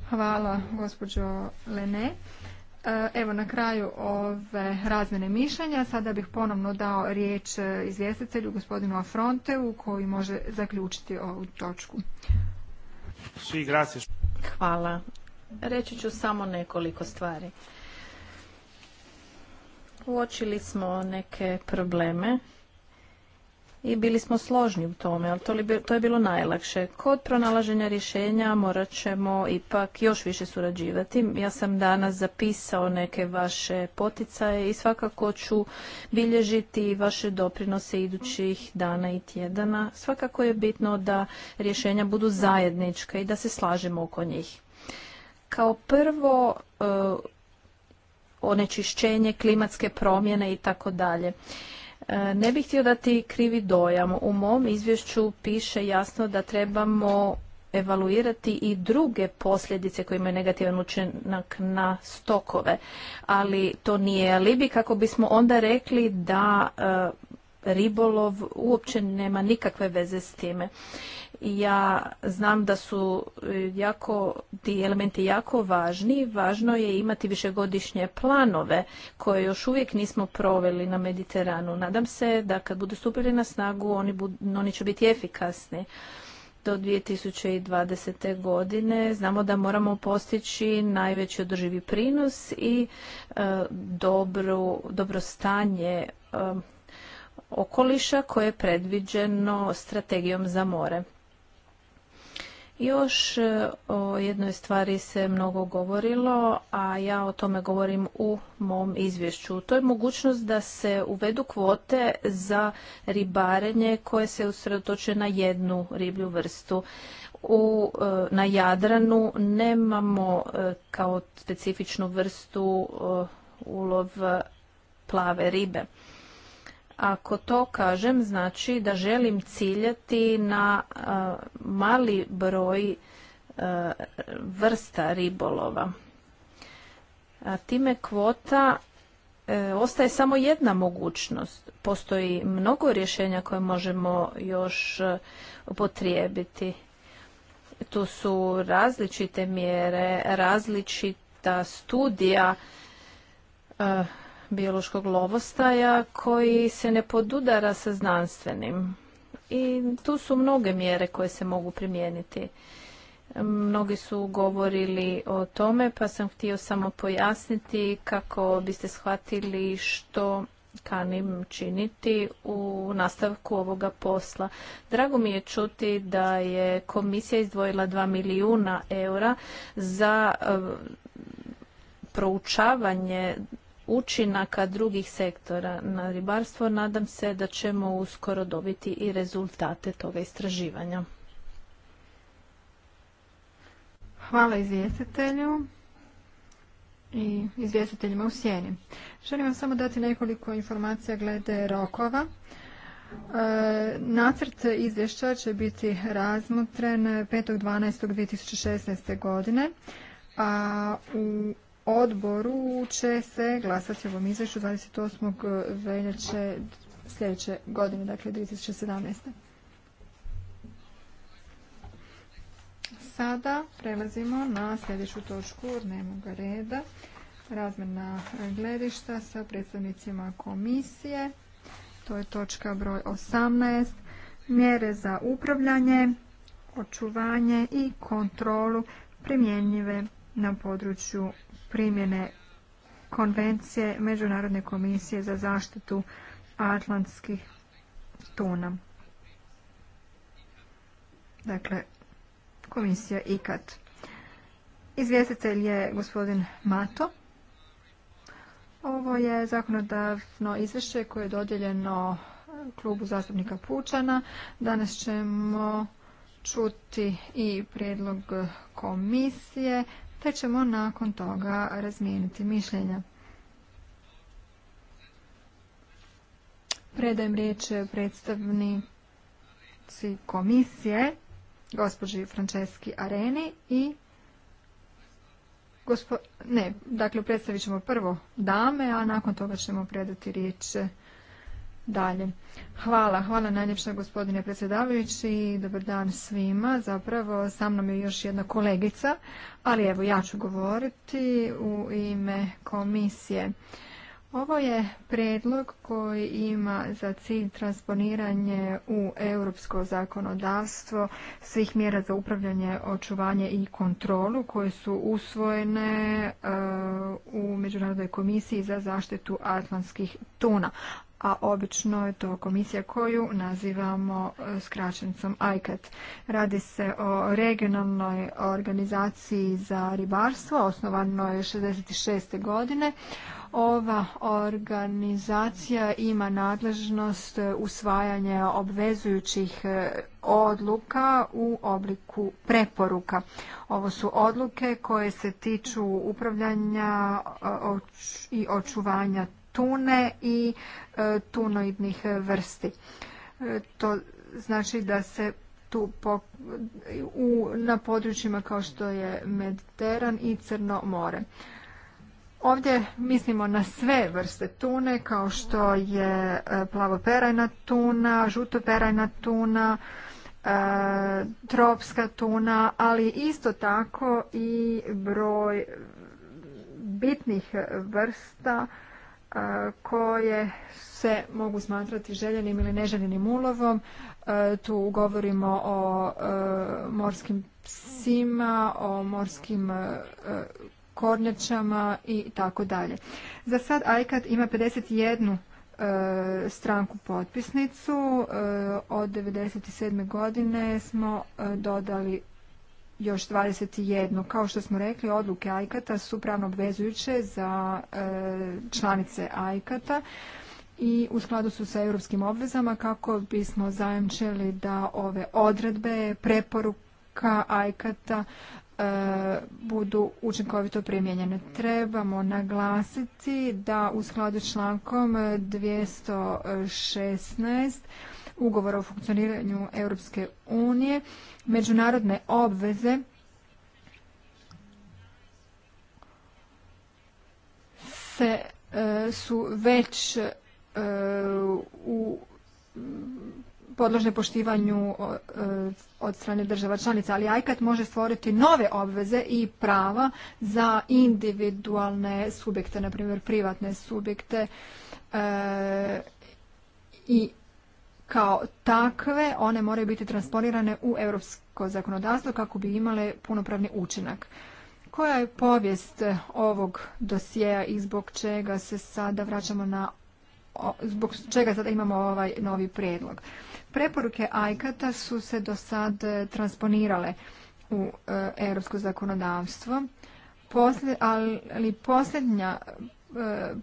Hvala gospođo Lene. E, evo na kraju ove razmjene mišljenja sada bih ponovno dao riječ izvjestitelju gospodinu Afronteu koji može zaključiti ovu točku. Hvala. Reći ću samo nekoliko stvari. Uočili smo neke probleme i bili smo složni u tome, ali to, to je bilo najlakše. Kod pronalaženja rješenja morat ćemo ipak još više surađivati. Ja sam danas zapisao neke vaše poticaje i svakako ću bilježiti vaše doprinose idućih dana i tjedana. Svakako je bitno da rješenja budu zajednička i da se slažemo oko njih. Kao prvo, e, onečišćenje, klimatske promjene i tako dalje. E, ne bih htio dati krivi dojam. U mom izvješću piše jasno da trebamo evaluirati i druge posljedice koje imaju negativan učinak na stokove. Ali to nije alibi kako bismo onda rekli da e, ribolov uopće nema nikakve veze s time. Ja znam da su e, jako, ti elementi jako važni. Važno je imati višegodišnje planove koje još uvijek nismo proveli na Mediteranu. Nadam se da kad budu stupili na snagu oni, oni će biti efikasni do 2020. godine. Znamo da moramo postići najveći održivi prinos i e, dobro, stanje e, okoliša koje je predviđeno strategijom za more. Još e, o jednoj stvari se mnogo govorilo, a ja o tome govorim u mom izvješću. To je mogućnost da se uvedu kvote za ribarenje koje se usredotoče na jednu riblju vrstu. U, e, na Jadranu nemamo e, kao specifičnu vrstu ulov plave ribe. Ako to kažem, znači da želim ciljati na mali broj vrsta ribolova. A time kvota e, ostaje samo jedna mogućnost. Postoji mnogo rješenja koje možemo još e, upotrijebiti. Tu su različite mjere, različita studija e, biološkog lovostaja koji se ne podudara sa znanstvenim. I tu su mnoge mjere koje se mogu primijeniti. Mnogi su govorili o tome, pa sam htio samo pojasniti kako biste shvatili što kanim činiti u nastavku ovoga posla. Drago mi je čuti da je komisija izdvojila 2 milijuna eura za e, proučavanje učinaka drugih sektora na ribarstvo, nadam se da ćemo uskoro dobiti i rezultate toga istraživanja. Hvala izvjestitelju i izvjestiteljima u sjeni. Želim vam samo dati nekoliko informacija glede rokova. E, nacrt izvješća će biti razmotren 5.12.2016. godine, a u odboru će se glasati o ovom izvješću 28. Eh, veljače sljedeće godine, dakle 2017. Sada prelazimo na sljedeću točku dnevnog reda, razmjena gledišta sa predstavnicima komisije. To je točka broj 18, mjere za upravljanje, očuvanje i kontrolu primjenjive na području primjene konvencije Međunarodne komisije za zaštitu atlantskih tuna. Dakle, komisija IKAT. Izvjestitelj je gospodin Mato. Ovo je zakonodavno izvješće koje je dodijeljeno klubu zastupnika Pučana. Danas ćemo čuti i prijedlog komisije te ćemo nakon toga razmijeniti mišljenja. Predajem riječ predstavnici komisije, gospođi Franceski Areni i Gospo... Ne, dakle predstavit ćemo prvo dame, a nakon toga ćemo predati riječ dalje. Hvala, hvala najljepša gospodine predsjedavajući i dobar dan svima. Zapravo sa mnom je još jedna kolegica, ali evo ja ću govoriti u ime komisije. Ovo je predlog koji ima za cilj transponiranje u europsko zakonodavstvo svih mjera za upravljanje, očuvanje i kontrolu koje su usvojene e, u Međunarodnoj komisiji za zaštitu atlantskih tuna a obično je to komisija koju nazivamo e, skraćenicom ICAT. Radi se o regionalnoj organizaciji za ribarstvo, osnovano je 66. godine. Ova organizacija ima nadležnost usvajanja obvezujućih e, odluka u obliku preporuka. Ovo su odluke koje se tiču upravljanja e, i očuvanja tune i e, tunoidnih vrsti. E, to znači da se tu u, na područjima kao što je Mediteran i Crno more. Ovdje mislimo na sve vrste tune kao što je e, plavoperajna tuna, žutoperajna tuna, tropska tuna, ali isto tako i broj bitnih vrsta koje se mogu smatrati željenim ili neželjenim ulovom. E, tu govorimo o e, morskim psima, o morskim e, kornjačama i tako dalje. Za sad ICAT ima 51 stranku potpisnicu. Od 1997. godine smo dodali još 21. Kao što smo rekli, odluke ajkata su pravno obvezujuće za e, članice ajkata i u skladu su sa europskim obvezama kako bismo zajamčili da ove odredbe, preporuka ajkata e, budu učinkovito primjenjene. Trebamo naglasiti da u skladu s člankom 216 ugovora o funkcioniranju Europske unije, međunarodne obveze se e, su već e, u podložne poštivanju e, od strane država članica, ali ICAT može stvoriti nove obveze i prava za individualne subjekte, na primjer privatne subjekte i kao takve one moraju biti transponirane u europsko zakonodavstvo kako bi imale punopravni učinak. Koja je povijest eh, ovog dosjeja i zbog čega se sada vraćamo na zbog čega sada imamo ovaj novi prijedlog. Preporuke ajkata su se do sad eh, transponirale u eh, europsko zakonodavstvo, ali posljednja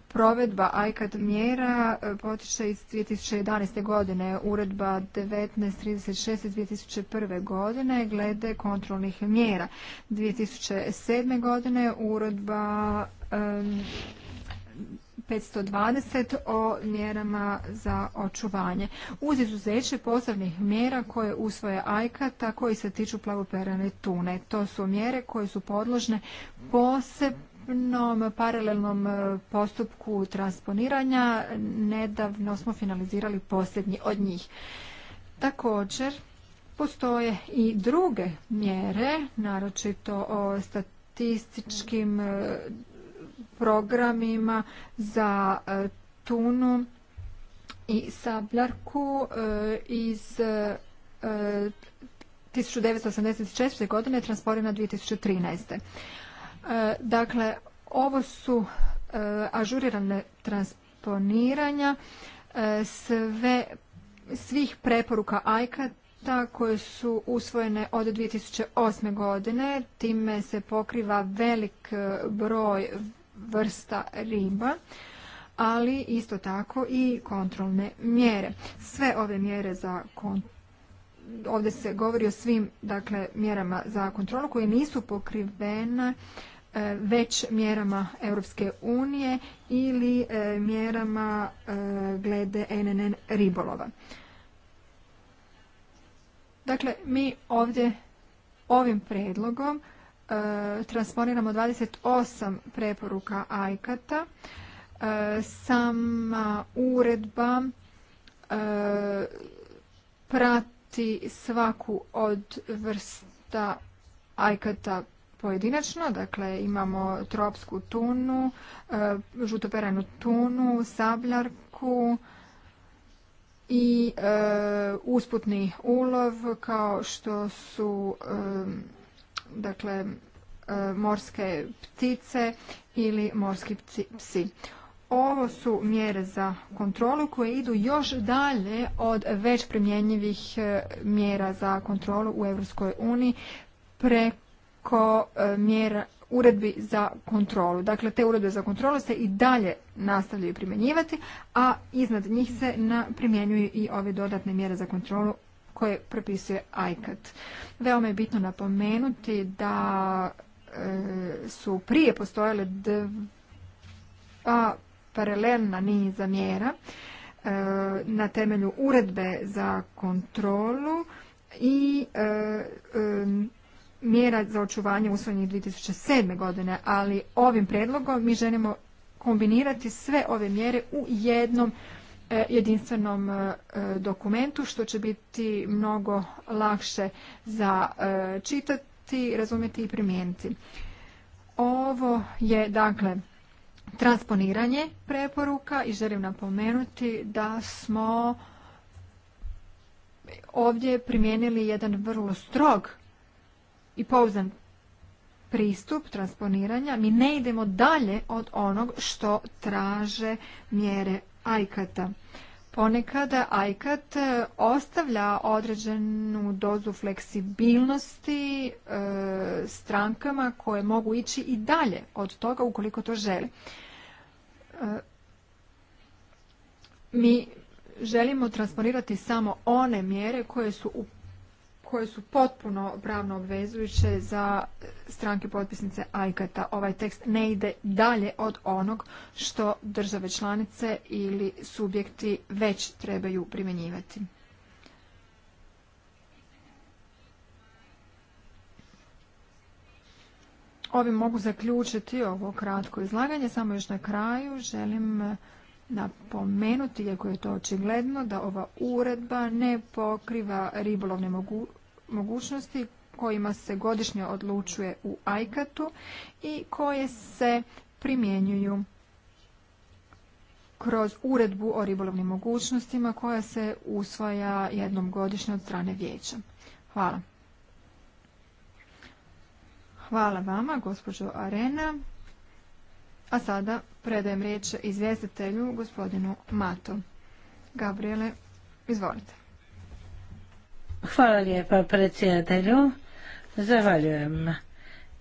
provedba ICAD mjera e, potiče iz 2011. godine uredba 1936 2001. godine glede kontrolnih mjera. 2007. godine uredba 520 o mjerama za očuvanje. Uz izuzeće posebnih mjera koje usvoje ajkata koji se tiču plavoperane tune. To su mjere koje su podložne posebno ukupnom paralelnom e, postupku transponiranja nedavno smo finalizirali posljednji od njih. Također, postoje i druge mjere, naročito o statističkim e, programima za e, tunu i sabljarku iz 1984. godine tisuće 2013. E, dakle, ovo su e, ažurirane transponiranja e, sve, svih preporuka ICAT-a koje su usvojene od 2008. godine. Time se pokriva velik broj vrsta riba ali isto tako i kontrolne mjere. Sve ove mjere za kontrolu ovdje se govori o svim dakle, mjerama za kontrolu koje nisu pokrivene E, već mjerama Europske unije ili e, mjerama e, glede NNN ribolova. Dakle, mi ovdje ovim predlogom transponiramo 28 preporuka ajkata. Sama uredba prati svaku od vrsta ajkata pojedinačno, dakle imamo tropsku tunu, e, žutoperanu tunu, sabljarku i e, usputni ulov kao što su e, dakle morske ptice ili morski psi. Ovo su mjere za kontrolu koje idu još dalje od već primjenjivih mjera za kontrolu u EU preko oko e, mjera uredbi za kontrolu. Dakle, te uredbe za kontrolu se i dalje nastavljaju primjenjivati, a iznad njih se primjenjuju i ove dodatne mjere za kontrolu koje propisuje ICAT. Veoma je bitno napomenuti da e, su prije postojale dva paralelna niza mjera e, na temelju uredbe za kontrolu i mjera za očuvanje usvojenih 2007. godine, ali ovim predlogom mi želimo kombinirati sve ove mjere u jednom e, jedinstvenom e, dokumentu što će biti mnogo lakše za e, čitati, razumjeti i primijeniti. Ovo je dakle transponiranje preporuka i želim napomenuti da smo ovdje primijenili jedan vrlo strog i pouzan pristup transponiranja, mi ne idemo dalje od onog što traže mjere ajkata. Ponekada ajkat e, ostavlja određenu dozu fleksibilnosti e, strankama koje mogu ići i dalje od toga ukoliko to žele. E, mi želimo transponirati samo one mjere koje su u koje su potpuno pravno obvezujuće za stranke potpisnice ajkata ovaj tekst ne ide dalje od onog što države članice ili subjekti već trebaju primjenjivati ovim mogu zaključiti ovo kratko izlaganje samo još na kraju želim napomenuti, iako je to očigledno, da ova uredba ne pokriva ribolovne mogućnosti kojima se godišnje odlučuje u Ajkatu i koje se primjenjuju kroz uredbu o ribolovnim mogućnostima koja se usvaja jednom godišnje od strane vijeća. Hvala. Hvala vama, gospođo Arena. A sada predajem riječ izvjestitelju, gospodinu Mato. Gabriele, izvolite. Hvala lijepa predsjedatelju. Zahvaljujem.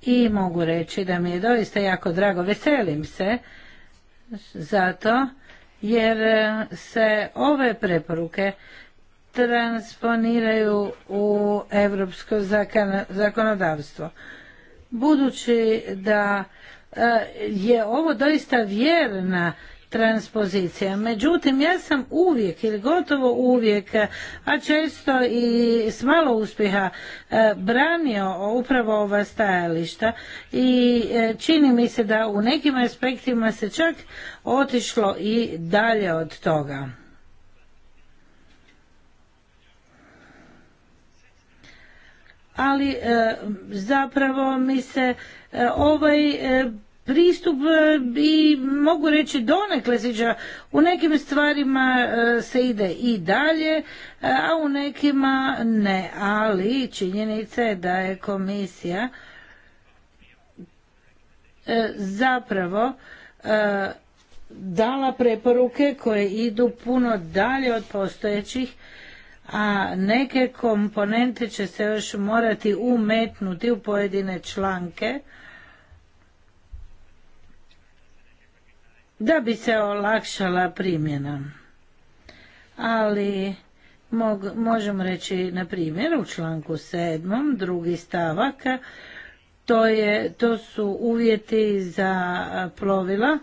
I mogu reći da mi je doista jako drago. Veselim se zato jer se ove preporuke transponiraju u europsko zakonodavstvo. Budući da Eh, je ovo doista vjerna transpozicija. Međutim, ja sam uvijek ili gotovo uvijek, a često i s malo uspjeha, eh, branio upravo ova stajališta i eh, čini mi se da u nekim aspektima se čak otišlo i dalje od toga. ali e, zapravo mi se e, ovaj e, pristup i mogu reći donekle sviđa. U nekim stvarima se ide i dalje, a u nekima ne. Ali činjenica je da je komisija zapravo dala preporuke koje idu puno dalje od postojećih a neke komponente će se još morati umetnuti u pojedine članke da bi se olakšala primjena. Ali možemo reći na primjer u članku sedmom, drugi stavak, to, je, to su uvjeti za plovila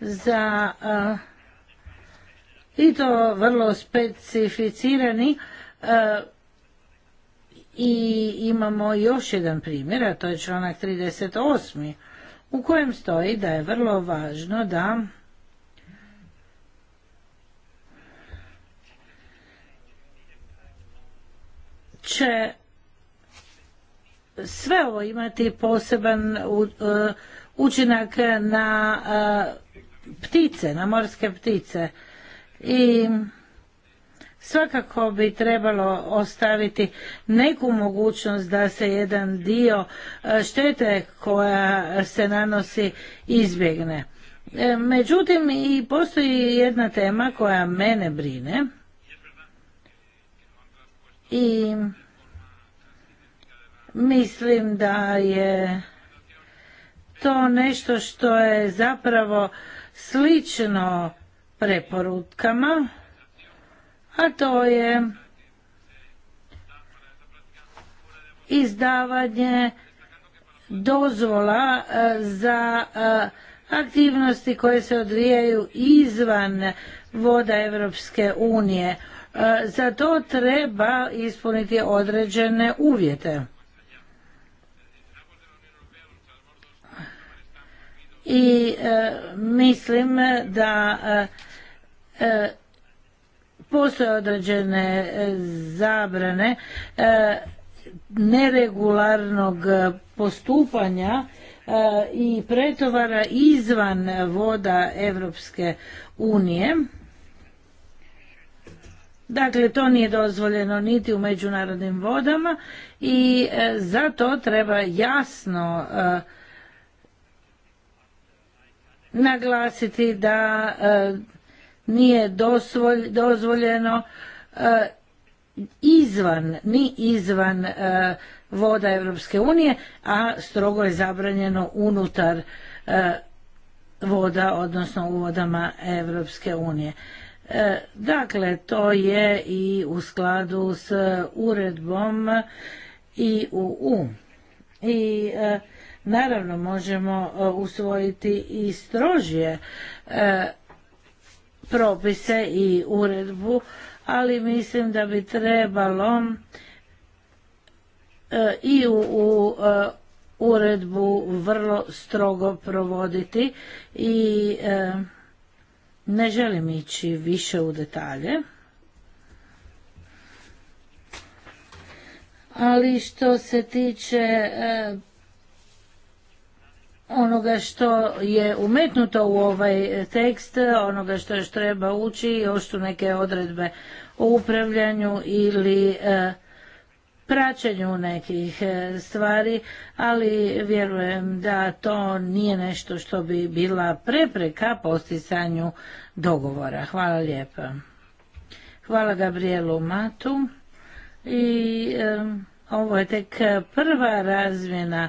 za i to vrlo specificirani e, i imamo još jedan primjer, a to je članak 38. u kojem stoji da je vrlo važno da će sve ovo imati poseban e, učinak na e, ptice, na morske ptice i svakako bi trebalo ostaviti neku mogućnost da se jedan dio e, štete koja se nanosi izbjegne. E, međutim, i postoji jedna tema koja mene brine i mislim da je to nešto što je zapravo slično preporukama, a to je izdavanje dozvola e, za e, aktivnosti koje se odvijaju izvan voda Europske unije. E, za to treba ispuniti određene uvjete. I mislim da E, postoje određene e, zabrane e, neregularnog postupanja i pretovara izvan voda Evropske unije. Dakle, to nije dozvoljeno niti u međunarodnim vodama i zato treba jasno naglasiti da nije dozvoljeno e, izvan, ni izvan e, voda Europske unije, a strogo je zabranjeno unutar e, voda, odnosno u vodama Europske unije. Dakle, to je i u skladu s uredbom i U. I naravno možemo usvojiti i strožije propise i uredbu, ali mislim da bi trebalo e, i u, u e, uredbu vrlo strogo provoditi i e, ne želim ići više u detalje. Ali što se tiče onoga što je umetnuto u ovaj tekst, onoga što još treba ući, još su neke odredbe o upravljanju ili e, praćenju nekih e, stvari, ali vjerujem da to nije nešto što bi bila prepreka posticanju dogovora. Hvala lijepa. Hvala Gabrielu Matu i e, ovo je tek prva razmjena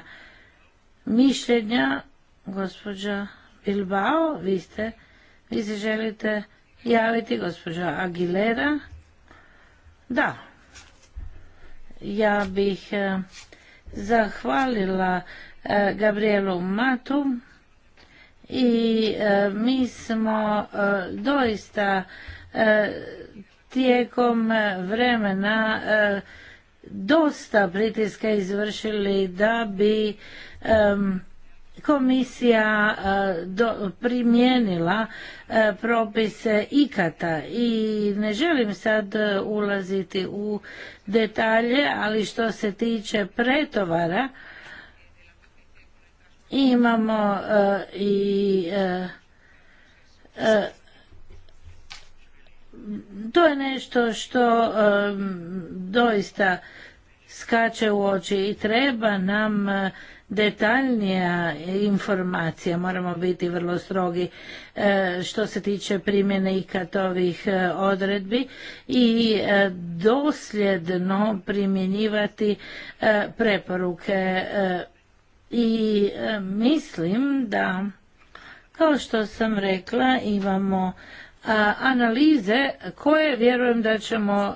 mišljenja, gospođa Bilbao, vi ste, vi se želite javiti, gospođa Aguilera. Da, ja bih eh, zahvalila eh, Gabrielu Matu i eh, mi smo doista tijekom vremena dosta pritiska izvršili da bi komisija e, primijenila e, propise ikata i ne želim sad ulaziti u detalje, ali što se tiče pretovara imamo e, i to je nešto što doista skače u oči i treba nam detaljnija informacija, moramo biti vrlo strogi e, što se tiče primjene ikad ovih e, odredbi i e, dosljedno primjenjivati preporuke i mislim da kao što sam rekla imamo analize koje vjerujem da ćemo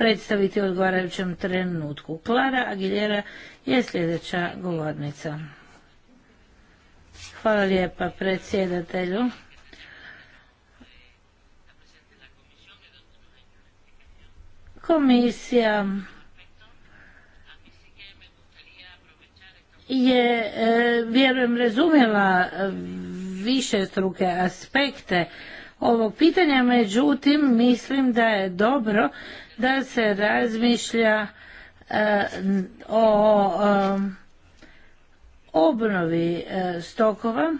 predstaviti u odgovarajućem trenutku. Klara Agiljera je sljedeća govornica. Hvala lijepa predsjedatelju. Komisija je, e, vjerujem, razumjela više struke aspekte ovog pitanja, međutim mislim da je dobro da se razmišlja e, o e, obnovi e, stokova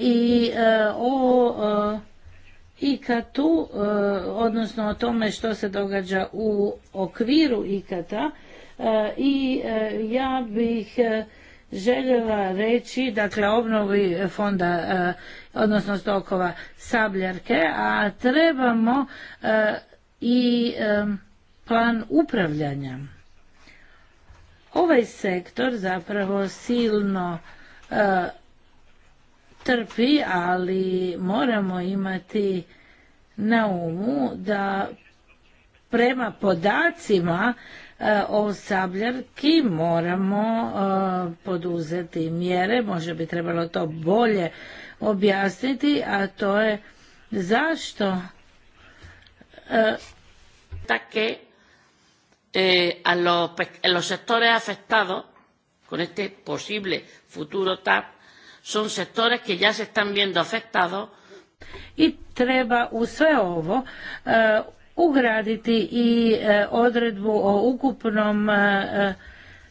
i o ikatu, odnosno o tome što se događa u okviru ikata i ja bih željela reći, dakle, obnovi fonda, eh, odnosno stokova sabljarke, a trebamo eh, i eh, plan upravljanja. Ovaj sektor zapravo silno trpi, ali moramo imati na umu da prema podacima E, ki moramo e, poduzeti mjere, možda bi trebalo to bolje objasniti, a to je zašto e, que eh, a, los, a los sectores afectados con este posible futuro TAP son sectores que ya se están viendo afectados. I treba u sve ovo ugraditi i e, odredbu o ukupnom e, e,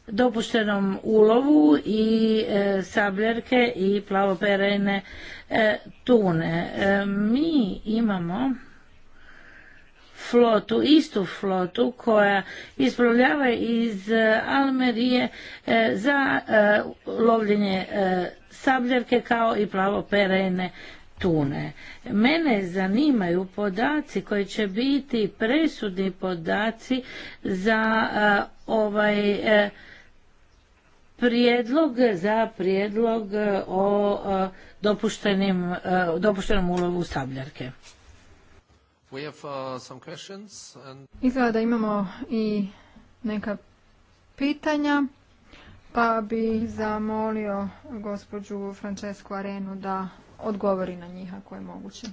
dopuštenom ulovu i sabljerke i plavoperajne tune. Mi imamo flotu, istu flotu koja isplovljava iz Almerije za lovljenje sabljerke kao i plavoperajne tune. Mene zanimaju podaci koji će biti presudni podaci za e, ovaj e, prijedlog za prijedlog e, o dopuštenim, dopuštenom ulovu sabljarke. We uh, Izgleda da imamo i neka pitanja. Pa bih zamolio gospođu Francesku Arenu da odgovori na njih ako je moguće.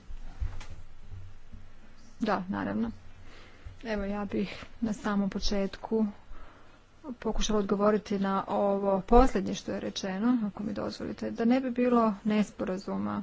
Da, naravno. Evo ja bih na samom početku pokušala odgovoriti na ovo posljednje što je rečeno, ako mi dozvolite, da ne bi bilo nesporazuma.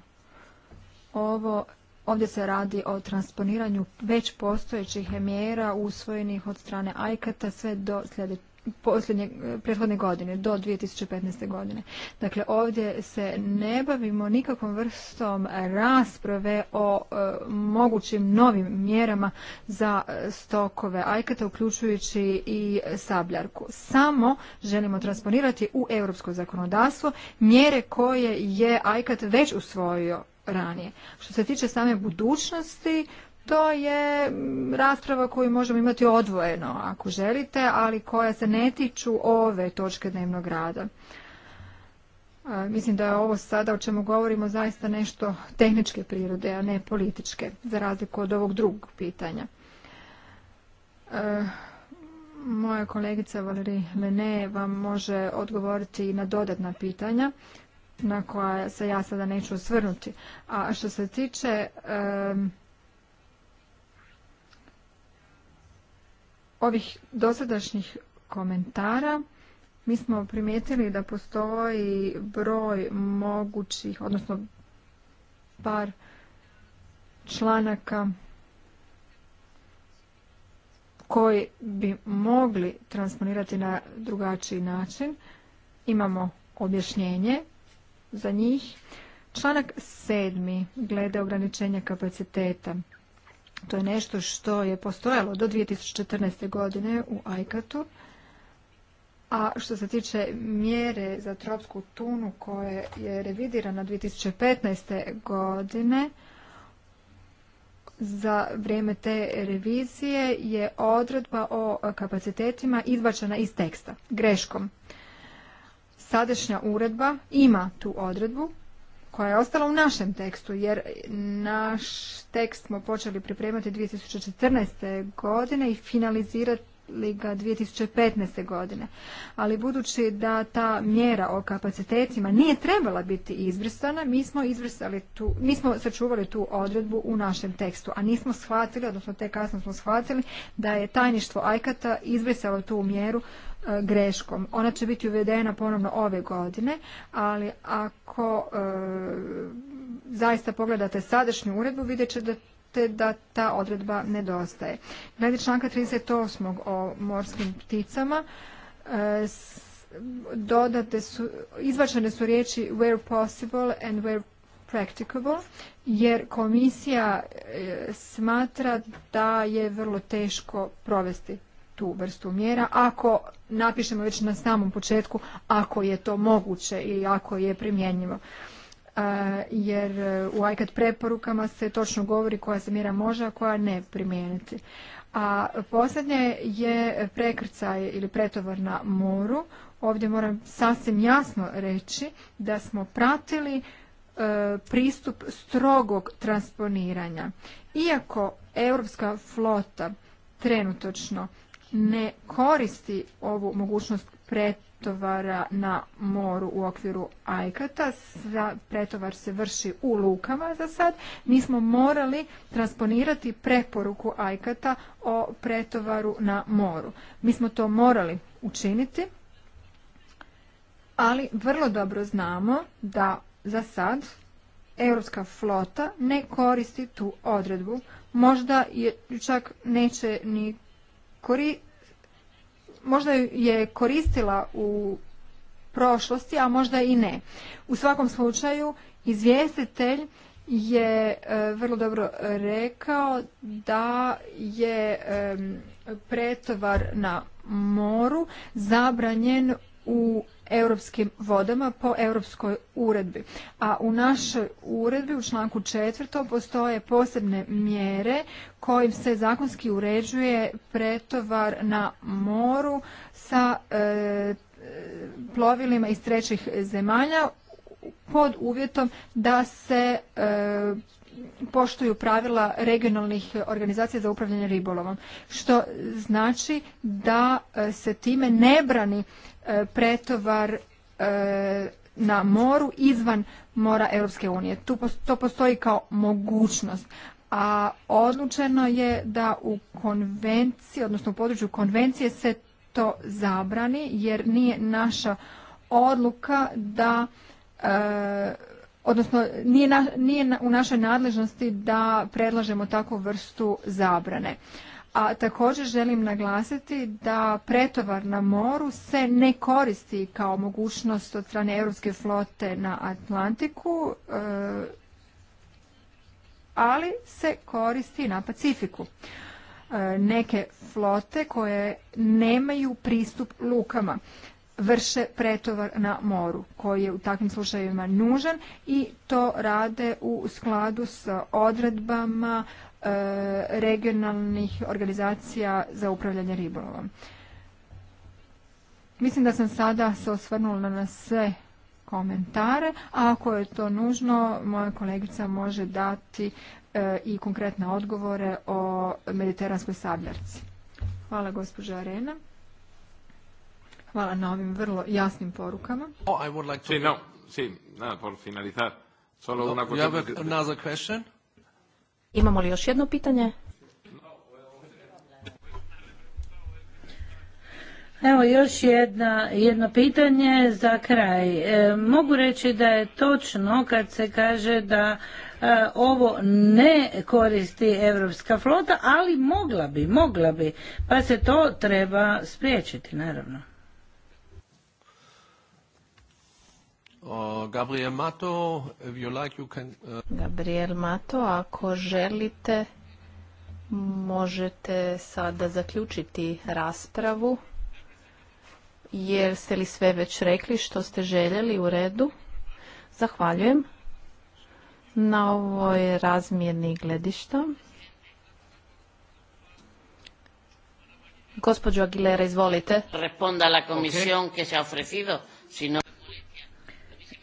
Ovo, ovdje se radi o transponiranju već postojećih mjera usvojenih od strane Ajkata sve do sljedećeg posljednje, eh, prethodne godine, do 2015. godine. Dakle, ovdje se ne bavimo nikakvom vrstom rasprave o eh, mogućim novim mjerama za eh, stokove ajkata, uključujući i sabljarku. Samo želimo transponirati u europsko zakonodavstvo mjere koje je ajkat već usvojio ranije. Što se tiče same budućnosti, to je mm, rasprava koju možemo imati odvojeno ako želite, ali koja se ne tiču ove točke dnevnog rada. E, mislim da je ovo sada o čemu govorimo zaista nešto tehničke prirode, a ne političke, za razliku od ovog drugog pitanja. E, moja kolegica Valeri Lene vam može odgovoriti i na dodatna pitanja na koja se ja sada neću osvrnuti. A što se tiče ovih dosadašnjih komentara mi smo primijetili da postoji broj mogućih, odnosno par članaka koji bi mogli transponirati na drugačiji način. Imamo objašnjenje za njih. Članak sedmi glede ograničenja kapaciteta. To je nešto što je postojalo do 2014. godine u Aikatu. A što se tiče mjere za tropsku tunu koja je revidirana 2015. godine, za vrijeme te revizije je odredba o kapacitetima izbačena iz teksta greškom. Sadašnja uredba ima tu odredbu koja je ostala u našem tekstu, jer naš tekst smo počeli pripremati 2014. godine i finalizirali ga 2015. godine. Ali budući da ta mjera o kapacitetima nije trebala biti izbrisana, mi smo, izbrisali tu, mi smo sačuvali tu odredbu u našem tekstu, a nismo shvatili, odnosno te kasno smo shvatili, da je tajništvo Ajkata izbrisalo tu mjeru E, greškom. Ona će biti uvedena ponovno ove godine, ali ako e, zaista pogledate sadašnju uredbu, vidjet ćete da ta odredba nedostaje. Glede članka 38. o morskim pticama, e, dodate su, izvačene su riječi where possible and where practicable, jer komisija smatra da je vrlo teško provesti tu vrstu mjera ako napišemo već na samom početku ako je to moguće i ako je primjenjivo. E, jer e, u ICAT preporukama se točno govori koja se mjera može, a koja ne primijeniti. A posljednje je prekrcaj ili pretovar na moru. Ovdje moram sasvim jasno reći da smo pratili e, pristup strogog transponiranja. Iako europska flota trenutočno ne koristi ovu mogućnost pretovara na moru u okviru ajkata. Pretovar se vrši u lukama za sad. Mi smo morali transponirati preporuku ajkata o pretovaru na moru. Mi smo to morali učiniti, ali vrlo dobro znamo da za sad europska flota ne koristi tu odredbu. Možda čak neće ni kori, možda je koristila u prošlosti, a možda i ne. U svakom slučaju, izvjestitelj je e, vrlo dobro rekao da je pretovar na moru zabranjen u europskim vodama po europskoj uredbi. A u našoj uredbi u članku četvrtom postoje posebne mjere kojim se zakonski uređuje pretovar na moru sa e, plovilima iz trećih zemalja pod uvjetom da se e, poštuju pravila regionalnih organizacija za upravljanje ribolovom, što znači da e, se time ne brani e, pretovar e, na moru izvan mora Europske unije. to postoji kao mogućnost. A odlučeno je da u konvenciji, odnosno u području konvencije se to zabrani jer nije naša odluka da odnosno nije, nije u našoj nadležnosti da predlažemo takvu vrstu zabrane. A također želim naglasiti da pretovar na moru se ne koristi kao mogućnost od strane europske flote na Atlantiku, e, ali se koristi na Pacifiku. E, neke flote koje nemaju pristup lukama vrše pretovar na moru koji je u takvim slučajevima nužan i to rade u skladu s odredbama e, regionalnih organizacija za upravljanje ribolovom. Mislim da sam sada se osvrnula na sve komentare, a ako je to nužno, moja kolegica može dati e, i konkretne odgovore o mediteranskoj sabljarci. Hvala gospođo Arena. Hvala na ovim vrlo jasnim porukama. Imamo li još jedno pitanje? Evo još jedna, jedno pitanje za kraj. E, mogu reći da je točno kad se kaže da e, ovo ne koristi europska flota, ali mogla bi, mogla bi, pa se to treba spriječiti naravno. Uh, Gabriel Mato, if you like, you can... Uh, Gabriel Mato, ako želite, možete sada zaključiti raspravu. Jer ste li sve već rekli što ste željeli u redu? Zahvaljujem na ovoj razmjerni gledišta. Gospođo Aguilera, izvolite. Responda la comisión se ofrecido.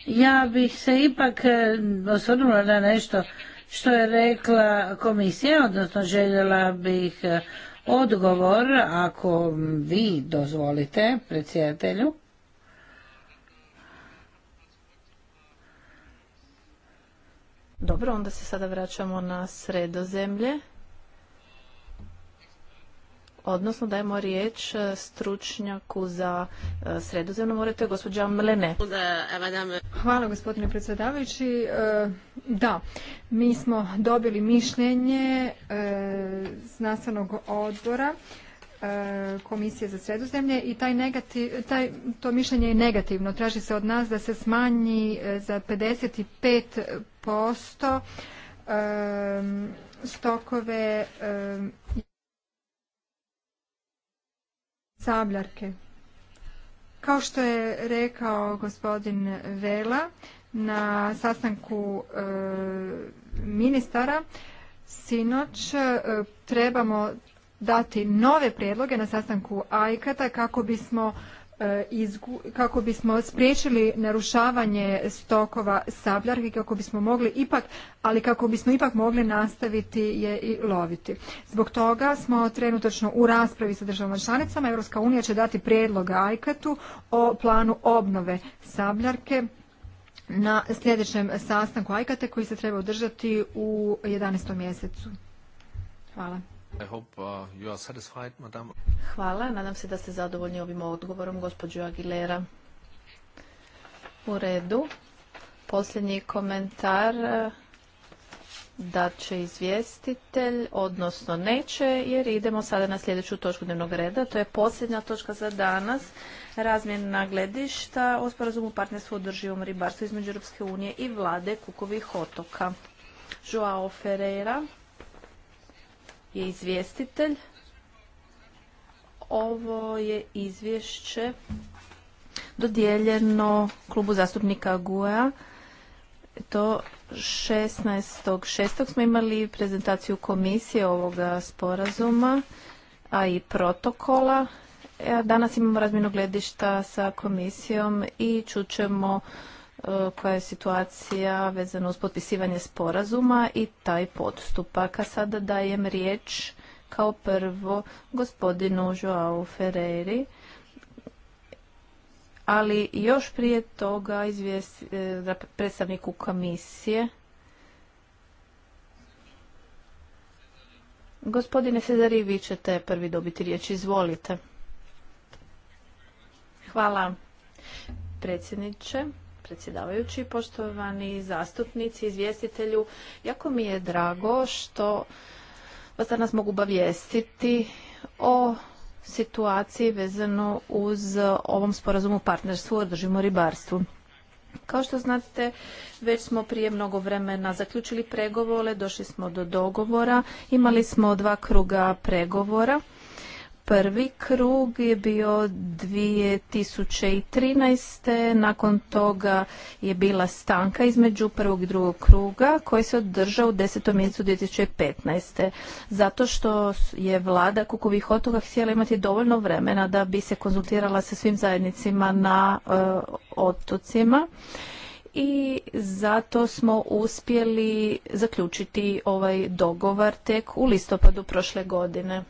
Ja bih se ipak e, osvrnula na nešto što je rekla komisija, odnosno željela bih e, odgovor, ako vi dozvolite, predsjedatelju. Dobro, onda se sada vraćamo na sredozemlje odnosno dajemo riječ e, stručnjaku za e, sredozemno more, to je gospođa Mlene. Hvala gospodine predsjedavajući. E, da, mi smo dobili mišljenje znanstvenog odbora Komisije za sredozemlje i taj taj, to mišljenje je negativno. Traži se od nas da se smanji za 55% stokove sabljarke. Kao što je rekao gospodin Vela na sastanku e, ministara, sinoć e, trebamo dati nove prijedloge na sastanku ajkata kako bismo E, kako bismo spriječili narušavanje stokova sabljarke, kako bismo mogli ipak ali kako bismo ipak mogli nastaviti je i loviti. Zbog toga smo trenutačno u raspravi sa državama članicama. Europska unija će dati prijedlog Ajkatu o planu obnove sabljarke na sljedećem sastanku Ajkate koji se treba održati u 11. mjesecu. Hvala. Uh, Hvala, nadam se da ste zadovoljni ovim odgovorom, gospođo Aguilera. U redu. Posljednji komentar eh, da će izvjestitelj, odnosno neće, jer idemo sada na sljedeću točku dnevnog reda. To je posljednja točka za danas, razmjena gledišta o sporazumu partnerstvu održivom ribarstvu između Europske unije i vlade Kukovih otoka. Joao Ferreira je izvjestitelj. Ovo je izvješće dodijeljeno klubu zastupnika GUA. To 16.6. smo imali prezentaciju komisije ovoga sporazuma, a i protokola. E, danas imamo razminu gledišta sa komisijom i čućemo E, koja je situacija vezana uz potpisivanje sporazuma i taj podstupak. A sada dajem riječ kao prvo gospodinu Joao Ferreri, ali još prije toga e, predstavniku komisije. Gospodine Federi, vi ćete prvi dobiti riječ, izvolite. Hvala predsjedniče predsjedavajući, poštovani zastupnici, izvjestitelju. Jako mi je drago što vas danas mogu obavijestiti o situaciji vezano uz ovom sporazumu partnerstvu održimo ribarstvu. Kao što znate, već smo prije mnogo vremena zaključili pregovore, došli smo do dogovora, imali smo dva kruga pregovora Prvi krug je bio 2013. Nakon toga je bila stanka između prvog i drugog kruga koji se održao u 10. mjesecu 2015. Zato što je vlada Kukovih otoka htjela imati dovoljno vremena da bi se konzultirala sa svim zajednicima na e, otocima i zato smo uspjeli zaključiti ovaj dogovor tek u listopadu prošle godine.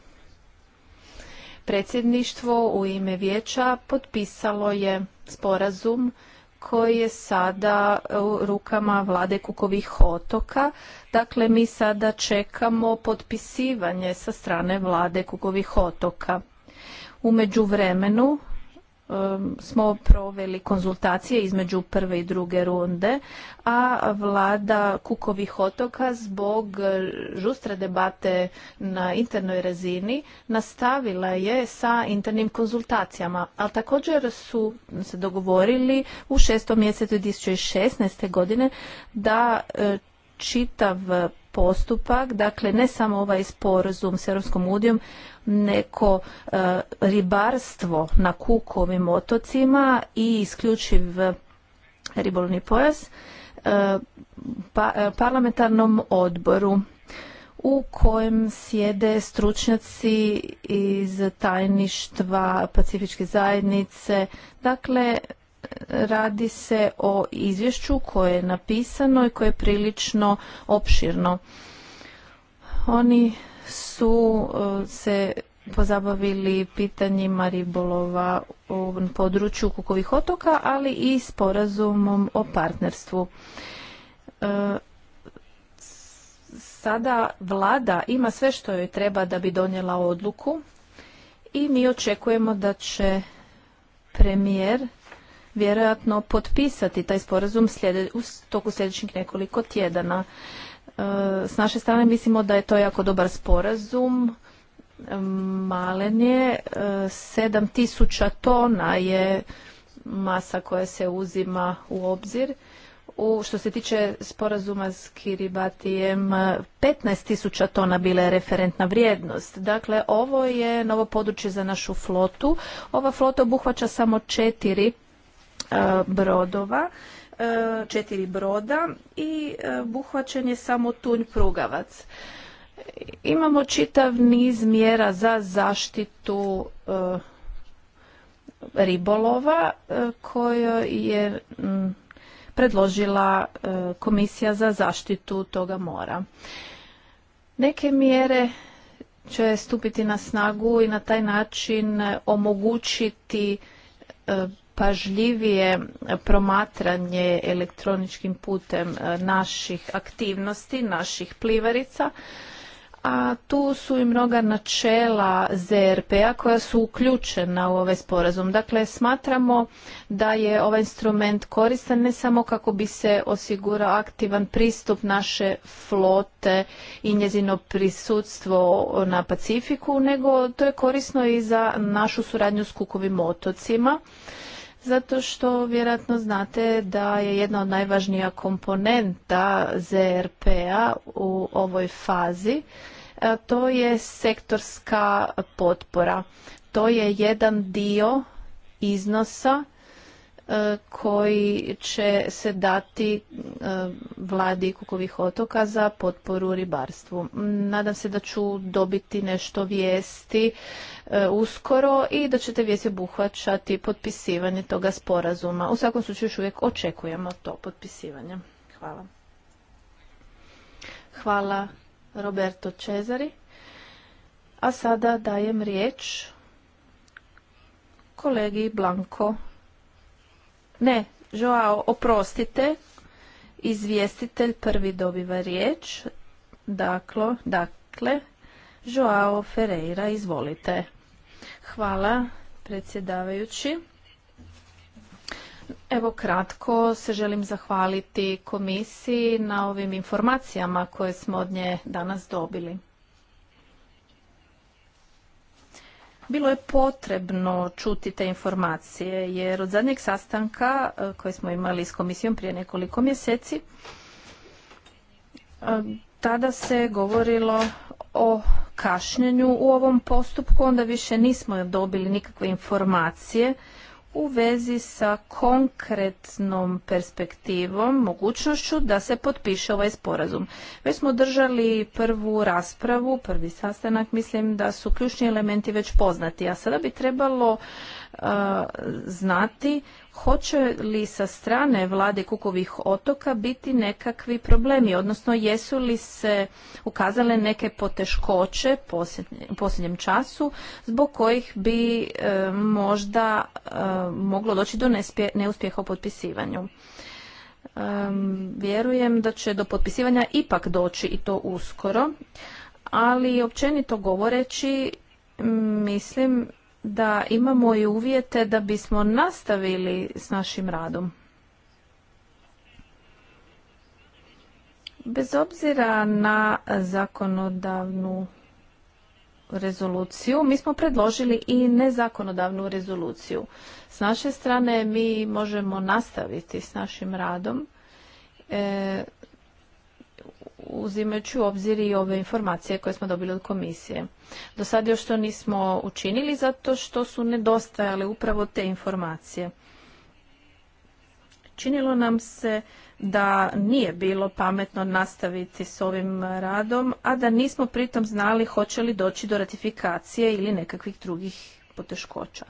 Predsjedništvo u ime vijeća potpisalo je sporazum koji je sada u rukama vlade Kukovih otoka. Dakle, mi sada čekamo potpisivanje sa strane vlade Kukovih otoka. U međuvremenu smo proveli konzultacije između prve i druge runde, a vlada Kukovih otoka zbog žustre debate na internoj razini nastavila je sa internim konzultacijama, ali također su se dogovorili u šestom mjesecu 2016. godine da e, čitav postupak, dakle ne samo ovaj sporazum s Europskom udijom, neko e, ribarstvo na kukovim otocima i isključiv ribolovni pojas e, pa, e, parlamentarnom odboru u kojem sjede stručnjaci iz tajništva Pacifičke zajednice. Dakle, radi se o izvješću koje je napisano i koje je prilično opširno. Oni su e, se pozabavili pitanjima ribolova u području Kukovih otoka, ali i sporazumom o partnerstvu. E, sada vlada ima sve što joj treba da bi donijela odluku i mi očekujemo da će premijer vjerojatno potpisati taj sporazum u toku sljedećih nekoliko tjedana. E, s naše strane mislimo da je to jako dobar sporazum. Malen je, 7000 e, tona je masa koja se uzima u obzir. što se tiče sporazuma s Kiribatijem, 15.000 tona bila je referentna vrijednost. Dakle, ovo je novo područje za našu flotu. Ova flota obuhvaća samo četiri E, brodova, e, četiri broda i e, buhvaćen je samo tunj prugavac. Imamo čitav niz mjera za zaštitu ribolova koju je predložila Komisija za zaštitu toga mora. Neke mjere će stupiti na snagu i na taj način omogućiti pažljivije promatranje elektroničkim putem e, naših aktivnosti, naših plivarica. A tu su i mnoga načela ZRP-a koja su uključena u ovaj sporazum. Dakle, smatramo da je ovaj instrument koristan ne samo kako bi se osigurao aktivan pristup naše flote i njezino prisutstvo na Pacifiku, nego to je korisno i za našu suradnju s Kukovim otocima zato što vjerojatno znate da je jedna od najvažnija komponenta ZRP-a u ovoj fazi, to je sektorska potpora. To je jedan dio iznosa E, koji će se dati e, vladi Kukovih otoka za potporu ribarstvu. Nadam se da ću dobiti nešto vijesti e, uskoro i da ćete vijesti obuhvaćati potpisivanje toga sporazuma. U svakom slučaju još uvijek očekujemo to potpisivanje. Hvala. Hvala Roberto Cezari. A sada dajem riječ kolegi Blanko ne, Joao, oprostite. Izvjestitelj prvi dobiva riječ. Dakle, dakle, Joao Ferreira, izvolite. Hvala, predsjedavajući. Evo kratko se želim zahvaliti komisiji na ovim informacijama koje smo od nje danas dobili. Bilo je potrebno čuti te informacije jer od zadnjeg sastanka e, koji smo imali s komisijom prije nekoliko mjeseci e, tada se govorilo o kašnjenju u ovom postupku, onda više nismo dobili nikakve informacije u vezi sa konkretnom perspektivom, mogućnošću da se potpiše ovaj sporazum. Već smo držali prvu raspravu, prvi sastanak, mislim da su ključni elementi već poznati, a sada bi trebalo znati hoće li sa strane vlade Kukovih otoka biti nekakvi problemi, odnosno jesu li se ukazale neke poteškoće u posljednjem času zbog kojih bi e, možda e, moglo doći do neuspjeha u potpisivanju. vjerujem da će do potpisivanja ipak doći i to uskoro, ali općenito govoreći mislim da imamo i uvjete da bismo nastavili s našim radom. Bez obzira na zakonodavnu rezoluciju, mi smo predložili i nezakonodavnu rezoluciju. S naše strane mi možemo nastaviti s našim radom. E, uzimajući u obzir i ove informacije koje smo dobili od komisije. Do sad još to nismo učinili zato što su nedostajale upravo te informacije. Činilo nam se da nije bilo pametno nastaviti s ovim radom, a da nismo pritom znali hoće li doći do ratifikacije ili nekakvih drugih poteškoća.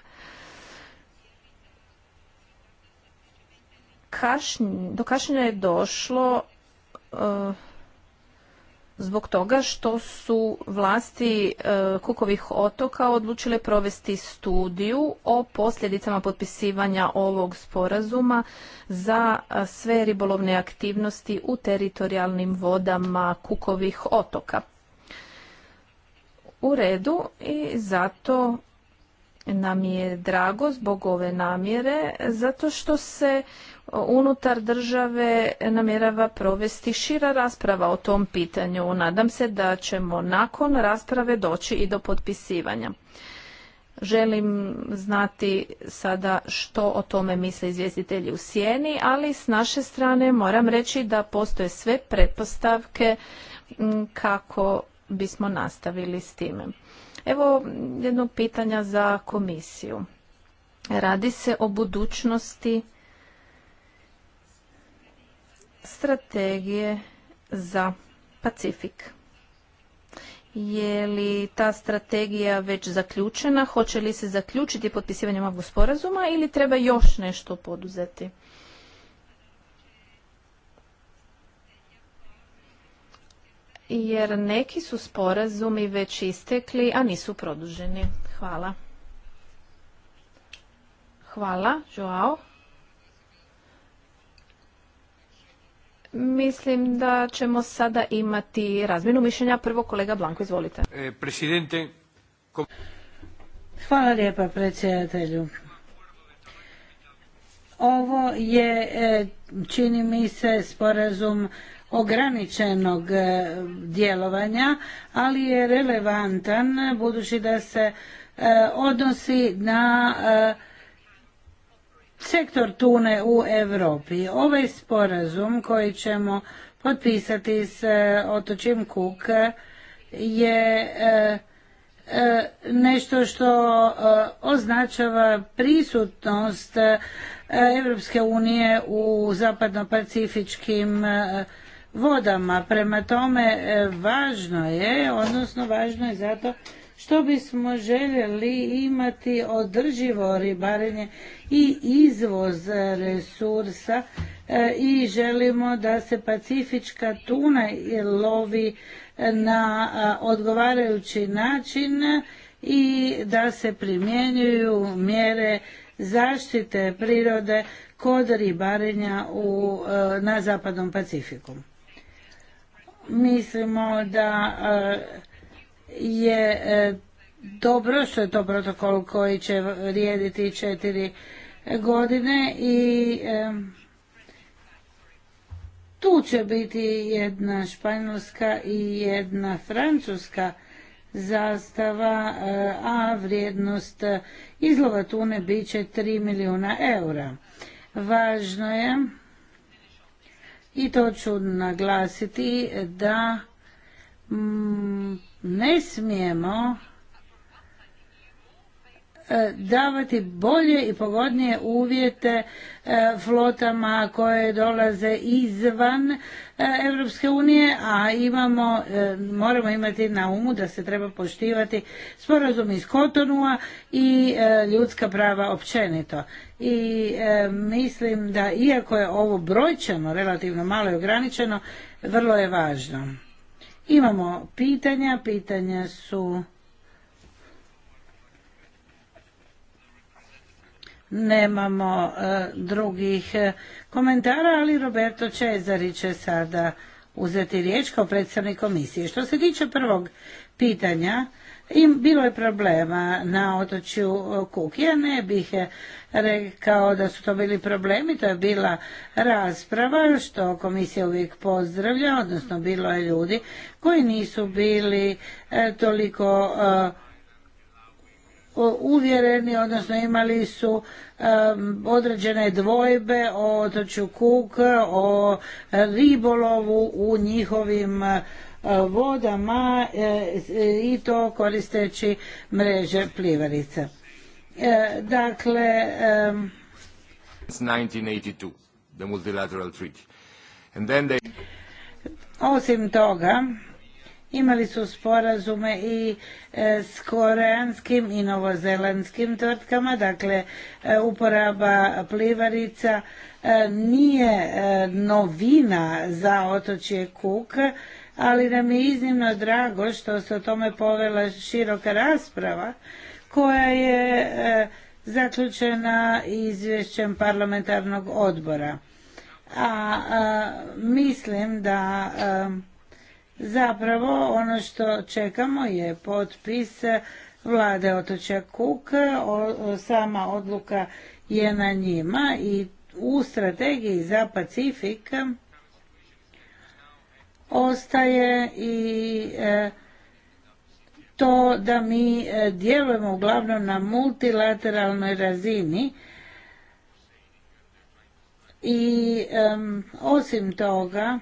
do kašnjenja je došlo uh, zbog toga što su vlasti e, Kukovih otoka odlučile provesti studiju o posljedicama potpisivanja ovog sporazuma za e, sve ribolovne aktivnosti u teritorijalnim vodama Kukovih otoka. U redu i zato nam je drago zbog ove namjere, zato što se unutar države namjerava provesti šira rasprava o tom pitanju. Nadam se da ćemo nakon rasprave doći i do potpisivanja. Želim znati sada što o tome misle izvjestitelji u sjeni, ali s naše strane moram reći da postoje sve pretpostavke kako bismo nastavili s time. Evo jednog pitanja za komisiju. Radi se o budućnosti strategije za Pacifik. Je li ta strategija već zaključena? Hoće li se zaključiti potpisivanjem ovog sporazuma ili treba još nešto poduzeti? Jer neki su sporazumi već istekli, a nisu produženi. Hvala. Hvala, Joao. Mislim da ćemo sada imati razminu mišljenja. Prvo kolega Blanko, izvolite. E, presidente. Hvala lijepa predsjedatelju. Ovo je, e, čini mi se, sporazum ograničenog e, djelovanja, ali je relevantan budući da se odnosi na sektor tune u Europi. Ovaj sporazum koji ćemo potpisati s e, otočim Kuk je e, e, nešto što označava prisutnost Europske unije u zapadno-pacifičkim vodama. Prema tome važno je, odnosno važno je zato što bismo željeli imati održivo ribarenje i izvoz resursa e, i želimo da se pacifička tuna lovi na e, odgovarajući način i da se primjenjuju mjere zaštite prirode kod ribarenja e, na zapadnom Pacifiku. Mislimo da je e, dobro što je to protokol koji će vrijediti četiri godine i e, tu će biti jedna španjolska i jedna francuska zastava, e, a vrijednost izlova tune bit će 3 milijuna eura. Važno je, i to ću naglasiti, da mm, ne smijemo e, davati bolje i pogodnije uvjete e, flotama koje dolaze izvan Europske unije, a imamo, e, moramo imati na umu da se treba poštivati sporazum iz Kotonua i ljudska prava općenito. I mislim da iako je ovo brojčano, relativno malo i ograničeno, vrlo je važno. Imamo pitanja, pitanja su nemamo e, drugih e, komentara, ali Roberto Cezari će sada uzeti riječ kao predstavnik komisije. Što se tiče prvog pitanja, i bilo je problema na otočju Kuk. Ja ne bih rekao da su to bili problemi, to je bila rasprava što komisija uvijek pozdravlja, odnosno bilo je ljudi koji nisu bili e, toliko e, uvjereni, odnosno imali su e, određene dvojbe o otoču Kuk, o ribolovu u njihovim vodama e, i to koristeći mreže plivarica. E, dakle, 1982, Osim toga, imali su sporazume i e, s koreanskim i novozelandskim tvrtkama, dakle uporaba plivarica nije novina za otočje Kuk, ali nam je iznimno drago što se o tome povela široka rasprava koja je e, zaključena izvješćem parlamentarnog odbora. A, mislim da e, zapravo ono što čekamo je potpis vlade Otoča Kuk, sama odluka je na njima i u strategiji za Pacifik ostaje i e, to da mi e, djelujemo uglavnom na multilateralnoj razini i osim toga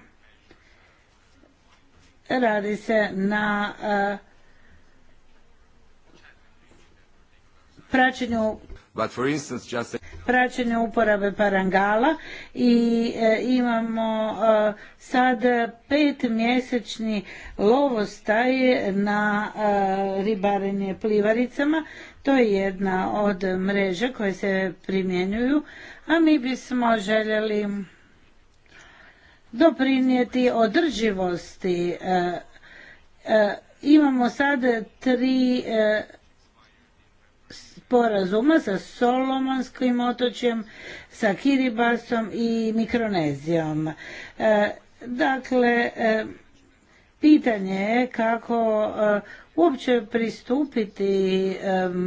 radi se na e, praćenju praćenje uporabe parangala i e, imamo e, sad sad mjesečni lovostaj na e, ribarenje plivaricama. To je jedna od mreža koje se primjenjuju, a mi bismo željeli doprinijeti održivosti. Imamo sad tri sporazuma sa Solomonskim otočjem, sa Kiribasom i Mikronezijom. E, dakle, e, pitanje je kako e, uopće pristupiti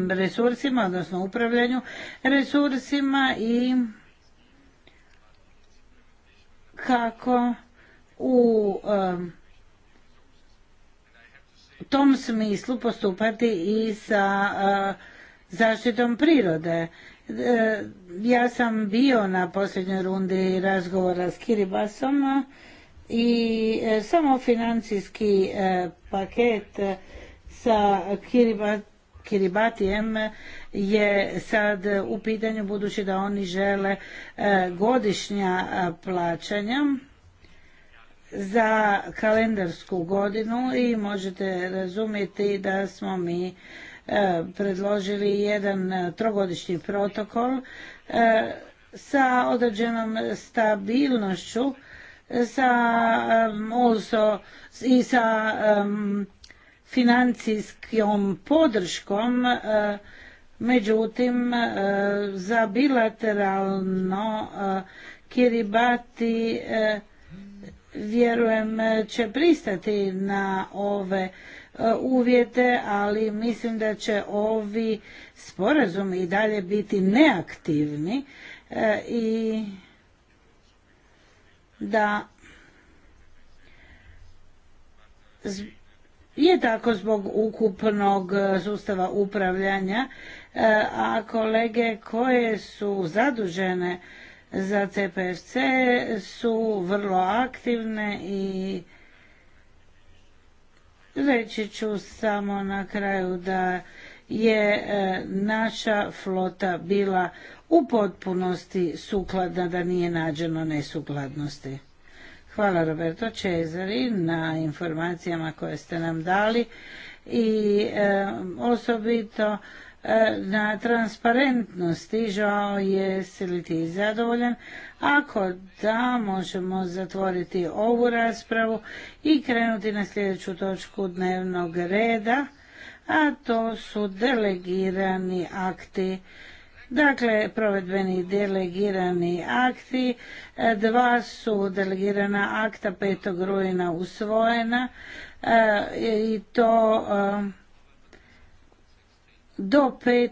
resursima, odnosno upravljanju resursima i kako u tom smislu postupati i sa zaštitom prirode. E, ja sam bio na posljednjoj rundi razgovora s Kiribasom i e, samo financijski e, paket sa Kiribatijem je sad u pitanju budući da oni žele godišnja plaćanja za kalendarsku godinu i možete razumjeti da smo mi E, predložili jedan e, trogodišnji protokol e, sa određenom stabilnošću sa also i sa financijskom podrškom međutim za bilateralno Kiribati vjerujem će pristati na ove E, uvjete, ali mislim da će ovi sporazumi i dalje biti neaktivni e, i da je tako zbog ukupnog sustava upravljanja, e, a kolege koje su zadužene za CPFC su vrlo aktivne i Reći ću samo na kraju da je e, naša flota bila u potpunosti sukladna, da nije nađeno nesukladnosti. Hvala Roberto Cezari na informacijama koje ste nam dali i e, osobito Eh, na transparentnosti. Žao je li ti zadovoljan? Ako da, možemo zatvoriti ovu raspravu i krenuti na sljedeću točku dnevnog reda, a to su delegirani akti. Dakle, provedbeni delegirani akti, eh, dva su delegirana akta 5. rujna usvojena eh, i to do 5. E,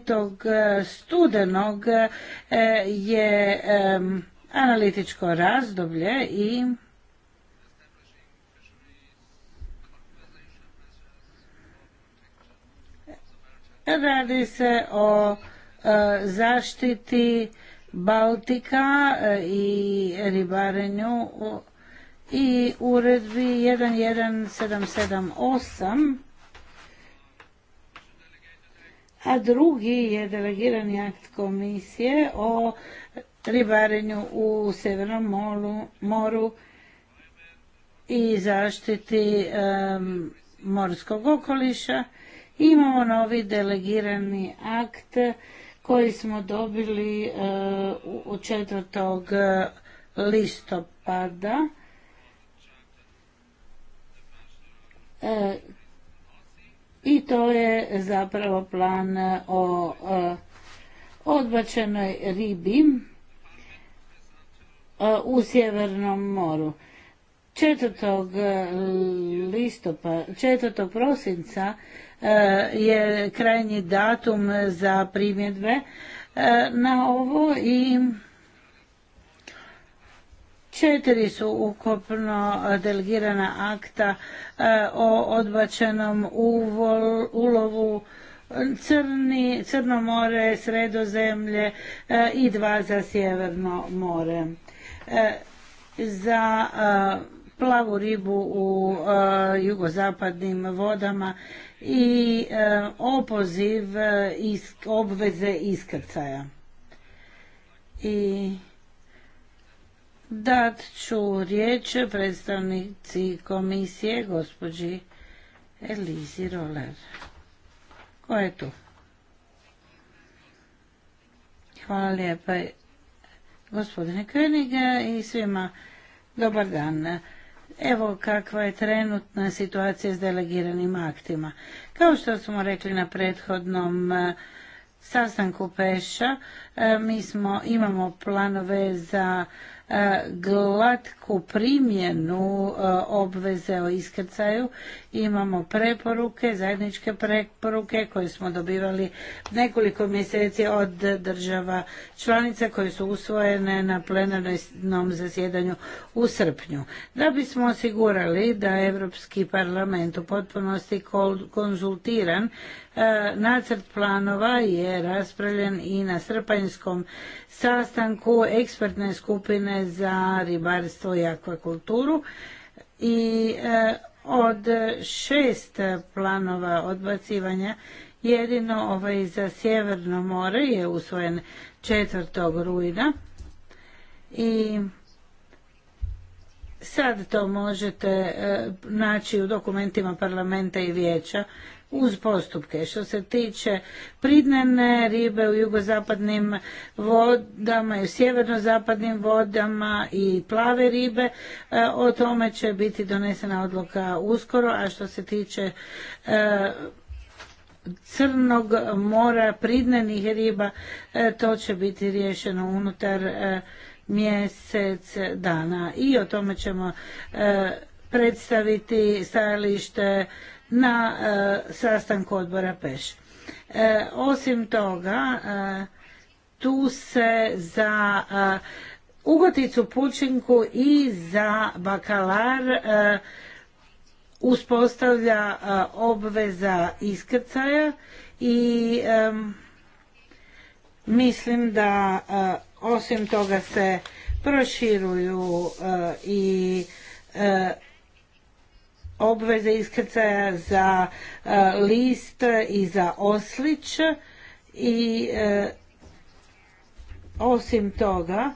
studenog e, je e, analitičko razdoblje i radi se o zaštiti Baltika i ribarenju i uredbi 11778 a drugi je delegirani akt komisije o ribarenju u Severnom moru, i zaštiti morskog okoliša. Imamo novi delegirani akt koji smo dobili e, u četvrtog listopada. E, i to je zapravo plan e, o e, odbačenoj ribi e, u Sjevernom moru. 4. listopada, 4. prosinca je krajnji datum za primjedbe na ovo i Četiri su ukupno e, delegirana akta e, o odbačenom uvol, ulovu e, Crni, Crno more, Sredozemlje i dva za Sjeverno more. Za plavu ribu u jugozapadnim vodama i opoziv obveze iskrcaja. I dat ću riječ predstavnici komisije, gospođi Elizi Roller. Ko je tu? Hvala lijepa gospodine Königa i svima dobar dan. Evo kakva je trenutna situacija s delegiranim aktima. Kao što smo rekli na prethodnom e, sastanku Peša, e, mi imamo planove za E, glatku primjenu e, obveze o iskrcaju. Imamo preporuke, zajedničke preporuke koje smo dobivali nekoliko mjeseci od država članica koje su usvojene na plenarnom zasjedanju u srpnju. Da bismo osigurali da Europski parlament u potpunosti konzultiran e, Nacrt planova je raspravljen i na srpanjskom sastanku ekspertne skupine za ribarstvo i akvakulturu i e, od šest planova odbacivanja jedino ovaj za Sjeverno more je usvojen 4. rujna i sad to možete e, naći u dokumentima parlamenta i vijeća uz postupke. Što se tiče pridnene ribe u jugozapadnim vodama i u sjevernozapadnim vodama i plave ribe, e, o tome će biti donesena odluka uskoro, a što se tiče e, crnog mora, pridnenih riba, e, to će biti riješeno unutar mjesec dana i o tome ćemo predstaviti stajalište na e, sastanku odbora Peš. E, osim toga, e, tu se za ugoticu pučinku i za bakalar uspostavlja obveza iskrcaja i mislim da osim toga se proširuju i obveze iskrcaja za e, list i za oslić i e, osim toga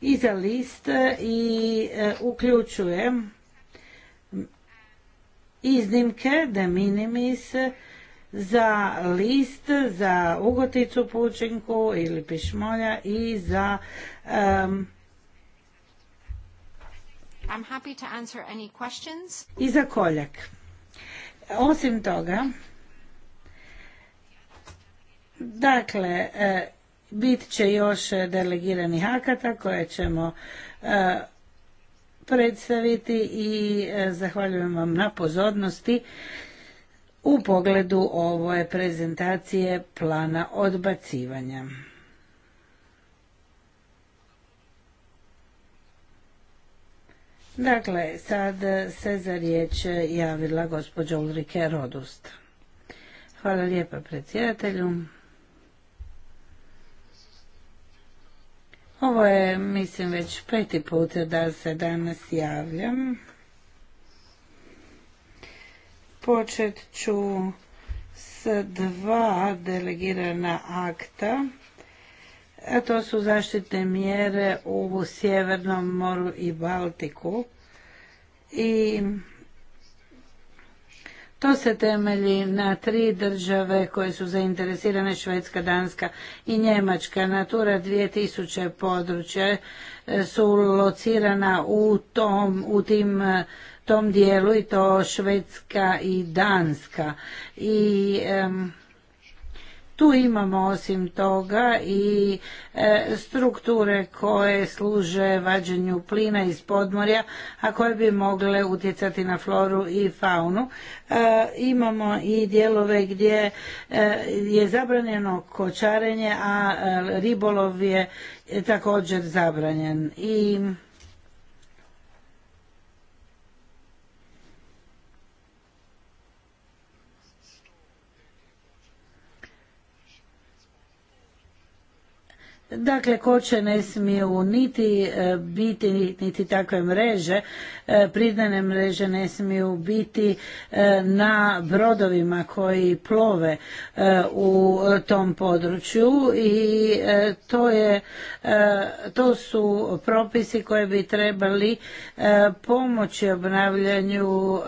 i za list i e, uključuje iznimke de minimis za list, za ugoticu pučinku ili pišmolja i za I'm I za koljak. Osim toga, dakle, e, bit će još delegiranih akata koje ćemo e, predstaviti i e, zahvaljujem vam na pozornosti u pogledu ove prezentacije plana odbacivanja. Dakle, sad se za riječ javila gospođa Ulrike Rodust. Hvala lijepa predsjedatelju. Ovo je, mislim, već peti put da se danas javljam. Počet ću s dva delegirana akta to su zaštitne mjere u Sjevernom moru i Baltiku. I to se temelji na tri države koje su zainteresirane, Švedska, Danska i Njemačka. Natura 2000 područje su locirana u tom, u tim e, tom dijelu i to Švedska i Danska. I tu imamo osim toga i e, strukture koje služe vađenju plina iz podmorja, a koje bi mogle utjecati na floru i faunu. E, imamo i dijelove gdje e, je zabranjeno kočarenje, a ribolov je također zabranjen. I Dakle, koče ne smiju niti e, biti niti takve mreže, e, pridane mreže ne smiju biti e, na brodovima koji plove u tom području i to, je, to su propisi koje bi trebali pomoći obnavljanju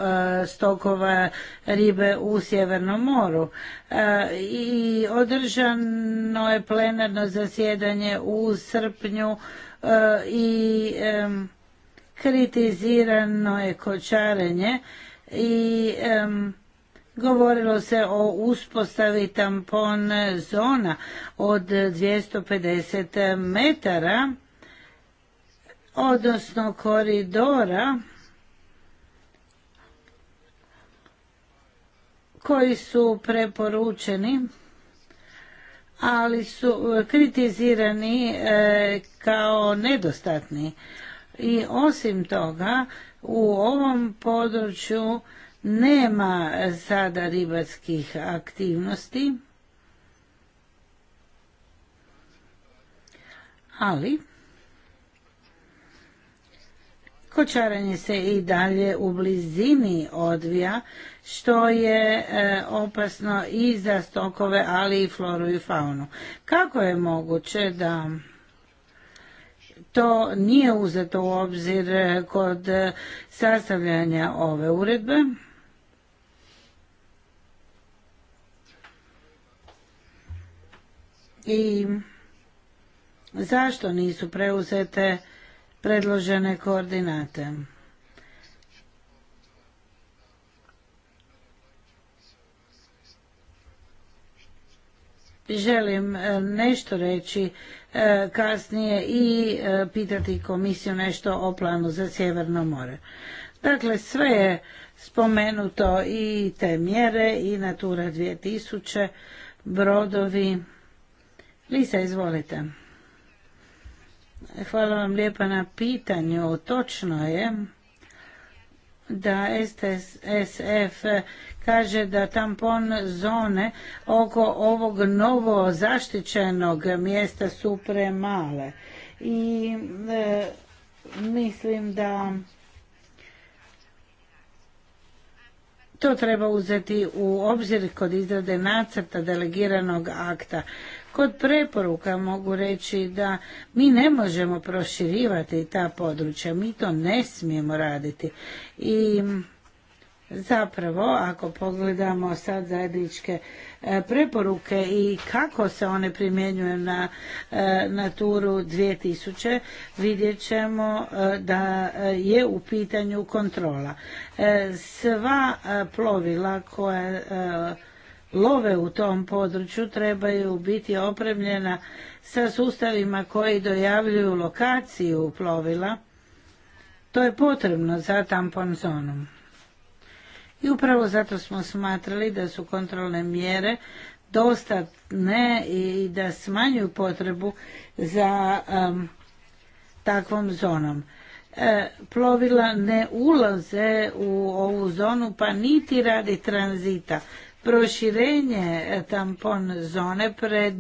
stokova ribe u Sjevernom moru. I održano je plenarno zasjedanje u srpnju e, i kritizirano je kočarenje i govorilo se o uspostavi tampon zona od 250 metara odnosno koridora koji su preporučeni ali su e, kritizirani e, kao nedostatni. I osim toga, u ovom području nema sada ribarskih aktivnosti, ali kočaranje se i dalje u blizini odvija što je e, opasno i za stokove, ali i floru i faunu. Kako je moguće da to nije uzeto u obzir e, kod e, sastavljanja ove uredbe? I zašto nisu preuzete predložene koordinate? želim e, nešto reći e, kasnije i e, pitati komisiju nešto o planu za Sjeverno more. Dakle, sve je spomenuto i te mjere i Natura 2000, brodovi. Lisa, izvolite. Hvala vam lijepa na pitanju. Točno je da STSF kaže da tampon zone oko ovog novo zaštićenog mjesta su premale i e, mislim da to treba uzeti u obzir kod izrade nacrta delegiranog akta kod preporuka mogu reći da mi ne možemo proširivati ta područja mi to ne smijemo raditi i Zapravo, ako pogledamo sad zajedničke e, preporuke i kako se one primjenjuju na e, Naturu 2000, vidjet ćemo e, da je u pitanju kontrola. Sva plovila koja love u tom području trebaju biti opremljena sa sustavima koji dojavljuju lokaciju plovila. To je potrebno za tampon zonom i upravo zato smo smatrali da su kontrolne mjere dostatne i da smanjuju potrebu za um, takvom zonom. E, plovila ne ulaze u ovu zonu pa niti radi tranzita. Proširenje e, tampon zone pred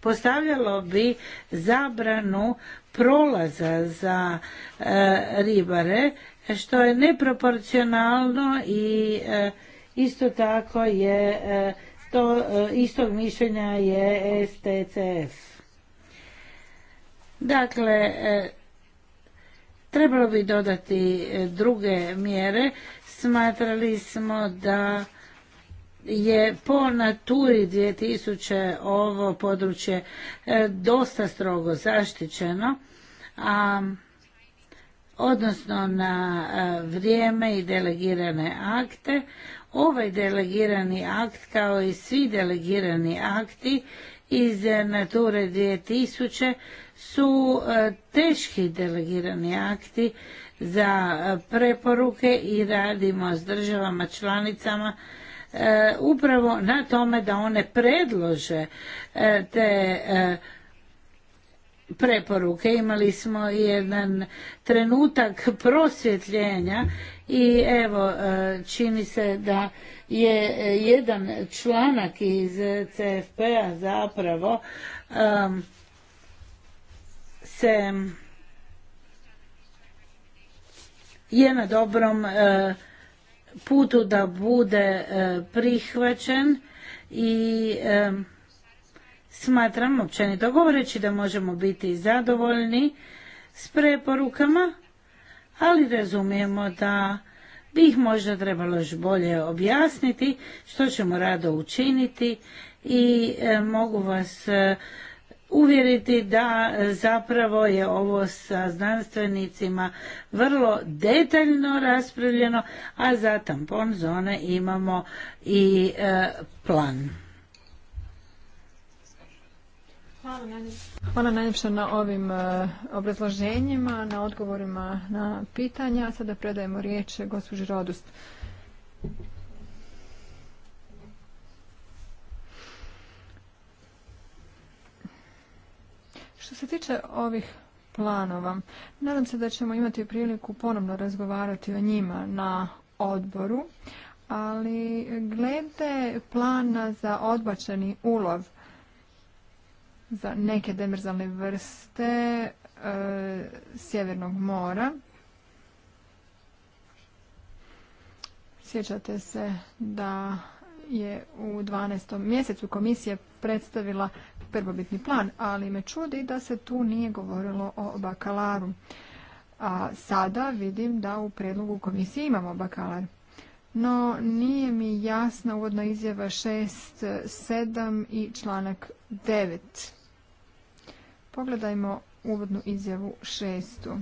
postavljalo bi zabranu prolaza za e, ribare što je neproporcionalno i e, isto tako je e, to e, istog mišljenja je STCF. Dakle, trebalo bi dodati druge mjere. Smatrali smo da je po naturi 2000 ovo područje dosta strogo zaštićeno, a odnosno na e, vrijeme i delegirane akte. Ovaj delegirani akt kao i svi delegirani akti iz e, Nature 2000 su e, teški delegirani akti za preporuke i radimo s državama članicama upravo na tome da one predlože te preporuke. Imali smo jedan trenutak prosvjetljenja i evo e, čini se da je e, jedan članak iz CFP-a zapravo se je na dobrom e, putu da bude prihvaćen i Smatram općenito govoreći da možemo biti zadovoljni s preporukama, ali razumijemo da bi ih možda trebalo još bolje objasniti, što ćemo rado učiniti i e, mogu vas e, uvjeriti da e, zapravo je ovo sa znanstvenicima vrlo detaljno raspravljeno, a za tampon zone imamo i plan. Hvala najljepša. na ovim e, obrazloženjima, na odgovorima na pitanja. Sada predajemo riječ gospođi Rodust. Što se tiče ovih planova, nadam se da ćemo imati priliku ponovno razgovarati o njima na odboru, ali glede plana za odbačeni ulov, za neke demerzalne vrste e, Sjevernog mora. Sjećate se da je u 12. mjesecu komisija predstavila prvobitni plan, ali me čudi da se tu nije govorilo o bakalaru. A sada vidim da u predlogu komisije imamo bakalar. No, nije mi jasna uvodna izjava 6, 7 i članak 9. Pogledajmo uvodnu izjavu šestu.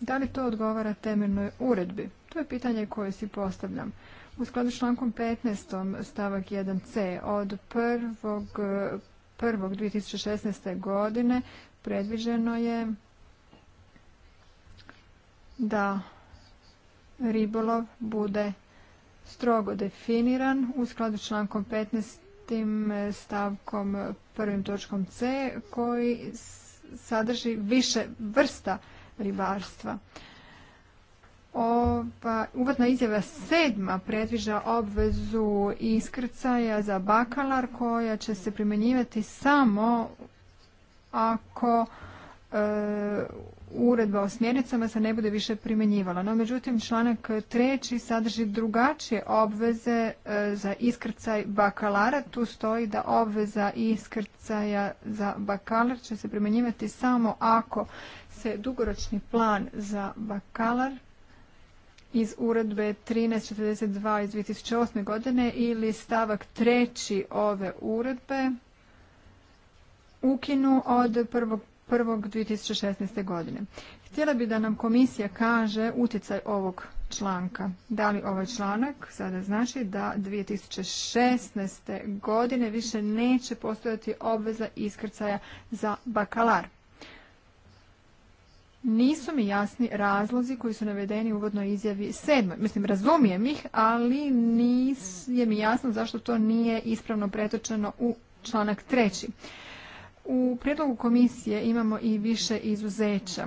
Da li to odgovara temeljnoj uredbi? To je pitanje koje si postavljam. U skladu s člankom 15. stavak 1c od 1. 2016. godine predviđeno je da ribolov bude strogo definiran u skladu s člankom 15 tim e, stavkom prvim točkom C koji sadrži više vrsta ribarstva. Ova uvodna izjava sedma predviđa obvezu iskrcaja za bakalar koja će se primjenjivati samo ako e, uredba o smjernicama se ne bude više primjenjivala. No, međutim, članak treći sadrži drugačije obveze e, za iskrcaj bakalara. Tu stoji da obveza iskrcaja za bakalar će se primjenjivati samo ako se dugoročni plan za bakalar iz uredbe 1342 iz 2008. godine ili stavak treći ove uredbe ukinu od prvog 1.2016. godine. Htjela bi da nam komisija kaže utjecaj ovog članka. Da li ovaj članak sada znači da 2016. godine više neće postojati obveza iskrcaja za bakalar? Nisu mi jasni razlozi koji su navedeni u uvodnoj izjavi sedmoj. Mislim, razumijem ih, ali nije mi jasno zašto to nije ispravno pretočeno u članak treći. U prijedlogu komisije imamo i više izuzeća.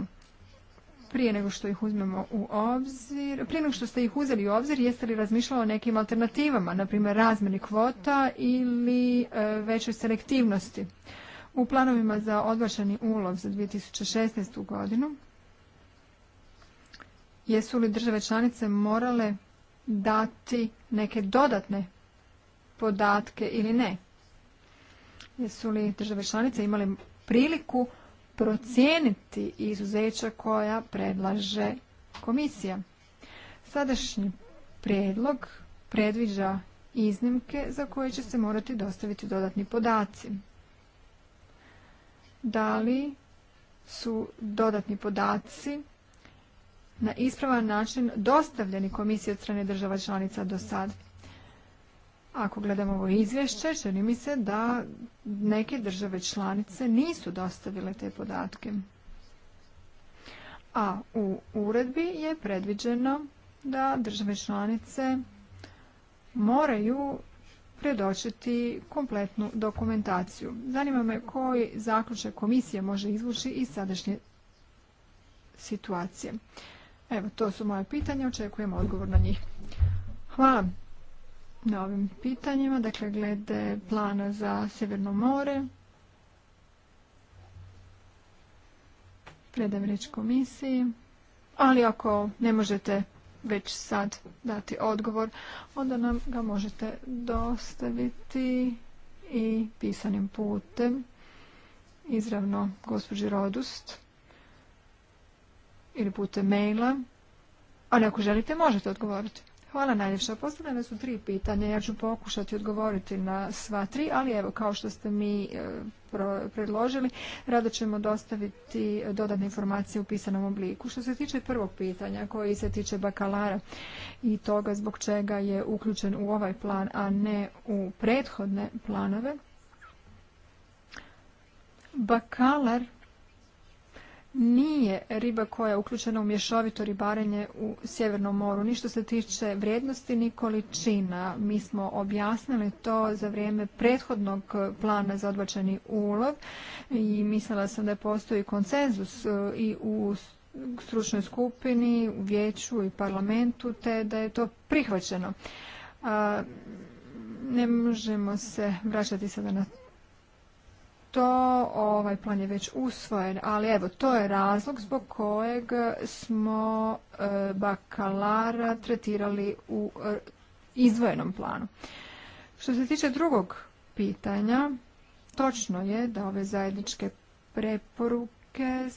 Prije nego što ih uzmemo u obzir, prije nego što ste ih uzeli u obzir, jeste li razmišljali o nekim alternativama, na primjer razmjeni kvota ili e, većoj selektivnosti? U planovima za odvršeni ulov za 2016. godinu jesu li države članice morale dati neke dodatne podatke ili ne? Jesu li države članice imali priliku procijeniti izuzeća koja predlaže komisija? Sadašnji predlog predviđa iznimke za koje će se morati dostaviti dodatni podaci. Da li su dodatni podaci na ispravan način dostavljeni komisiji od strane država članica do sada? Ako gledamo ovo izvješće, čini mi se da neke države članice nisu dostavile te podatke. A u uredbi je predviđeno da države članice moraju predočiti kompletnu dokumentaciju. Zanima me koji zaključak komisije može izvući iz sadašnje situacije. Evo, to su moje pitanja, očekujem odgovor na njih. Hvala na ovim pitanjima, dakle glede plana za Sjeverno more. Predam riječ komisiji. Ali ako ne možete već sad dati odgovor, onda nam ga možete dostaviti i pisanim putem izravno gospođi Rodust ili putem maila. Ali ako želite, možete odgovoriti. Hvala najljepša. Postavljene su tri pitanja. Ja ću pokušati odgovoriti na sva tri, ali evo, kao što ste mi e, predložili, rado ćemo dostaviti dodatne informacije u pisanom obliku. Što se tiče prvog pitanja, koji se tiče bakalara i toga zbog čega je uključen u ovaj plan, a ne u prethodne planove, bakalar nije riba koja je uključena u mješovito ribarenje u Sjevernom moru. Ni što se tiče vrijednosti ni količina. Mi smo objasnili to za vrijeme prethodnog plana za odbačeni ulov i mislila sam da postoji konsenzus e, i u stručnoj skupini, u vijeću i parlamentu, te da je to prihvaćeno. Ne možemo se vraćati sada na to, ovaj plan je već usvojen, ali evo, to je razlog zbog kojeg smo e, bakalara tretirali u e, izvojenom planu. Što se tiče drugog pitanja, točno je da ove zajedničke preporuke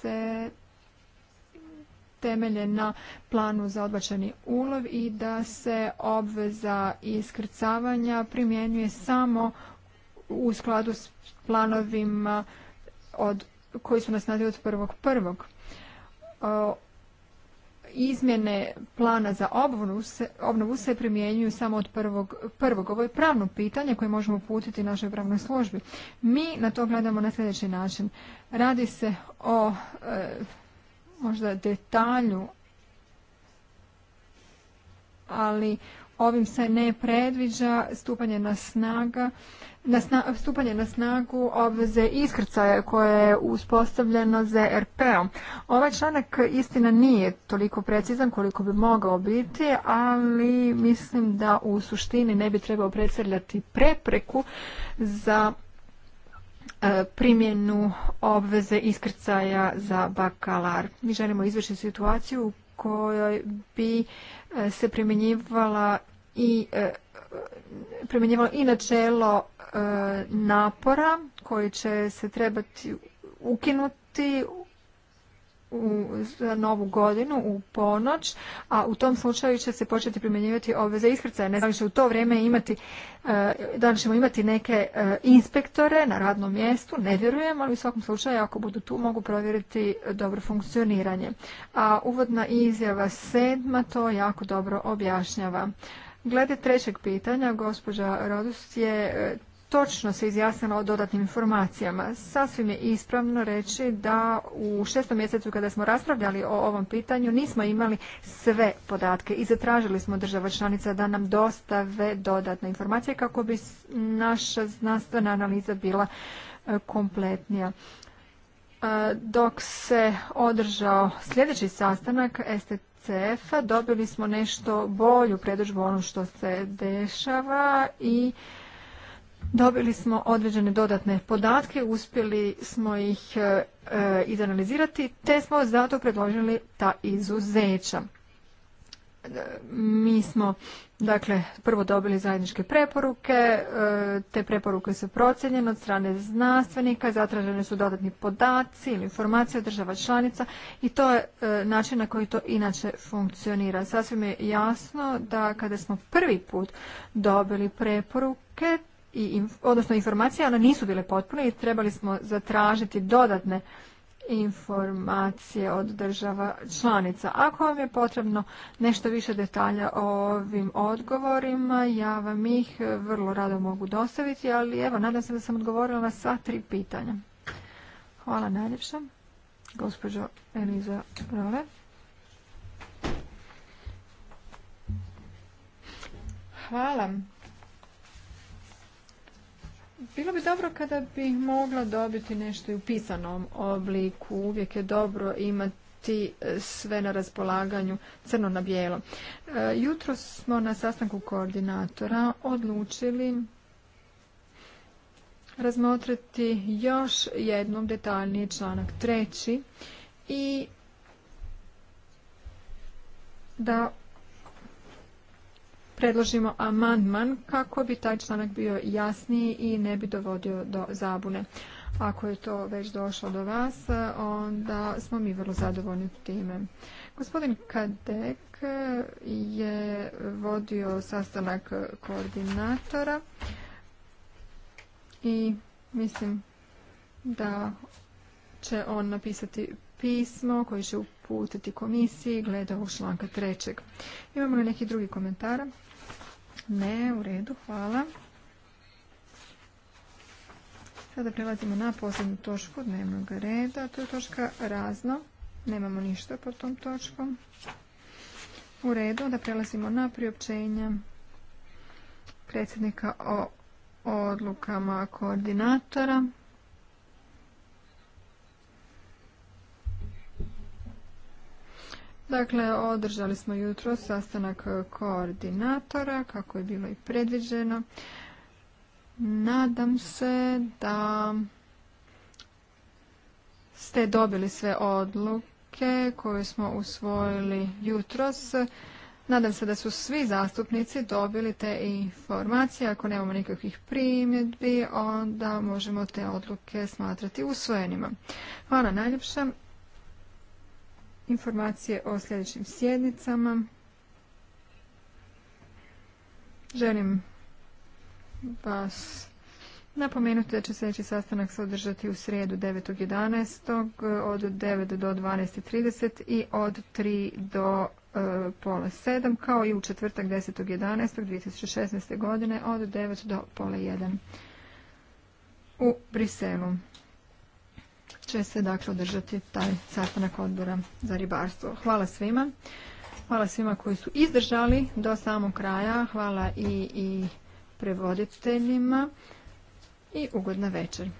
se temelje na planu za odbačeni ulov i da se obveza iskrcavanja primjenjuje samo u skladu s planovima od, koji su nas snazi od prvog prvog. Izmjene plana za obnovu se, obnovu se primjenjuju samo od prvog prvog. Ovo je pravno pitanje koje možemo uputiti našoj pravnoj službi. Mi na to gledamo na sljedeći način. Radi se o e, možda detalju ali ovim se ne predviđa stupanje na snaga sna, stupanje na snagu obveze iskrcaja koje je uspostavljeno ZRP-om. Ovaj članak istina nije toliko precizan koliko bi mogao biti, ali mislim da u suštini ne bi trebao predstavljati prepreku za e, primjenu obveze iskrcaja za bakalar. Mi želimo izvršiti situaciju u kojoj bi e, se primjenjivala i e, primjenjivalo i načelo e, napora koji će se trebati ukinuti u, za novu godinu u ponoć, a u tom slučaju će se početi primjenjivati obveze iskrcaja. Ne znam, će u to vrijeme imati, e, da ćemo imati neke inspektore na radnom mjestu, ne vjerujem, ali u svakom slučaju ako budu tu mogu provjeriti dobro funkcioniranje. A uvodna izjava sedma to jako dobro objašnjava. Glede trećeg pitanja, gospođa Rodus je e, točno se izjasnila o dodatnim informacijama. Sasvim je ispravno reći da u šestom mjesecu kada smo raspravljali o ovom pitanju nismo imali sve podatke i zatražili smo država članica da nam dostave dodatne informacije kako bi naša znanstvena analiza bila e, kompletnija. E, dok se održao sljedeći sastanak, STT cf dobili smo nešto bolju predržbu ono što se dešava i Dobili smo određene dodatne podatke, uspjeli smo ih e, izanalizirati, te smo zato predložili ta izuzeća mi smo dakle prvo dobili zajedničke preporuke, e, te preporuke su procijenjene od strane znanstvenika, zatraženi su dodatni podaci ili informacije od država članica i to je e, način na koji to inače funkcionira. Sasvim je jasno da kada smo prvi put dobili preporuke, i, odnosno informacije, one nisu bile potpune i trebali smo zatražiti dodatne informacije od država članica. Ako vam je potrebno nešto više detalja o ovim odgovorima, ja vam ih vrlo rado mogu dostaviti, ali evo, nadam se da sam odgovorila na sva tri pitanja. Hvala najljepša, gospođo Eliza Hvala. Bilo bi dobro kada bi mogla dobiti nešto i u pisanom obliku. Uvijek je dobro imati e, sve na raspolaganju crno na bijelo. E, jutro smo na sastanku koordinatora odlučili razmotriti još jednom detaljniji članak treći i da predložimo amandman kako bi taj članak bio jasniji i ne bi dovodio do zabune. Ako je to već došlo do vas, onda smo mi vrlo zadovoljni time. Gospodin Kadek je vodio sastanak koordinatora i mislim da će on napisati pismo koje će uputiti komisiji glede ovog članka trećeg. Imamo li neki drugi komentara? Ne, u redu, hvala. Sada prelazimo na posljednju točku dnevnog reda. To je točka razno. Nemamo ništa pod tom točkom. U redu, da prelazimo na priopćenja predsjednika o odlukama koordinatora. Dakle, održali smo jutro sastanak koordinatora, kako je bilo i predviđeno. Nadam se da ste dobili sve odluke koje smo usvojili jutros. Nadam se da su svi zastupnici dobili te informacije. Ako nemamo nikakvih primjedbi, onda možemo te odluke smatrati usvojenima. Hvala najljepša informacije o sljedećim sjednicama. Želim vas napomenuti da će sljedeći sastanak se održati u srijedu 9.11. od 9 do 12.30 i od 3 do e, pola 7, kao i u četvrtak 10.11. 2016. godine od 9 do pola 1 u Briselu će se dakle održati taj sastanak odbora za ribarstvo. Hvala svima. Hvala svima koji su izdržali do samog kraja. Hvala i, i prevoditeljima i ugodna večer.